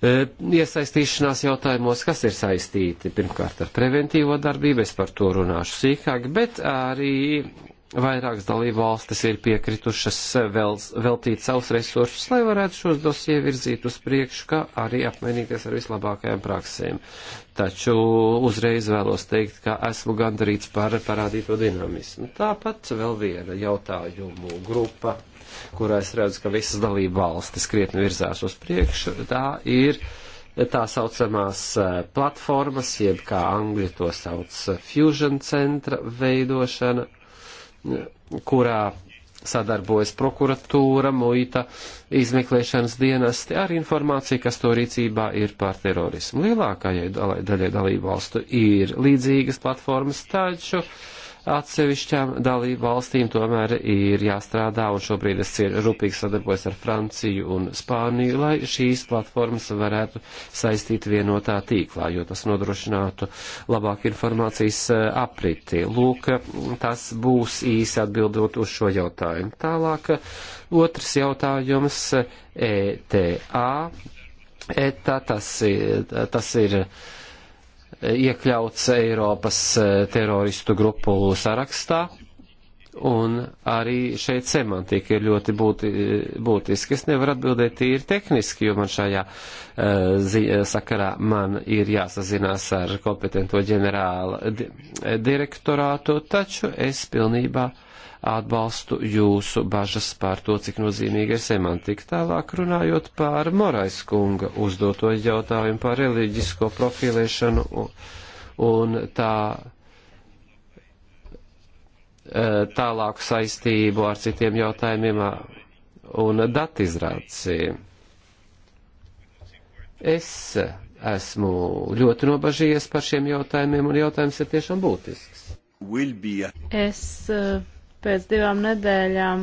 iesaistīšanās jautājumos, kas ir saistīti pirmkārt ar preventīvo darbību, es par to runāšu sīkāk, bet arī Vairākas dalībvalstis ir piekritušas vēl, veltīt savus resursus, lai varētu šos dosie virzīt uz priekšu, kā arī apmainīties ar vislabākajām praksēm. Taču uzreiz vēlos teikt, ka esmu gandarīts par parādīto dinamismu. Tāpat vēl viena jautājumu grupa, kurā es redzu, ka visas dalībvalstis krietni virzās uz priekšu, tā ir tā saucamās platformas, jeb kā angļi to sauc, fusion centra veidošana kurā sadarbojas prokuratūra, muita, izmeklēšanas dienesti ar informāciju, kas to rīcībā ir par terorismu. Lielākajai daļai dalību valstu ir līdzīgas platformas, taču uh, atsevišķām dalību valstīm tomēr ir jāstrādā, un šobrīd es rūpīgi sadarbojos ar Franciju un Spāniju, lai šīs platformas varētu saistīt vienotā tīklā, jo tas nodrošinātu labāku informācijas eh, apriti. Lūk, tas būs īsi atbildot uz šo jautājumu. Tālāk, otrs jautājums ETA. ETA tas ir. Tas ir iekļauts Eiropas e, teroristu grupu sarakstā. Un arī šeit semantika ir ļoti būti, e, būtiska. Es nevaru atbildēt tīri tehniski, jo man šajā uh, zi, sakarā man ir jāsazinās ar kompetento ģenerāla di direktorātu, taču es pilnībā uh, atbalstu jūsu bažas par to, cik nozīmīga ir semantika. Tālāk runājot par Morais kunga uzdoto jautājumu par reliģisko profilēšanu un tā e, tālāku saistību ar citiem jautājumiem un datizrāciju. Es esmu ļoti nobažījies par šiem jautājumiem, un jautājums ir tiešām būtisks. Es uh, Pēc divām nedēļām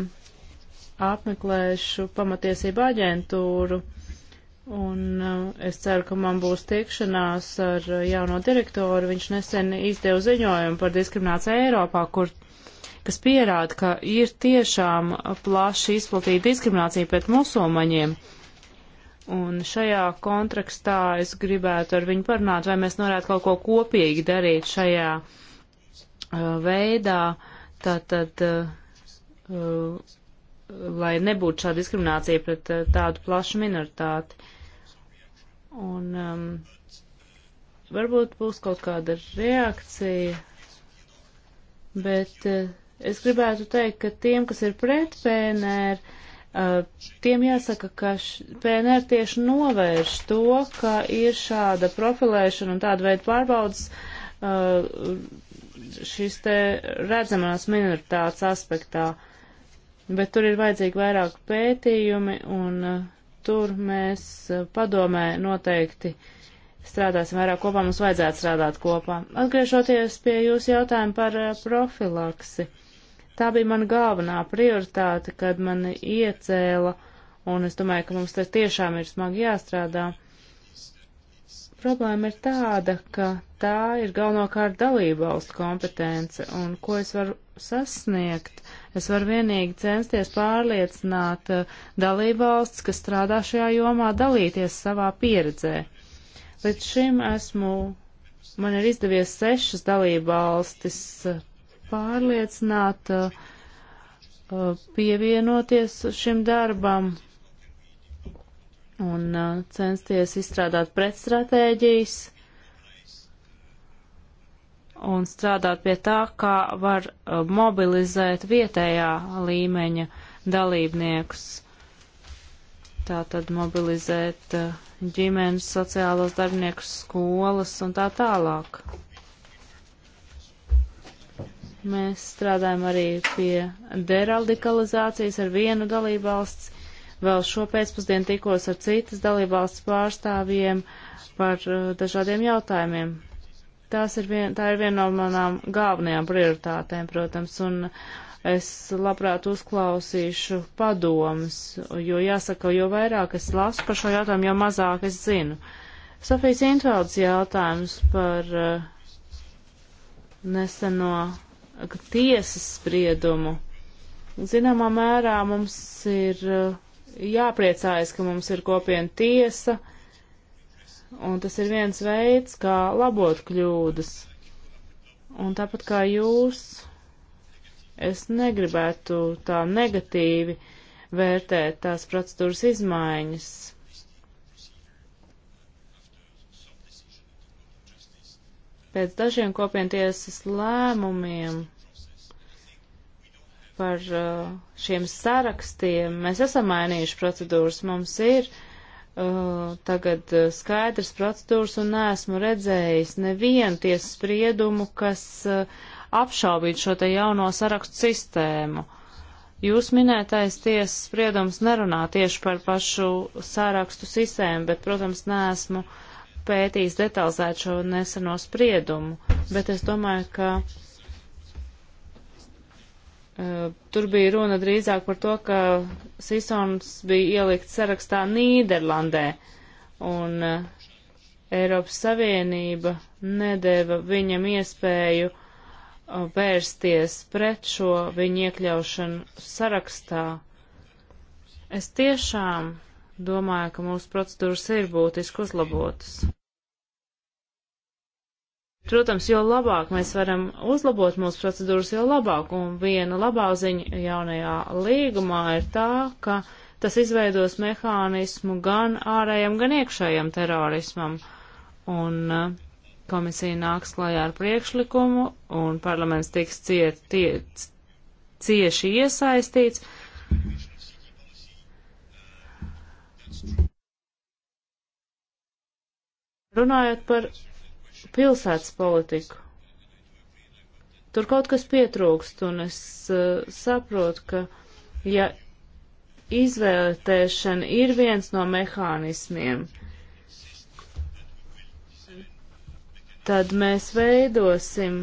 apmeklēšu pamatiesību aģentūru, un uh, es ceru, ka man būs tikšanās ar jauno direktoru. Viņš nesen izdeva ziņojumu par diskrimināciju Eiropā, kur kas pierāda, ka ir tiešām plaši izplatīta diskriminācija pret musulmaņiem. Un šajā kontekstā es gribētu ar viņu parunāt, vai mēs varētu kaut ko kopīgi darīt šajā uh, veidā, uh, Tātad, uh, uh, lai nebūtu šāda diskriminācija pret uh, tādu plašu minoritāti. Un um, varbūt būs kaut kāda reakcija, bet uh, es gribētu teikt, ka tiem, kas ir pret PNR, uh, tiem jāsaka, ka PNR tieši novērš to, ka ir šāda profilēšana un tāda veida pārbaudas uh, šis te redzamās minoritātes aspektā, bet tur ir vajadzīgi vairāk pētījumi un eh, tur mēs eh, padomē noteikti strādāsim vairāk kopā, mums vajadzētu strādāt kopā. Atgriežoties pie jūsu jautājuma par eh, profilaksi. Tā bija mana galvenā prioritāte, kad mani iecēla, un es domāju, ka mums te tiešām ir smagi jāstrādā. Problēma ir tāda, ka tā ir galvenokārt dalība valstu kompetence, un ko es varu sasniegt, es varu vienīgi censties pārliecināt eh, dalību valsts, kas strādā šajā jomā, dalīties savā pieredzē. Līdz šim esmu, man ir izdevies sešas dalību valstis eh, pārliecināt, eh, pievienoties šim darbam, un uh, censties izstrādāt pretstratēģijas un strādāt pie tā, kā var uh, mobilizēt vietējā līmeņa dalībniekus. Tātad mobilizēt uh, ģimenes, sociālos darbiniekus, skolas un tā tālāk. Mēs strādājam arī pie deradikalizācijas ar vienu dalībvalsts Vēl šo pēcpusdienu tikos ar citas dalībvalsts pārstāvjiem par uh, dažādiem jautājumiem. Tās ir vien, tā ir viena no manām galvenajām prioritātēm, protams, un es labprāt uzklausīšu padomus, jo jāsaka, jo vairāk es lasu par šo jautājumu, jo mazāk es zinu. Sofijas Intvaldes jautājums par uh, neseno tiesas spriedumu. Zināmā mērā mums ir uh, jāpriecājas, ka mums ir kopiena tiesa, un tas ir viens veids, kā labot kļūdas. Un tāpat kā jūs, es negribētu tā negatīvi vērtēt tās procedūras izmaiņas. Pēc dažiem kopientiesas lēmumiem par uh, šiem sarakstiem. Mēs esam mainījuši procedūras, mums ir uh, tagad uh, skaidrs procedūras un neesmu redzējis nevienu tiesas spriedumu, kas uh, apšaubītu šo te jauno sarakstu sistēmu. Jūs minētais tiesas spriedums nerunā tieši par pašu sārakstu sistēmu, bet, protams, neesmu pētījis detalizēt šo neseno spriedumu, bet es domāju, ka Eh, tur bija runa drīzāk par to, ka Sisons bija ielikt sarakstā Nīderlandē, un uh, Eiropas Savienība nedēva viņam iespēju uh, vērsties pret šo viņa iekļaušanu sarakstā. Es tiešām domāju, ka mūsu procedūras ir būtiski uzlabotas. Protams, jo labāk mēs varam uzlabot mūsu procedūras, jo labāk. Un viena labā ziņa jaunajā līgumā ir tā, ka tas izveidos mehānismu gan ārējam, gan iekšējam terorismam. Un uh, komisija nāks klajā ar priekšlikumu, un parlaments tiks ciet, tie, cieši iesaistīts. Runājot par pilsētas politiku. Tur kaut kas pietrūkst, un es uh, saprotu, ka, ja izvērtēšana ir viens no mehānismiem, tad mēs veidosim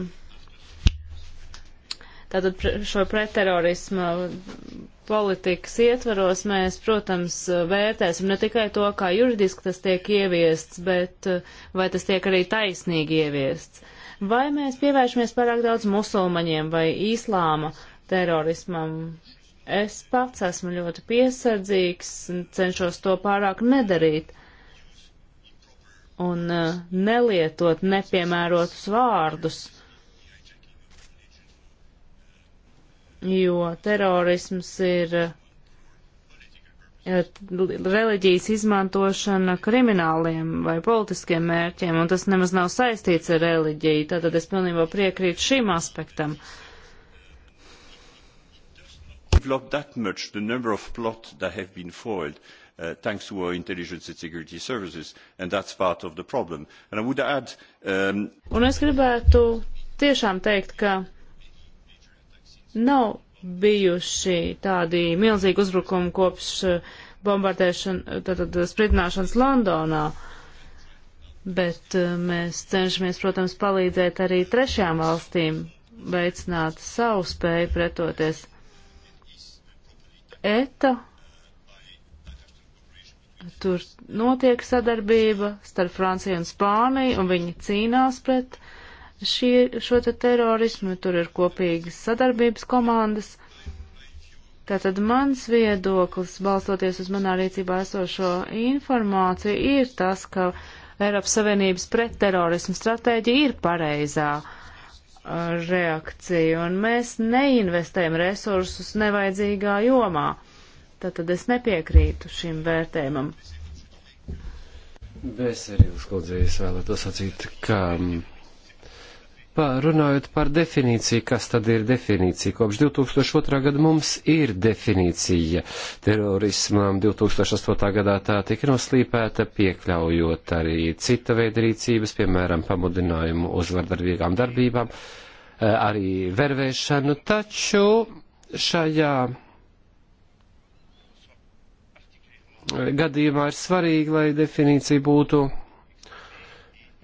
tātad šo pretterorismu politikas ietvaros mēs, protams, vērtēsim ne tikai to, kā juridiski tas tiek ieviests, bet eh, vai tas tiek arī taisnīgi ieviests. Vai mēs pievēršamies pārāk daudz musulmaņiem vai īslāma terorismam? Es pats esmu ļoti piesardzīgs, cenšos to pārāk nedarīt un eh, nelietot nepiemērotus vārdus jo terorisms ir eh, reliģijas izmantošana krimināliem vai politiskiem mērķiem, un tas nemaz nav saistīts ar reliģiju, tātad es pilnībā priekrītu šim aspektam. That much, the number of plots that have been foiled, uh, thanks to our intelligence and security services, and that's part of the problem. And I would add. Um, un es gribētu tiešām teikt, ka Nav bijuši tādi milzīgi uzbrukumi kopš eh, bombardēšana, tātad eh, spridināšanas Londonā, bet eh, mēs cenšamies, protams, palīdzēt arī trešajām valstīm veicināt savu spēju pretoties. ETA tur notiek sadarbība starp Franciju un Spāniju, un viņi cīnās pret uh, šie, šo te terorismu, tur ir kopīgas sadarbības komandas. Tātad mans viedoklis, balstoties uz manā rīcībā esošo informāciju, ir tas, ka Eiropas Savienības pretterorismu stratēģija ir pareizā uh, reakcija, un mēs neinvestējam resursus nevajadzīgā jomā. Tātad es nepiekrītu šim vērtējumam. Bez arī uzklaudzējas vēlētos sacīt, ka. Kā... Mm, runājot par definīciju, kas tad ir definīcija? Kopš 2002. gada mums ir definīcija terorismam. 2008. gadā tā tika noslīpēta, piekļaujot arī cita veida rīcības, piemēram, pamudinājumu uzvardarbīgām darbībām, eh, arī vervēšanu. Taču šajā gadījumā ir svarīgi, lai definīcija būtu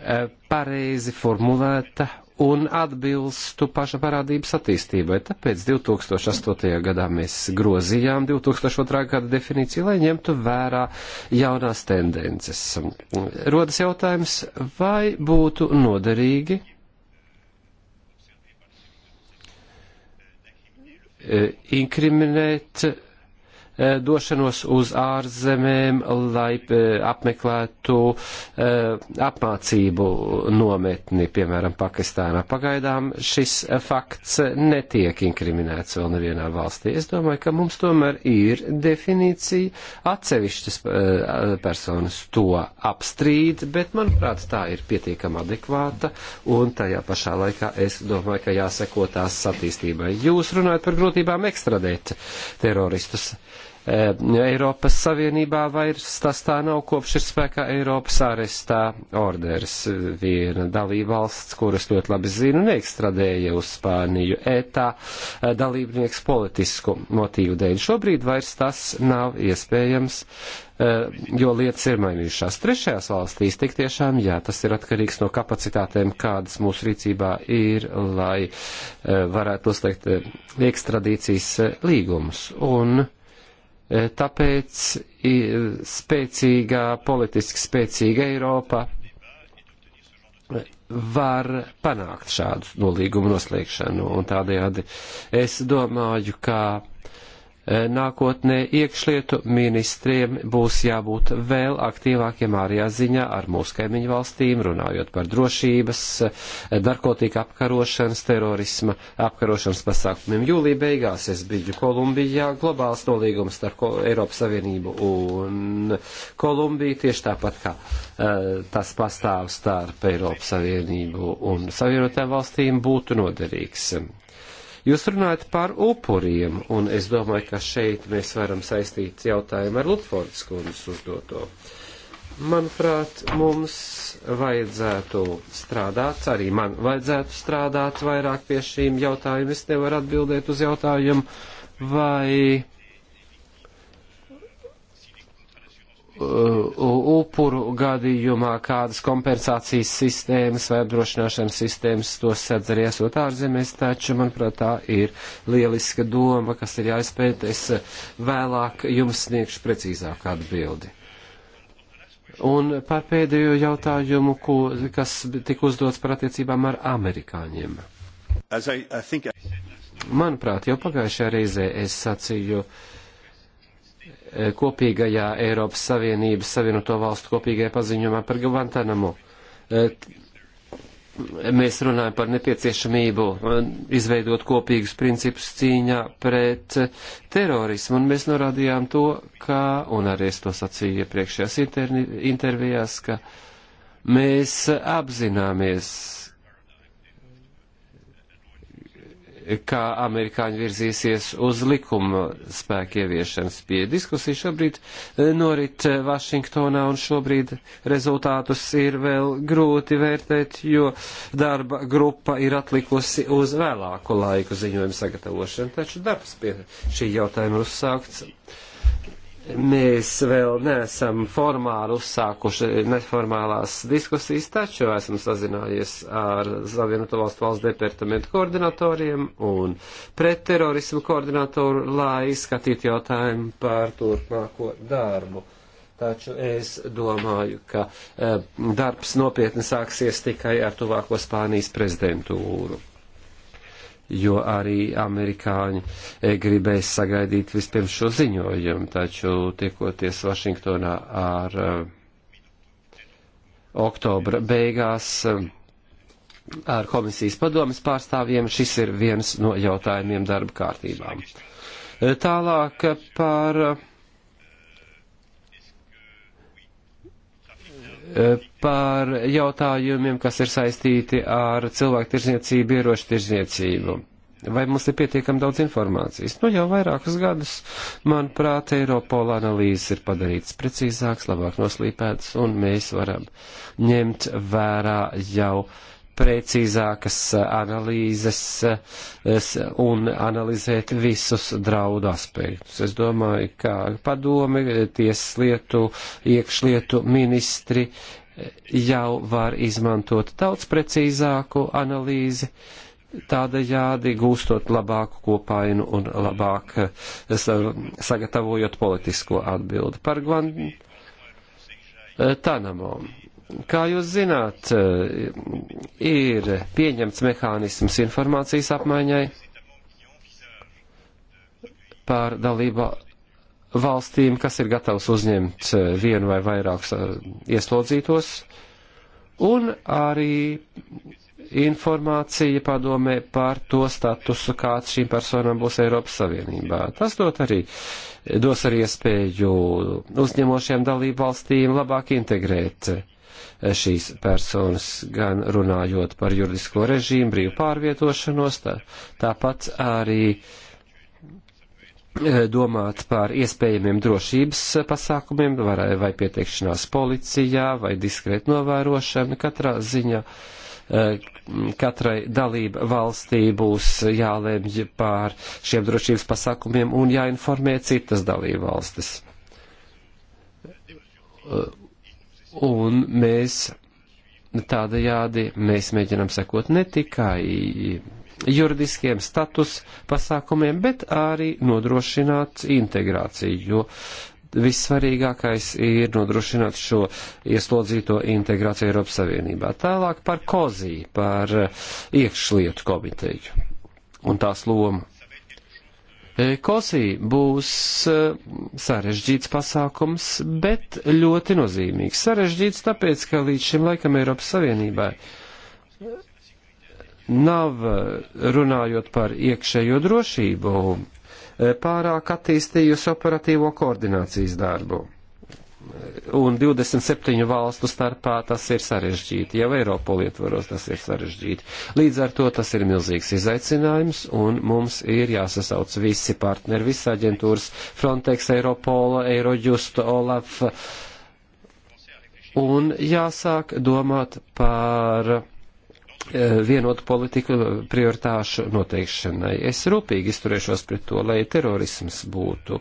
eh, pareizi formulēta un atbilstu paša parādības attīstībai. Tāpēc 2008. gadā mēs grozījām 2002. gada definīciju, lai ņemtu vērā jaunās tendences. Rodas jautājums, vai būtu noderīgi e, inkriminēt E, došanos uz ārzemēm, lai e, apmeklētu e, apmācību nometni, piemēram, Pakistānā. Pagaidām šis fakts netiek inkriminēts vēl nevienā valstī. Es domāju, ka mums tomēr ir definīcija atsevišķas personas to apstrīd, bet, manuprāt, tā ir pietiekama adekvāta un tajā pašā laikā es domāju, ka jāseko tās attīstībai. Jūs runājat par grūtībām ekstradēt teroristus. Eh, Eiropas Savienībā vairs tas tā nav kopš ir spēkā Eiropas arestā orders. Eh, viena dalībvalsts, kuras ļoti labi zinu, neekstradēja uz Spāniju ETA eh, dalībnieks politisku motīvu dēļ. Šobrīd vairs tas nav iespējams jo lietas ir mainījušās. Trešajās valstīs tik tiešām, jā, tas ir atkarīgs no kapacitātēm, kādas mūsu rīcībā ir, lai varētu noslēgt ekstradīcijas līgumus. Un Eh, tāpēc spēcīgā, politiski spēcīga Eiropa var panākt šādu nolīgumu noslēgšanu. Un tādējādi es domāju, ka nākotnē iekšlietu ministriem būs jābūt vēl aktīvākiem ārējā ziņā ar mūsu kaimiņu valstīm, runājot par drošības, narkotika apkarošanas, terorisma apkarošanas pasākumiem. Jūlija beigās es biju Kolumbijā, globāls nolīgums starp Eiropas Savienību un Kolumbiju, tieši tāpat kā eh, tas pastāv starp Eiropas Savienību un Savienotām valstīm, būtu noderīgs. Jūs runājat par upuriem, un es domāju, ka šeit mēs varam saistīt jautājumu ar Lutfordas kundas uzdoto. Manuprāt, mums vajadzētu strādāt, arī man vajadzētu strādāt vairāk pie šīm jautājumiem. Es nevaru atbildēt uz jautājumu, vai Uh, upuru gadījumā kādas kompensācijas sistēmas vai apdrošināšanas sistēmas tos sedz arī esot ārzemēs, taču, manuprāt, tā ir lieliska doma, kas ir jāizpēta. Es uh, vēlāk jums sniegšu precīzāku atbildi. Un par pēdējo jautājumu, ko, kas tika uzdots par attiecībām ar amerikāņiem. Manuprāt, jau pagājušajā reizē es sacīju, uh, kopīgajā Eiropas Savienības Savienoto Valstu kopīgajā paziņojumā par Guantanamo. Eh, mēs runājam par nepieciešamību eh, izveidot kopīgus principus cīņā pret eh, terorismu, un mēs norādījām to, ka, un arī es to sacīju iepriekšējās intervijās, ka mēs apzināmies kā amerikāņi virzīsies uz likuma spēku ieviešanas pie diskusiju. Šobrīd e, norit e, Vašingtonā un šobrīd rezultātus ir vēl grūti vērtēt, jo darba grupa ir atlikusi uz vēlāku laiku ziņojumu sagatavošanu. Taču darbs pie šī jautājuma ir uzsākts Mēs vēl neesam formāli uzsākuši neformālās diskusijas, taču esam sazinājies ar Savienoto valstu valsts departamentu koordinatoriem un pretterorismu koordinatoru, lai izskatītu jautājumu par turpmāko darbu. Taču es domāju, ka e, darbs nopietni sāksies tikai ar tuvāko Spānijas prezidentūru jo arī amerikāņi eh, gribēs sagaidīt vispirms šo ziņojumu, taču tiekoties Vašingtonā ar eh, oktobra beigās eh, ar komisijas padomas pārstāvjiem, šis ir viens no jautājumiem darba kārtībām. Tālāk par Eh, par jautājumiem, kas ir saistīti ar cilvēku tirzniecību, ieroču tirzniecību. Vai mums ir pietiekami daudz informācijas? Nu, jau vairākus gadus, manuprāt, Eiropola analīzes ir padarītas precīzākas, labāk noslīpētas, un mēs varam ņemt vērā jau uh, precīzākas eh, analīzes eh, un analizēt visus draudu aspektus. Es domāju, kā padome, eh, tieslietu, iekšlietu ministri jau var izmantot daudz precīzāku analīzi, tādējādi gūstot labāku kopainu un labāk sagatavojot politisko atbildi par Gvan Tanamo. Kā jūs zināt, eh, ir pieņemts mehānisms informācijas apmaiņai par dalību valstīm, kas ir gatavs uzņemt eh, vienu vai vairākus eh, ieslodzītos, un arī informācija padomē par to statusu, kāds šīm personām būs Eiropas Savienībā. Tas dot arī, dos arī iespēju uzņemošiem dalību valstīm labāk integrēt uh, šīs personas, gan runājot par juridisko režīmu, brīvu pārvietošanos, tā, tāpat arī eh, domāt par iespējamiem drošības pasākumiem, vai, vai pieteikšanās policijā, vai diskrēt novērošana katrā ziņā eh, katrai dalība valstī būs jālemj pār šiem drošības pasākumiem un jāinformē citas dalība valstis. Eh, Un mēs tādajādi mēs mēģinām sekot ne tikai juridiskiem status pasākumiem, bet arī nodrošināt integrāciju, jo vissvarīgākais ir nodrošināt šo ieslodzīto integrāciju Eiropas Savienībā. Tālāk par kozī, par iekšlietu komiteju un tās lomu. E, Kosī būs e, sarežģīts pasākums, bet ļoti nozīmīgs. Sarežģīts tāpēc, ka līdz šim laikam Eiropas Savienībai nav e, runājot par iekšējo drošību pārāk attīstījusi operatīvo koordinācijas darbu un 27 valstu starpā tas ir sarežģīti. Jau Eiropola ietvaros tas ir sarežģīti. Līdz ar to tas ir milzīgs izaicinājums, un mums ir jāsasauc visi partneri, visas aģentūras - Frontex, Eiropola, Eirojust, Olaf, un jāsāk domāt par Eh, vienotu politiku prioritāšu noteikšanai. Es rūpīgi izturēšos pret to, lai terorisms būtu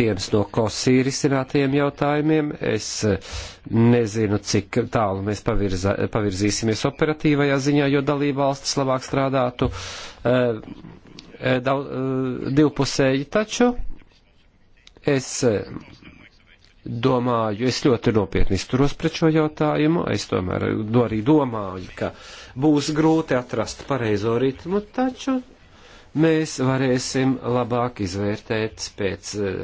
viens no kosī risinātajiem jautājumiem. Es eh, nezinu, cik tālu mēs pavirza, pavirzīsimies operatīvajā ziņā, jo dalība valstis labāk strādātu eh, eh daud, eh, divpusēji, taču es. Eh, domāju, es ļoti nopietni izturos pret šo jautājumu, es tomēr do arī domāju, ka būs grūti atrast pareizo ritmu, taču mēs varēsim labāk izvērtēt pēc e,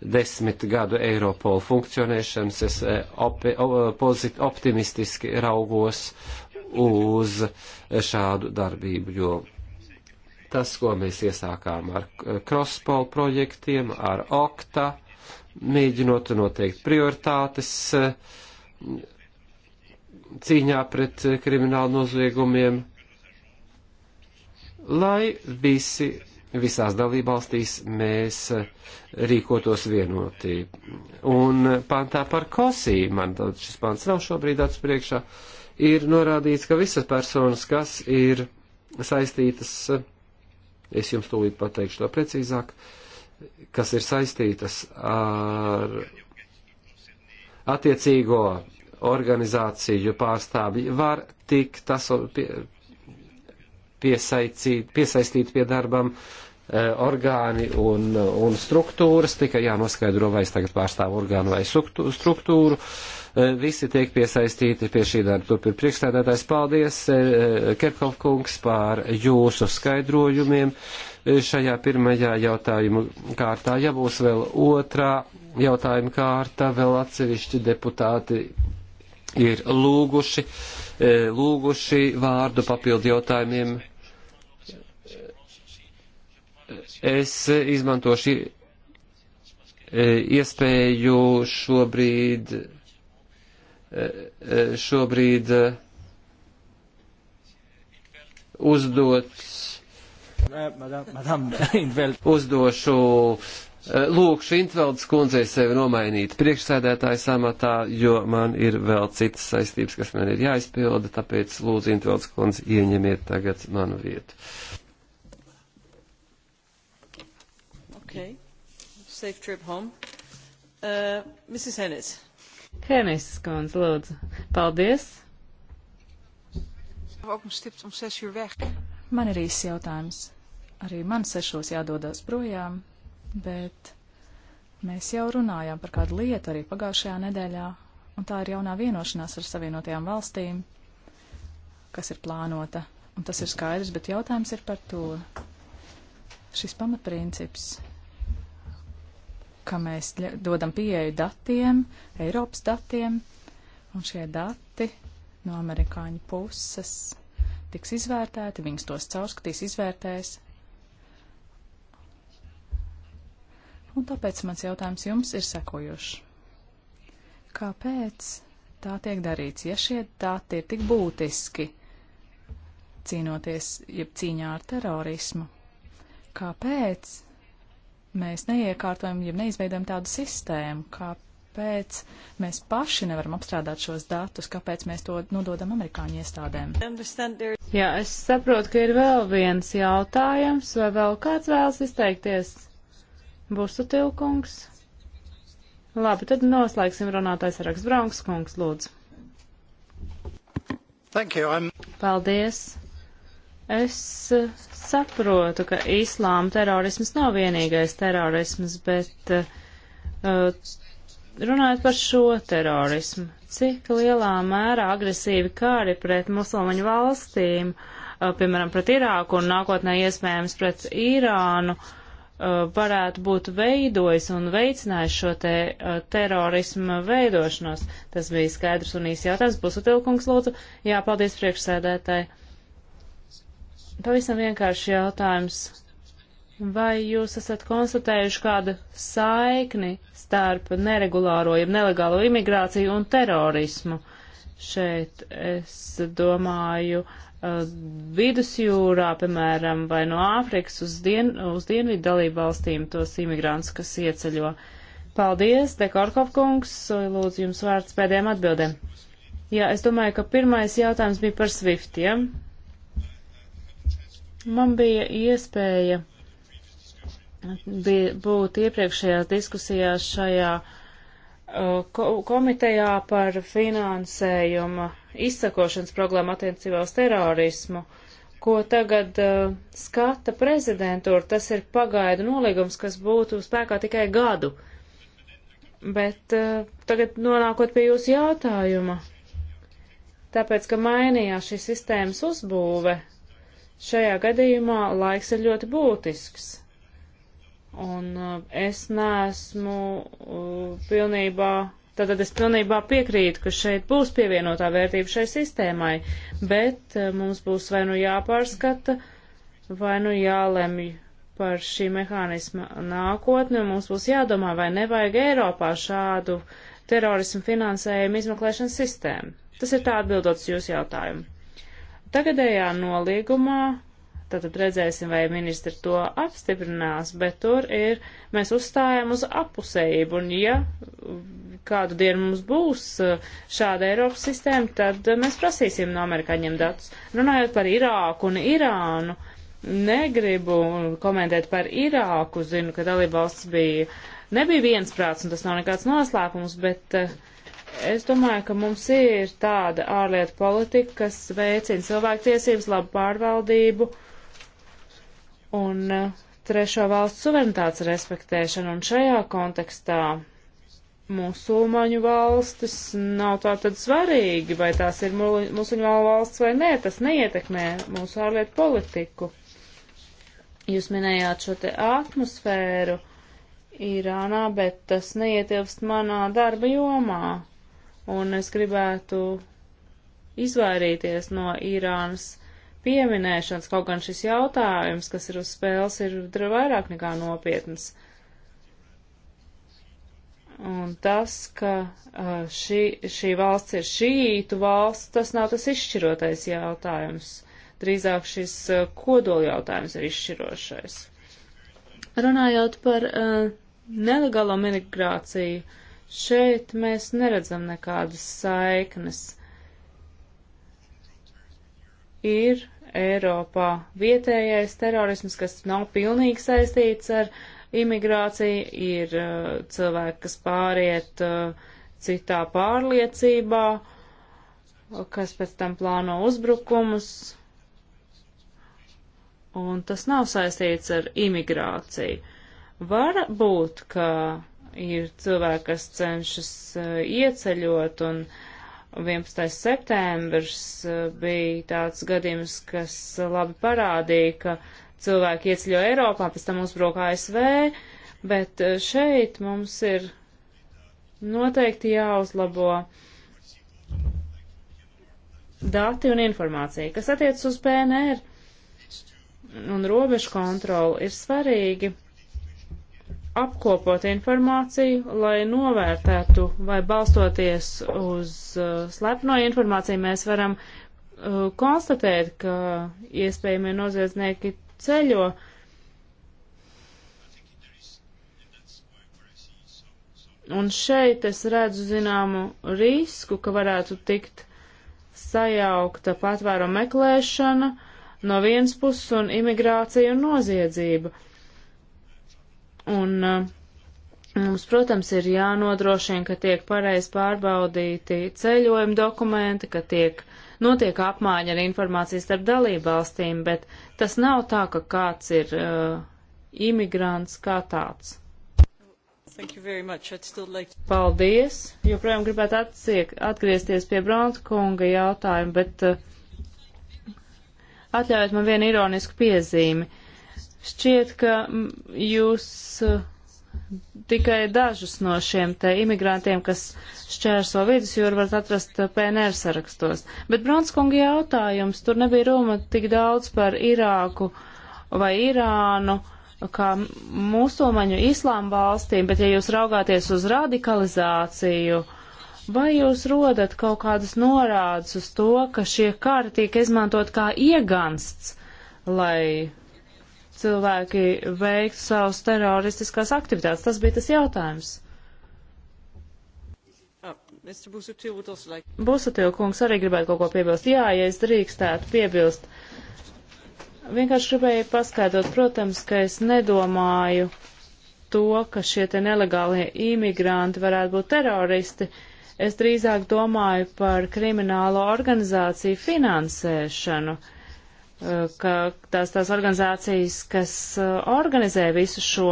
desmit gadu Eiropola funkcionēšanas. Es e, op e, pozit optimistiski raugos uz šādu darbību, jo tas, ko mēs iesākām ar Crosspol projektiem, ar Okta, mēģinot noteikt prioritātes eh, cīņā pret eh, kriminālu noziegumiem, lai visi, visās dalībvalstīs mēs eh, rīkotos vienotī. Un pantā par kosī, man šis pants nav šobrīd acu priekšā, ir norādīts, ka visas personas, kas ir saistītas, es jums tūlīt pateikšu to precīzāk, uh, kas ir saistītas ar attiecīgo organizāciju pārstāvji, var tik tas piesaicīt, piesaistīt pie darbam e, orgāni un, un struktūras, tikai jānoskaidro, vai es tagad pārstāvu orgānu vai struktūru. E, visi tiek piesaistīti pie šī darba. Turpin priekšstādātājs, paldies, e, Kerkhoff kungs, par jūsu skaidrojumiem šajā pirmajā jautājumu kārtā. Ja būs vēl otrā jautājuma kārta, vēl atsevišķi deputāti ir lūguši, e, lūguši vārdu papildu jautājumiem. Es izmantošu e, iespēju šobrīd, e, šobrīd uzdot Madam Intveld, uzdošu lūkšu Intveldes kundzei sevi nomainīt priekšsēdētājas amatā, jo man ir vēl citas saistības, kas man ir jāizpilda, tāpēc lūdzu Intveldes kundze ieņemiet tagad manu vietu. Okay. Safe trip home. Uh, Mrs. Hennis. Hennis kundze, lūdzu. Paldies. Ook een stipt om zes uur weg. Man ir īsts jautājums. Arī man sešos jādodas projām, bet mēs jau runājām par kādu lietu arī pagājušajā nedēļā, un tā ir jaunā vienošanās ar Savienotajām valstīm, kas ir plānota. Un tas ir skaidrs, bet jautājums ir par to. Šis pamatprincips, ka mēs dodam pieeju datiem, Eiropas datiem, un šie dati no amerikāņu puses tiks izvērtēti, viņas tos caurskatīs, izvērtēs. Un tāpēc mans jautājums jums ir sekojošs. Kāpēc tā tiek darīts, ja šie dati ir tik būtiski cīnoties, jeb cīņā ar terorismu? Kāpēc mēs neiekārtojam, jeb neizveidojam tādu sistēmu? Kāpēc mēs paši nevaram apstrādāt šos datus? Kāpēc mēs to nododam amerikāņu iestādēm? Jā, es saprotu, ka ir vēl viens jautājums, vai vēl kāds vēlas izteikties? Būsu tilkungs? Labi, tad noslēgsim runātais raksts Brauns kungs, lūdzu. Thank you, I'm... Paldies. Es eh, saprotu, ka islāma terorisms nav vienīgais terorisms, bet uh, runājot par šo terorismu, cik lielā mērā agresīvi kāri pret musulmaņu valstīm, piemēram, pret Irāku un nākotnē iespējams pret Irānu, varētu būt veidojis un veicinājis šo te terorismu veidošanos. Tas bija skaidrs un īsi jautājums. Pusutilkungs lūdzu. Jā, paldies priekšsēdētāji. Pavisam vienkārši jautājums Vai jūs esat konstatējuši kādu saikni starp neregulāro, jeb nelegālo imigrāciju un terorismu? Šeit es domāju uh, vidusjūrā, piemēram, vai no Āfrikas uz, dien, uz dienvidu dalību valstīm tos imigrants, kas ieceļo. Paldies, Dekorkov kungs, lūdzu jums vārds pēdējiem atbildēm. Jā, es domāju, ka pirmais jautājums bija par Swiftiem. Ja? Man bija iespēja bija, būt iepriekšējās diskusijās šajā uh, komitejā par finansējuma izsakošanas programmu attiecībā uz terorismu, ko tagad uh, skata prezidentūra. Tas ir pagaidu nolīgums, kas būtu spēkā tikai gadu. Bet uh, tagad nonākot pie jūsu jautājuma, tāpēc, ka mainījās šī sistēmas uzbūve, šajā gadījumā laiks ir ļoti būtisks. Un uh, es neesmu uh, pilnībā, tātad es pilnībā piekrītu, ka šeit būs pievienotā vērtība šai sistēmai, bet uh, mums būs vai nu jāpārskata, vai nu jālemj par šī mehānisma nākotni, un mums būs jādomā, vai nevajag Eiropā šādu terorismu finansējumu izmeklēšanas sistēmu. Tas ir tā atbildot uz jūsu jautājumu. Tagadējā nolīgumā Tātad redzēsim, vai ministri to apstiprinās, bet tur ir, mēs uzstājam uz apusējību, un ja kādu dienu mums būs uh, šāda Eiropas sistēma, tad uh, mēs prasīsim no amerikāņiem datus. Runājot par Irāku un Irānu, negribu komentēt par Irāku, zinu, ka dalībvalsts bija, nebija viensprāts, un tas nav nekāds noslēpums, bet uh, Es domāju, ka mums ir tāda ārlietu politika, kas veicina cilvēktiesības, labu pārvaldību, uh, un eh, trešo valstu suverenitātes respektēšanu. Un šajā kontekstā musulmaņu valstis nav tā tad svarīgi, vai tās ir musulmaņu valsts vai nē, tas neietekmē mūsu ārlietu politiku. Jūs minējāt šo te atmosfēru Irānā, bet tas neietilpst manā darba jomā, un es gribētu izvairīties no Irānas pieminēšanas, kaut gan šis jautājums, kas ir uz spēles, ir vairāk nekā nopietns. Un tas, ka uh, šī, šī valsts ir šīītu valsts, tas nav tas izšķirotais jautājums. Drīzāk šis uh, kodoli jautājums ir izšķirošais. Runājot par uh, nelegālo migrāciju, šeit mēs neredzam nekādas saiknes. Ir Eiropā vietējais terorisms, kas nav pilnīgi saistīts ar imigrāciju, ir uh, cilvēki, kas pāriet uh, citā pārliecībā, kas pēc tam plāno uzbrukumus. Un tas nav saistīts ar imigrāciju. Var būt, ka ir cilvēki, kas cenšas uh, ieceļot un uh, 11. septembrs eh, bija tāds gadījums, kas eh, labi parādīja, ka cilvēki ieceļo Eiropā, pēc tam uzbruk ASV, bet eh, šeit mums ir noteikti jāuzlabo dati un informācija, kas attiec uz PNR un robežu kontroli, ir svarīgi apkopot informāciju, lai novērtētu, vai balstoties uz uh, slepno informāciju mēs varam uh, konstatēt, ka iespējamie noziedznieki ceļo. Un šeit es redzu zināmu risku, ka varētu tikt sajaukta patvēru meklēšana no vienas puses un imigrācija un noziedzība. Uh, Un uh, mums, protams, ir jānodrošina, ka tiek pareizi pārbaudīti ceļojuma dokumenti, ka tiek notiek apmaiņa ar informācijas starp dalībvalstīm, bet tas nav tā, ka kāds ir uh, imigrants kā tāds. Like... Paldies! Joprojām gribētu atsiek, atgriezties pie Brānta kunga jautājuma, bet uh, atļaujiet man vienu ironisku piezīmi. Uh, Šķiet, ka jūs e, tikai dažus no šiem te imigrantiem, kas šķērso vidusjūru, varat atrast e, PNR sarakstos. Bet Bronskunga jautājums, tur nebija runa tik daudz par Irāku vai Irānu kā musulmaņu islāma valstīm, bet ja jūs raugāties uz radikalizāciju, vai jūs rodat kaut kādas norādes uz to, ka šie kari tiek izmantot kā iegansts, lai cilvēki veiktu savus teroristiskās aktivitātes. Tas bija tas jautājums. Ah, Busutil kungs arī gribētu kaut ko piebilst. Jā, ja es drīkstētu piebilst. Vienkārši gribēju paskaidrot, protams, ka es nedomāju to, ka šie te nelegālie imigranti varētu būt teroristi. Es drīzāk domāju par kriminālo organizāciju finansēšanu. Uh, ka tās, tās organizācijas, kas uh, organizē visu šo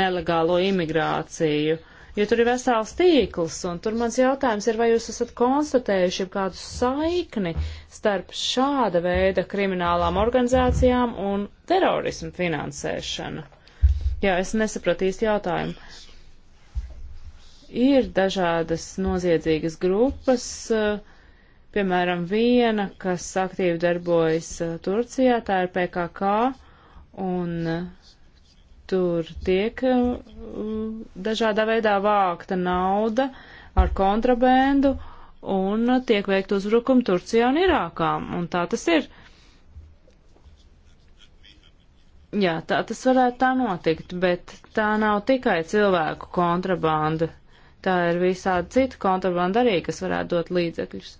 nelegālo imigrāciju, jo tur ir vesels tīkls, un tur mans jautājums ir, vai jūs esat konstatējuši kādu saikni starp šāda veida kriminālām organizācijām un terorismu finansēšanu? Jā, es nesapratu īsti jautājumu. Ir dažādas noziedzīgas grupas, uh, Piemēram, viena, kas aktīvi darbojas uh, Turcijā, tā ir PKK, un uh, tur tiek uh, dažādā veidā vākta nauda ar kontrabendu, un tiek veikt uzbrukumi Turcijā un Irākā, un tā tas ir. Jā, tā tas varētu tā notikt, bet tā nav tikai cilvēku kontrabanda. Tā ir visādi cita kontrabanda arī, kas varētu dot līdzekļus.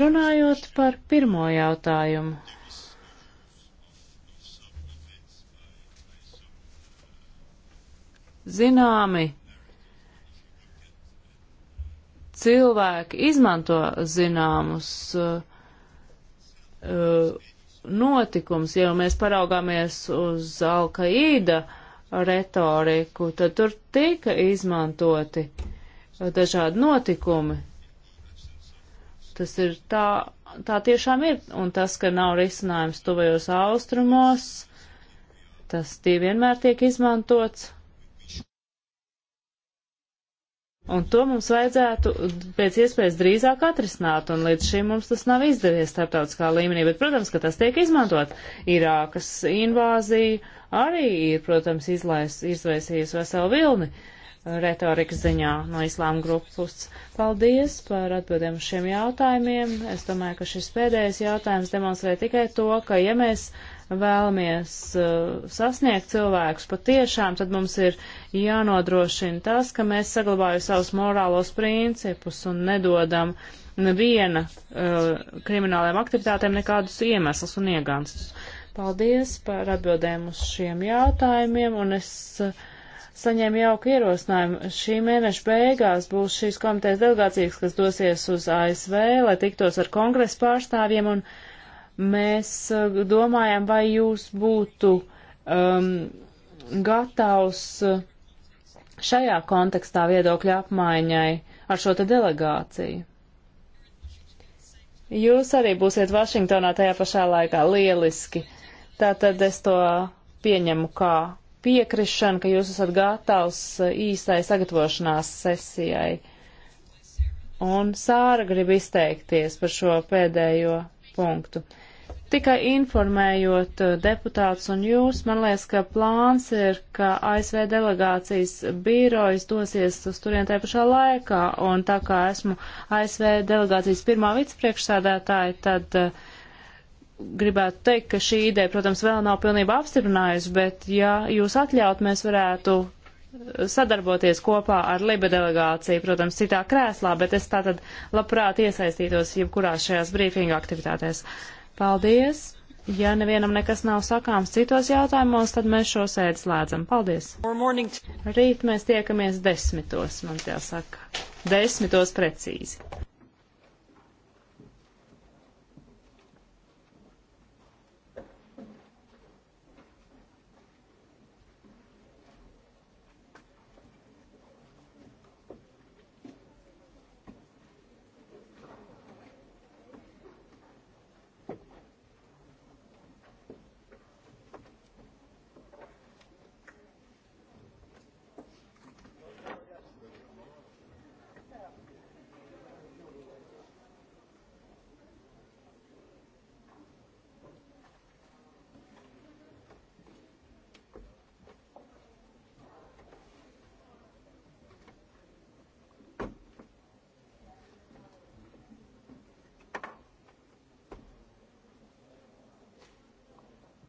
Runājot par pirmo jautājumu. Zināmi cilvēki izmanto zināmus uh, uh notikums, ja mēs paraugāmies uz Alkaīda retoriku, tad tur tika izmantoti dažādi notikumi, Tas ir tā, tā tiešām ir, un tas, ka nav risinājums tuvajos austrumos, tas tie vienmēr tiek izmantots. Un to mums vajadzētu pēc iespējas drīzāk atrisināt, un līdz šim mums tas nav izdevies starptautiskā līmenī, bet, protams, ka tas tiek izmantot. Irākas invāzija arī ir, protams, izlais, izvaisījusi veselu vilni. Uh, retorikas ziņā no islāma grupas. Paldies par atbildēm uz šiem jautājumiem. Es domāju, ka šis pēdējais jautājums demonstrē tikai to, ka ja mēs vēlamies uh, sasniegt cilvēkus patiešām, tad mums ir jānodrošina tas, ka mēs saglabājam savus morālos principus un nedodam neviena uh, krimināliem aktivitātēm nekādus iemeslus un ieganstus. Paldies par atbildēm uz šiem jautājumiem, un es uh, saņēma jauku ierosinājumu. Šī mēneša beigās būs šīs komitejas delegācijas, kas dosies uz ASV, lai tiktos ar kongresa pārstāvjiem, un mēs uh, domājam, vai jūs būtu um, gatavs uh, šajā kontekstā viedokļa apmaiņai ar šo te delegāciju. Jūs arī būsiet Vašingtonā tajā pašā laikā lieliski. Tātad es to pieņemu kā piekrišanu, ka jūs esat gatavs uh, īsai sagatavošanās sesijai. Un Sāra grib izteikties par šo pēdējo punktu. Tikai informējot uh, deputātus un jūs, man liekas, ka plāns ir, ka ASV delegācijas birojas dosies uz turien tajā pašā laikā, un tā kā esmu ASV delegācijas pirmā vicepriekšsādātāja, tad uh, gribētu teikt, ka šī ideja, protams, vēl nav pilnībā apstiprinājusi, bet, ja jūs atļaut, mēs varētu sadarboties kopā ar Liba delegāciju, protams, citā krēslā, bet es tātad labprāt iesaistītos jebkurā šajās brīfinga aktivitātēs. Paldies! Ja nevienam nekas nav sakāms citos jautājumos, tad mēs šo sēdi slēdzam. Paldies! Rīt mēs tiekamies desmitos, man jāsaka. Desmitos precīzi.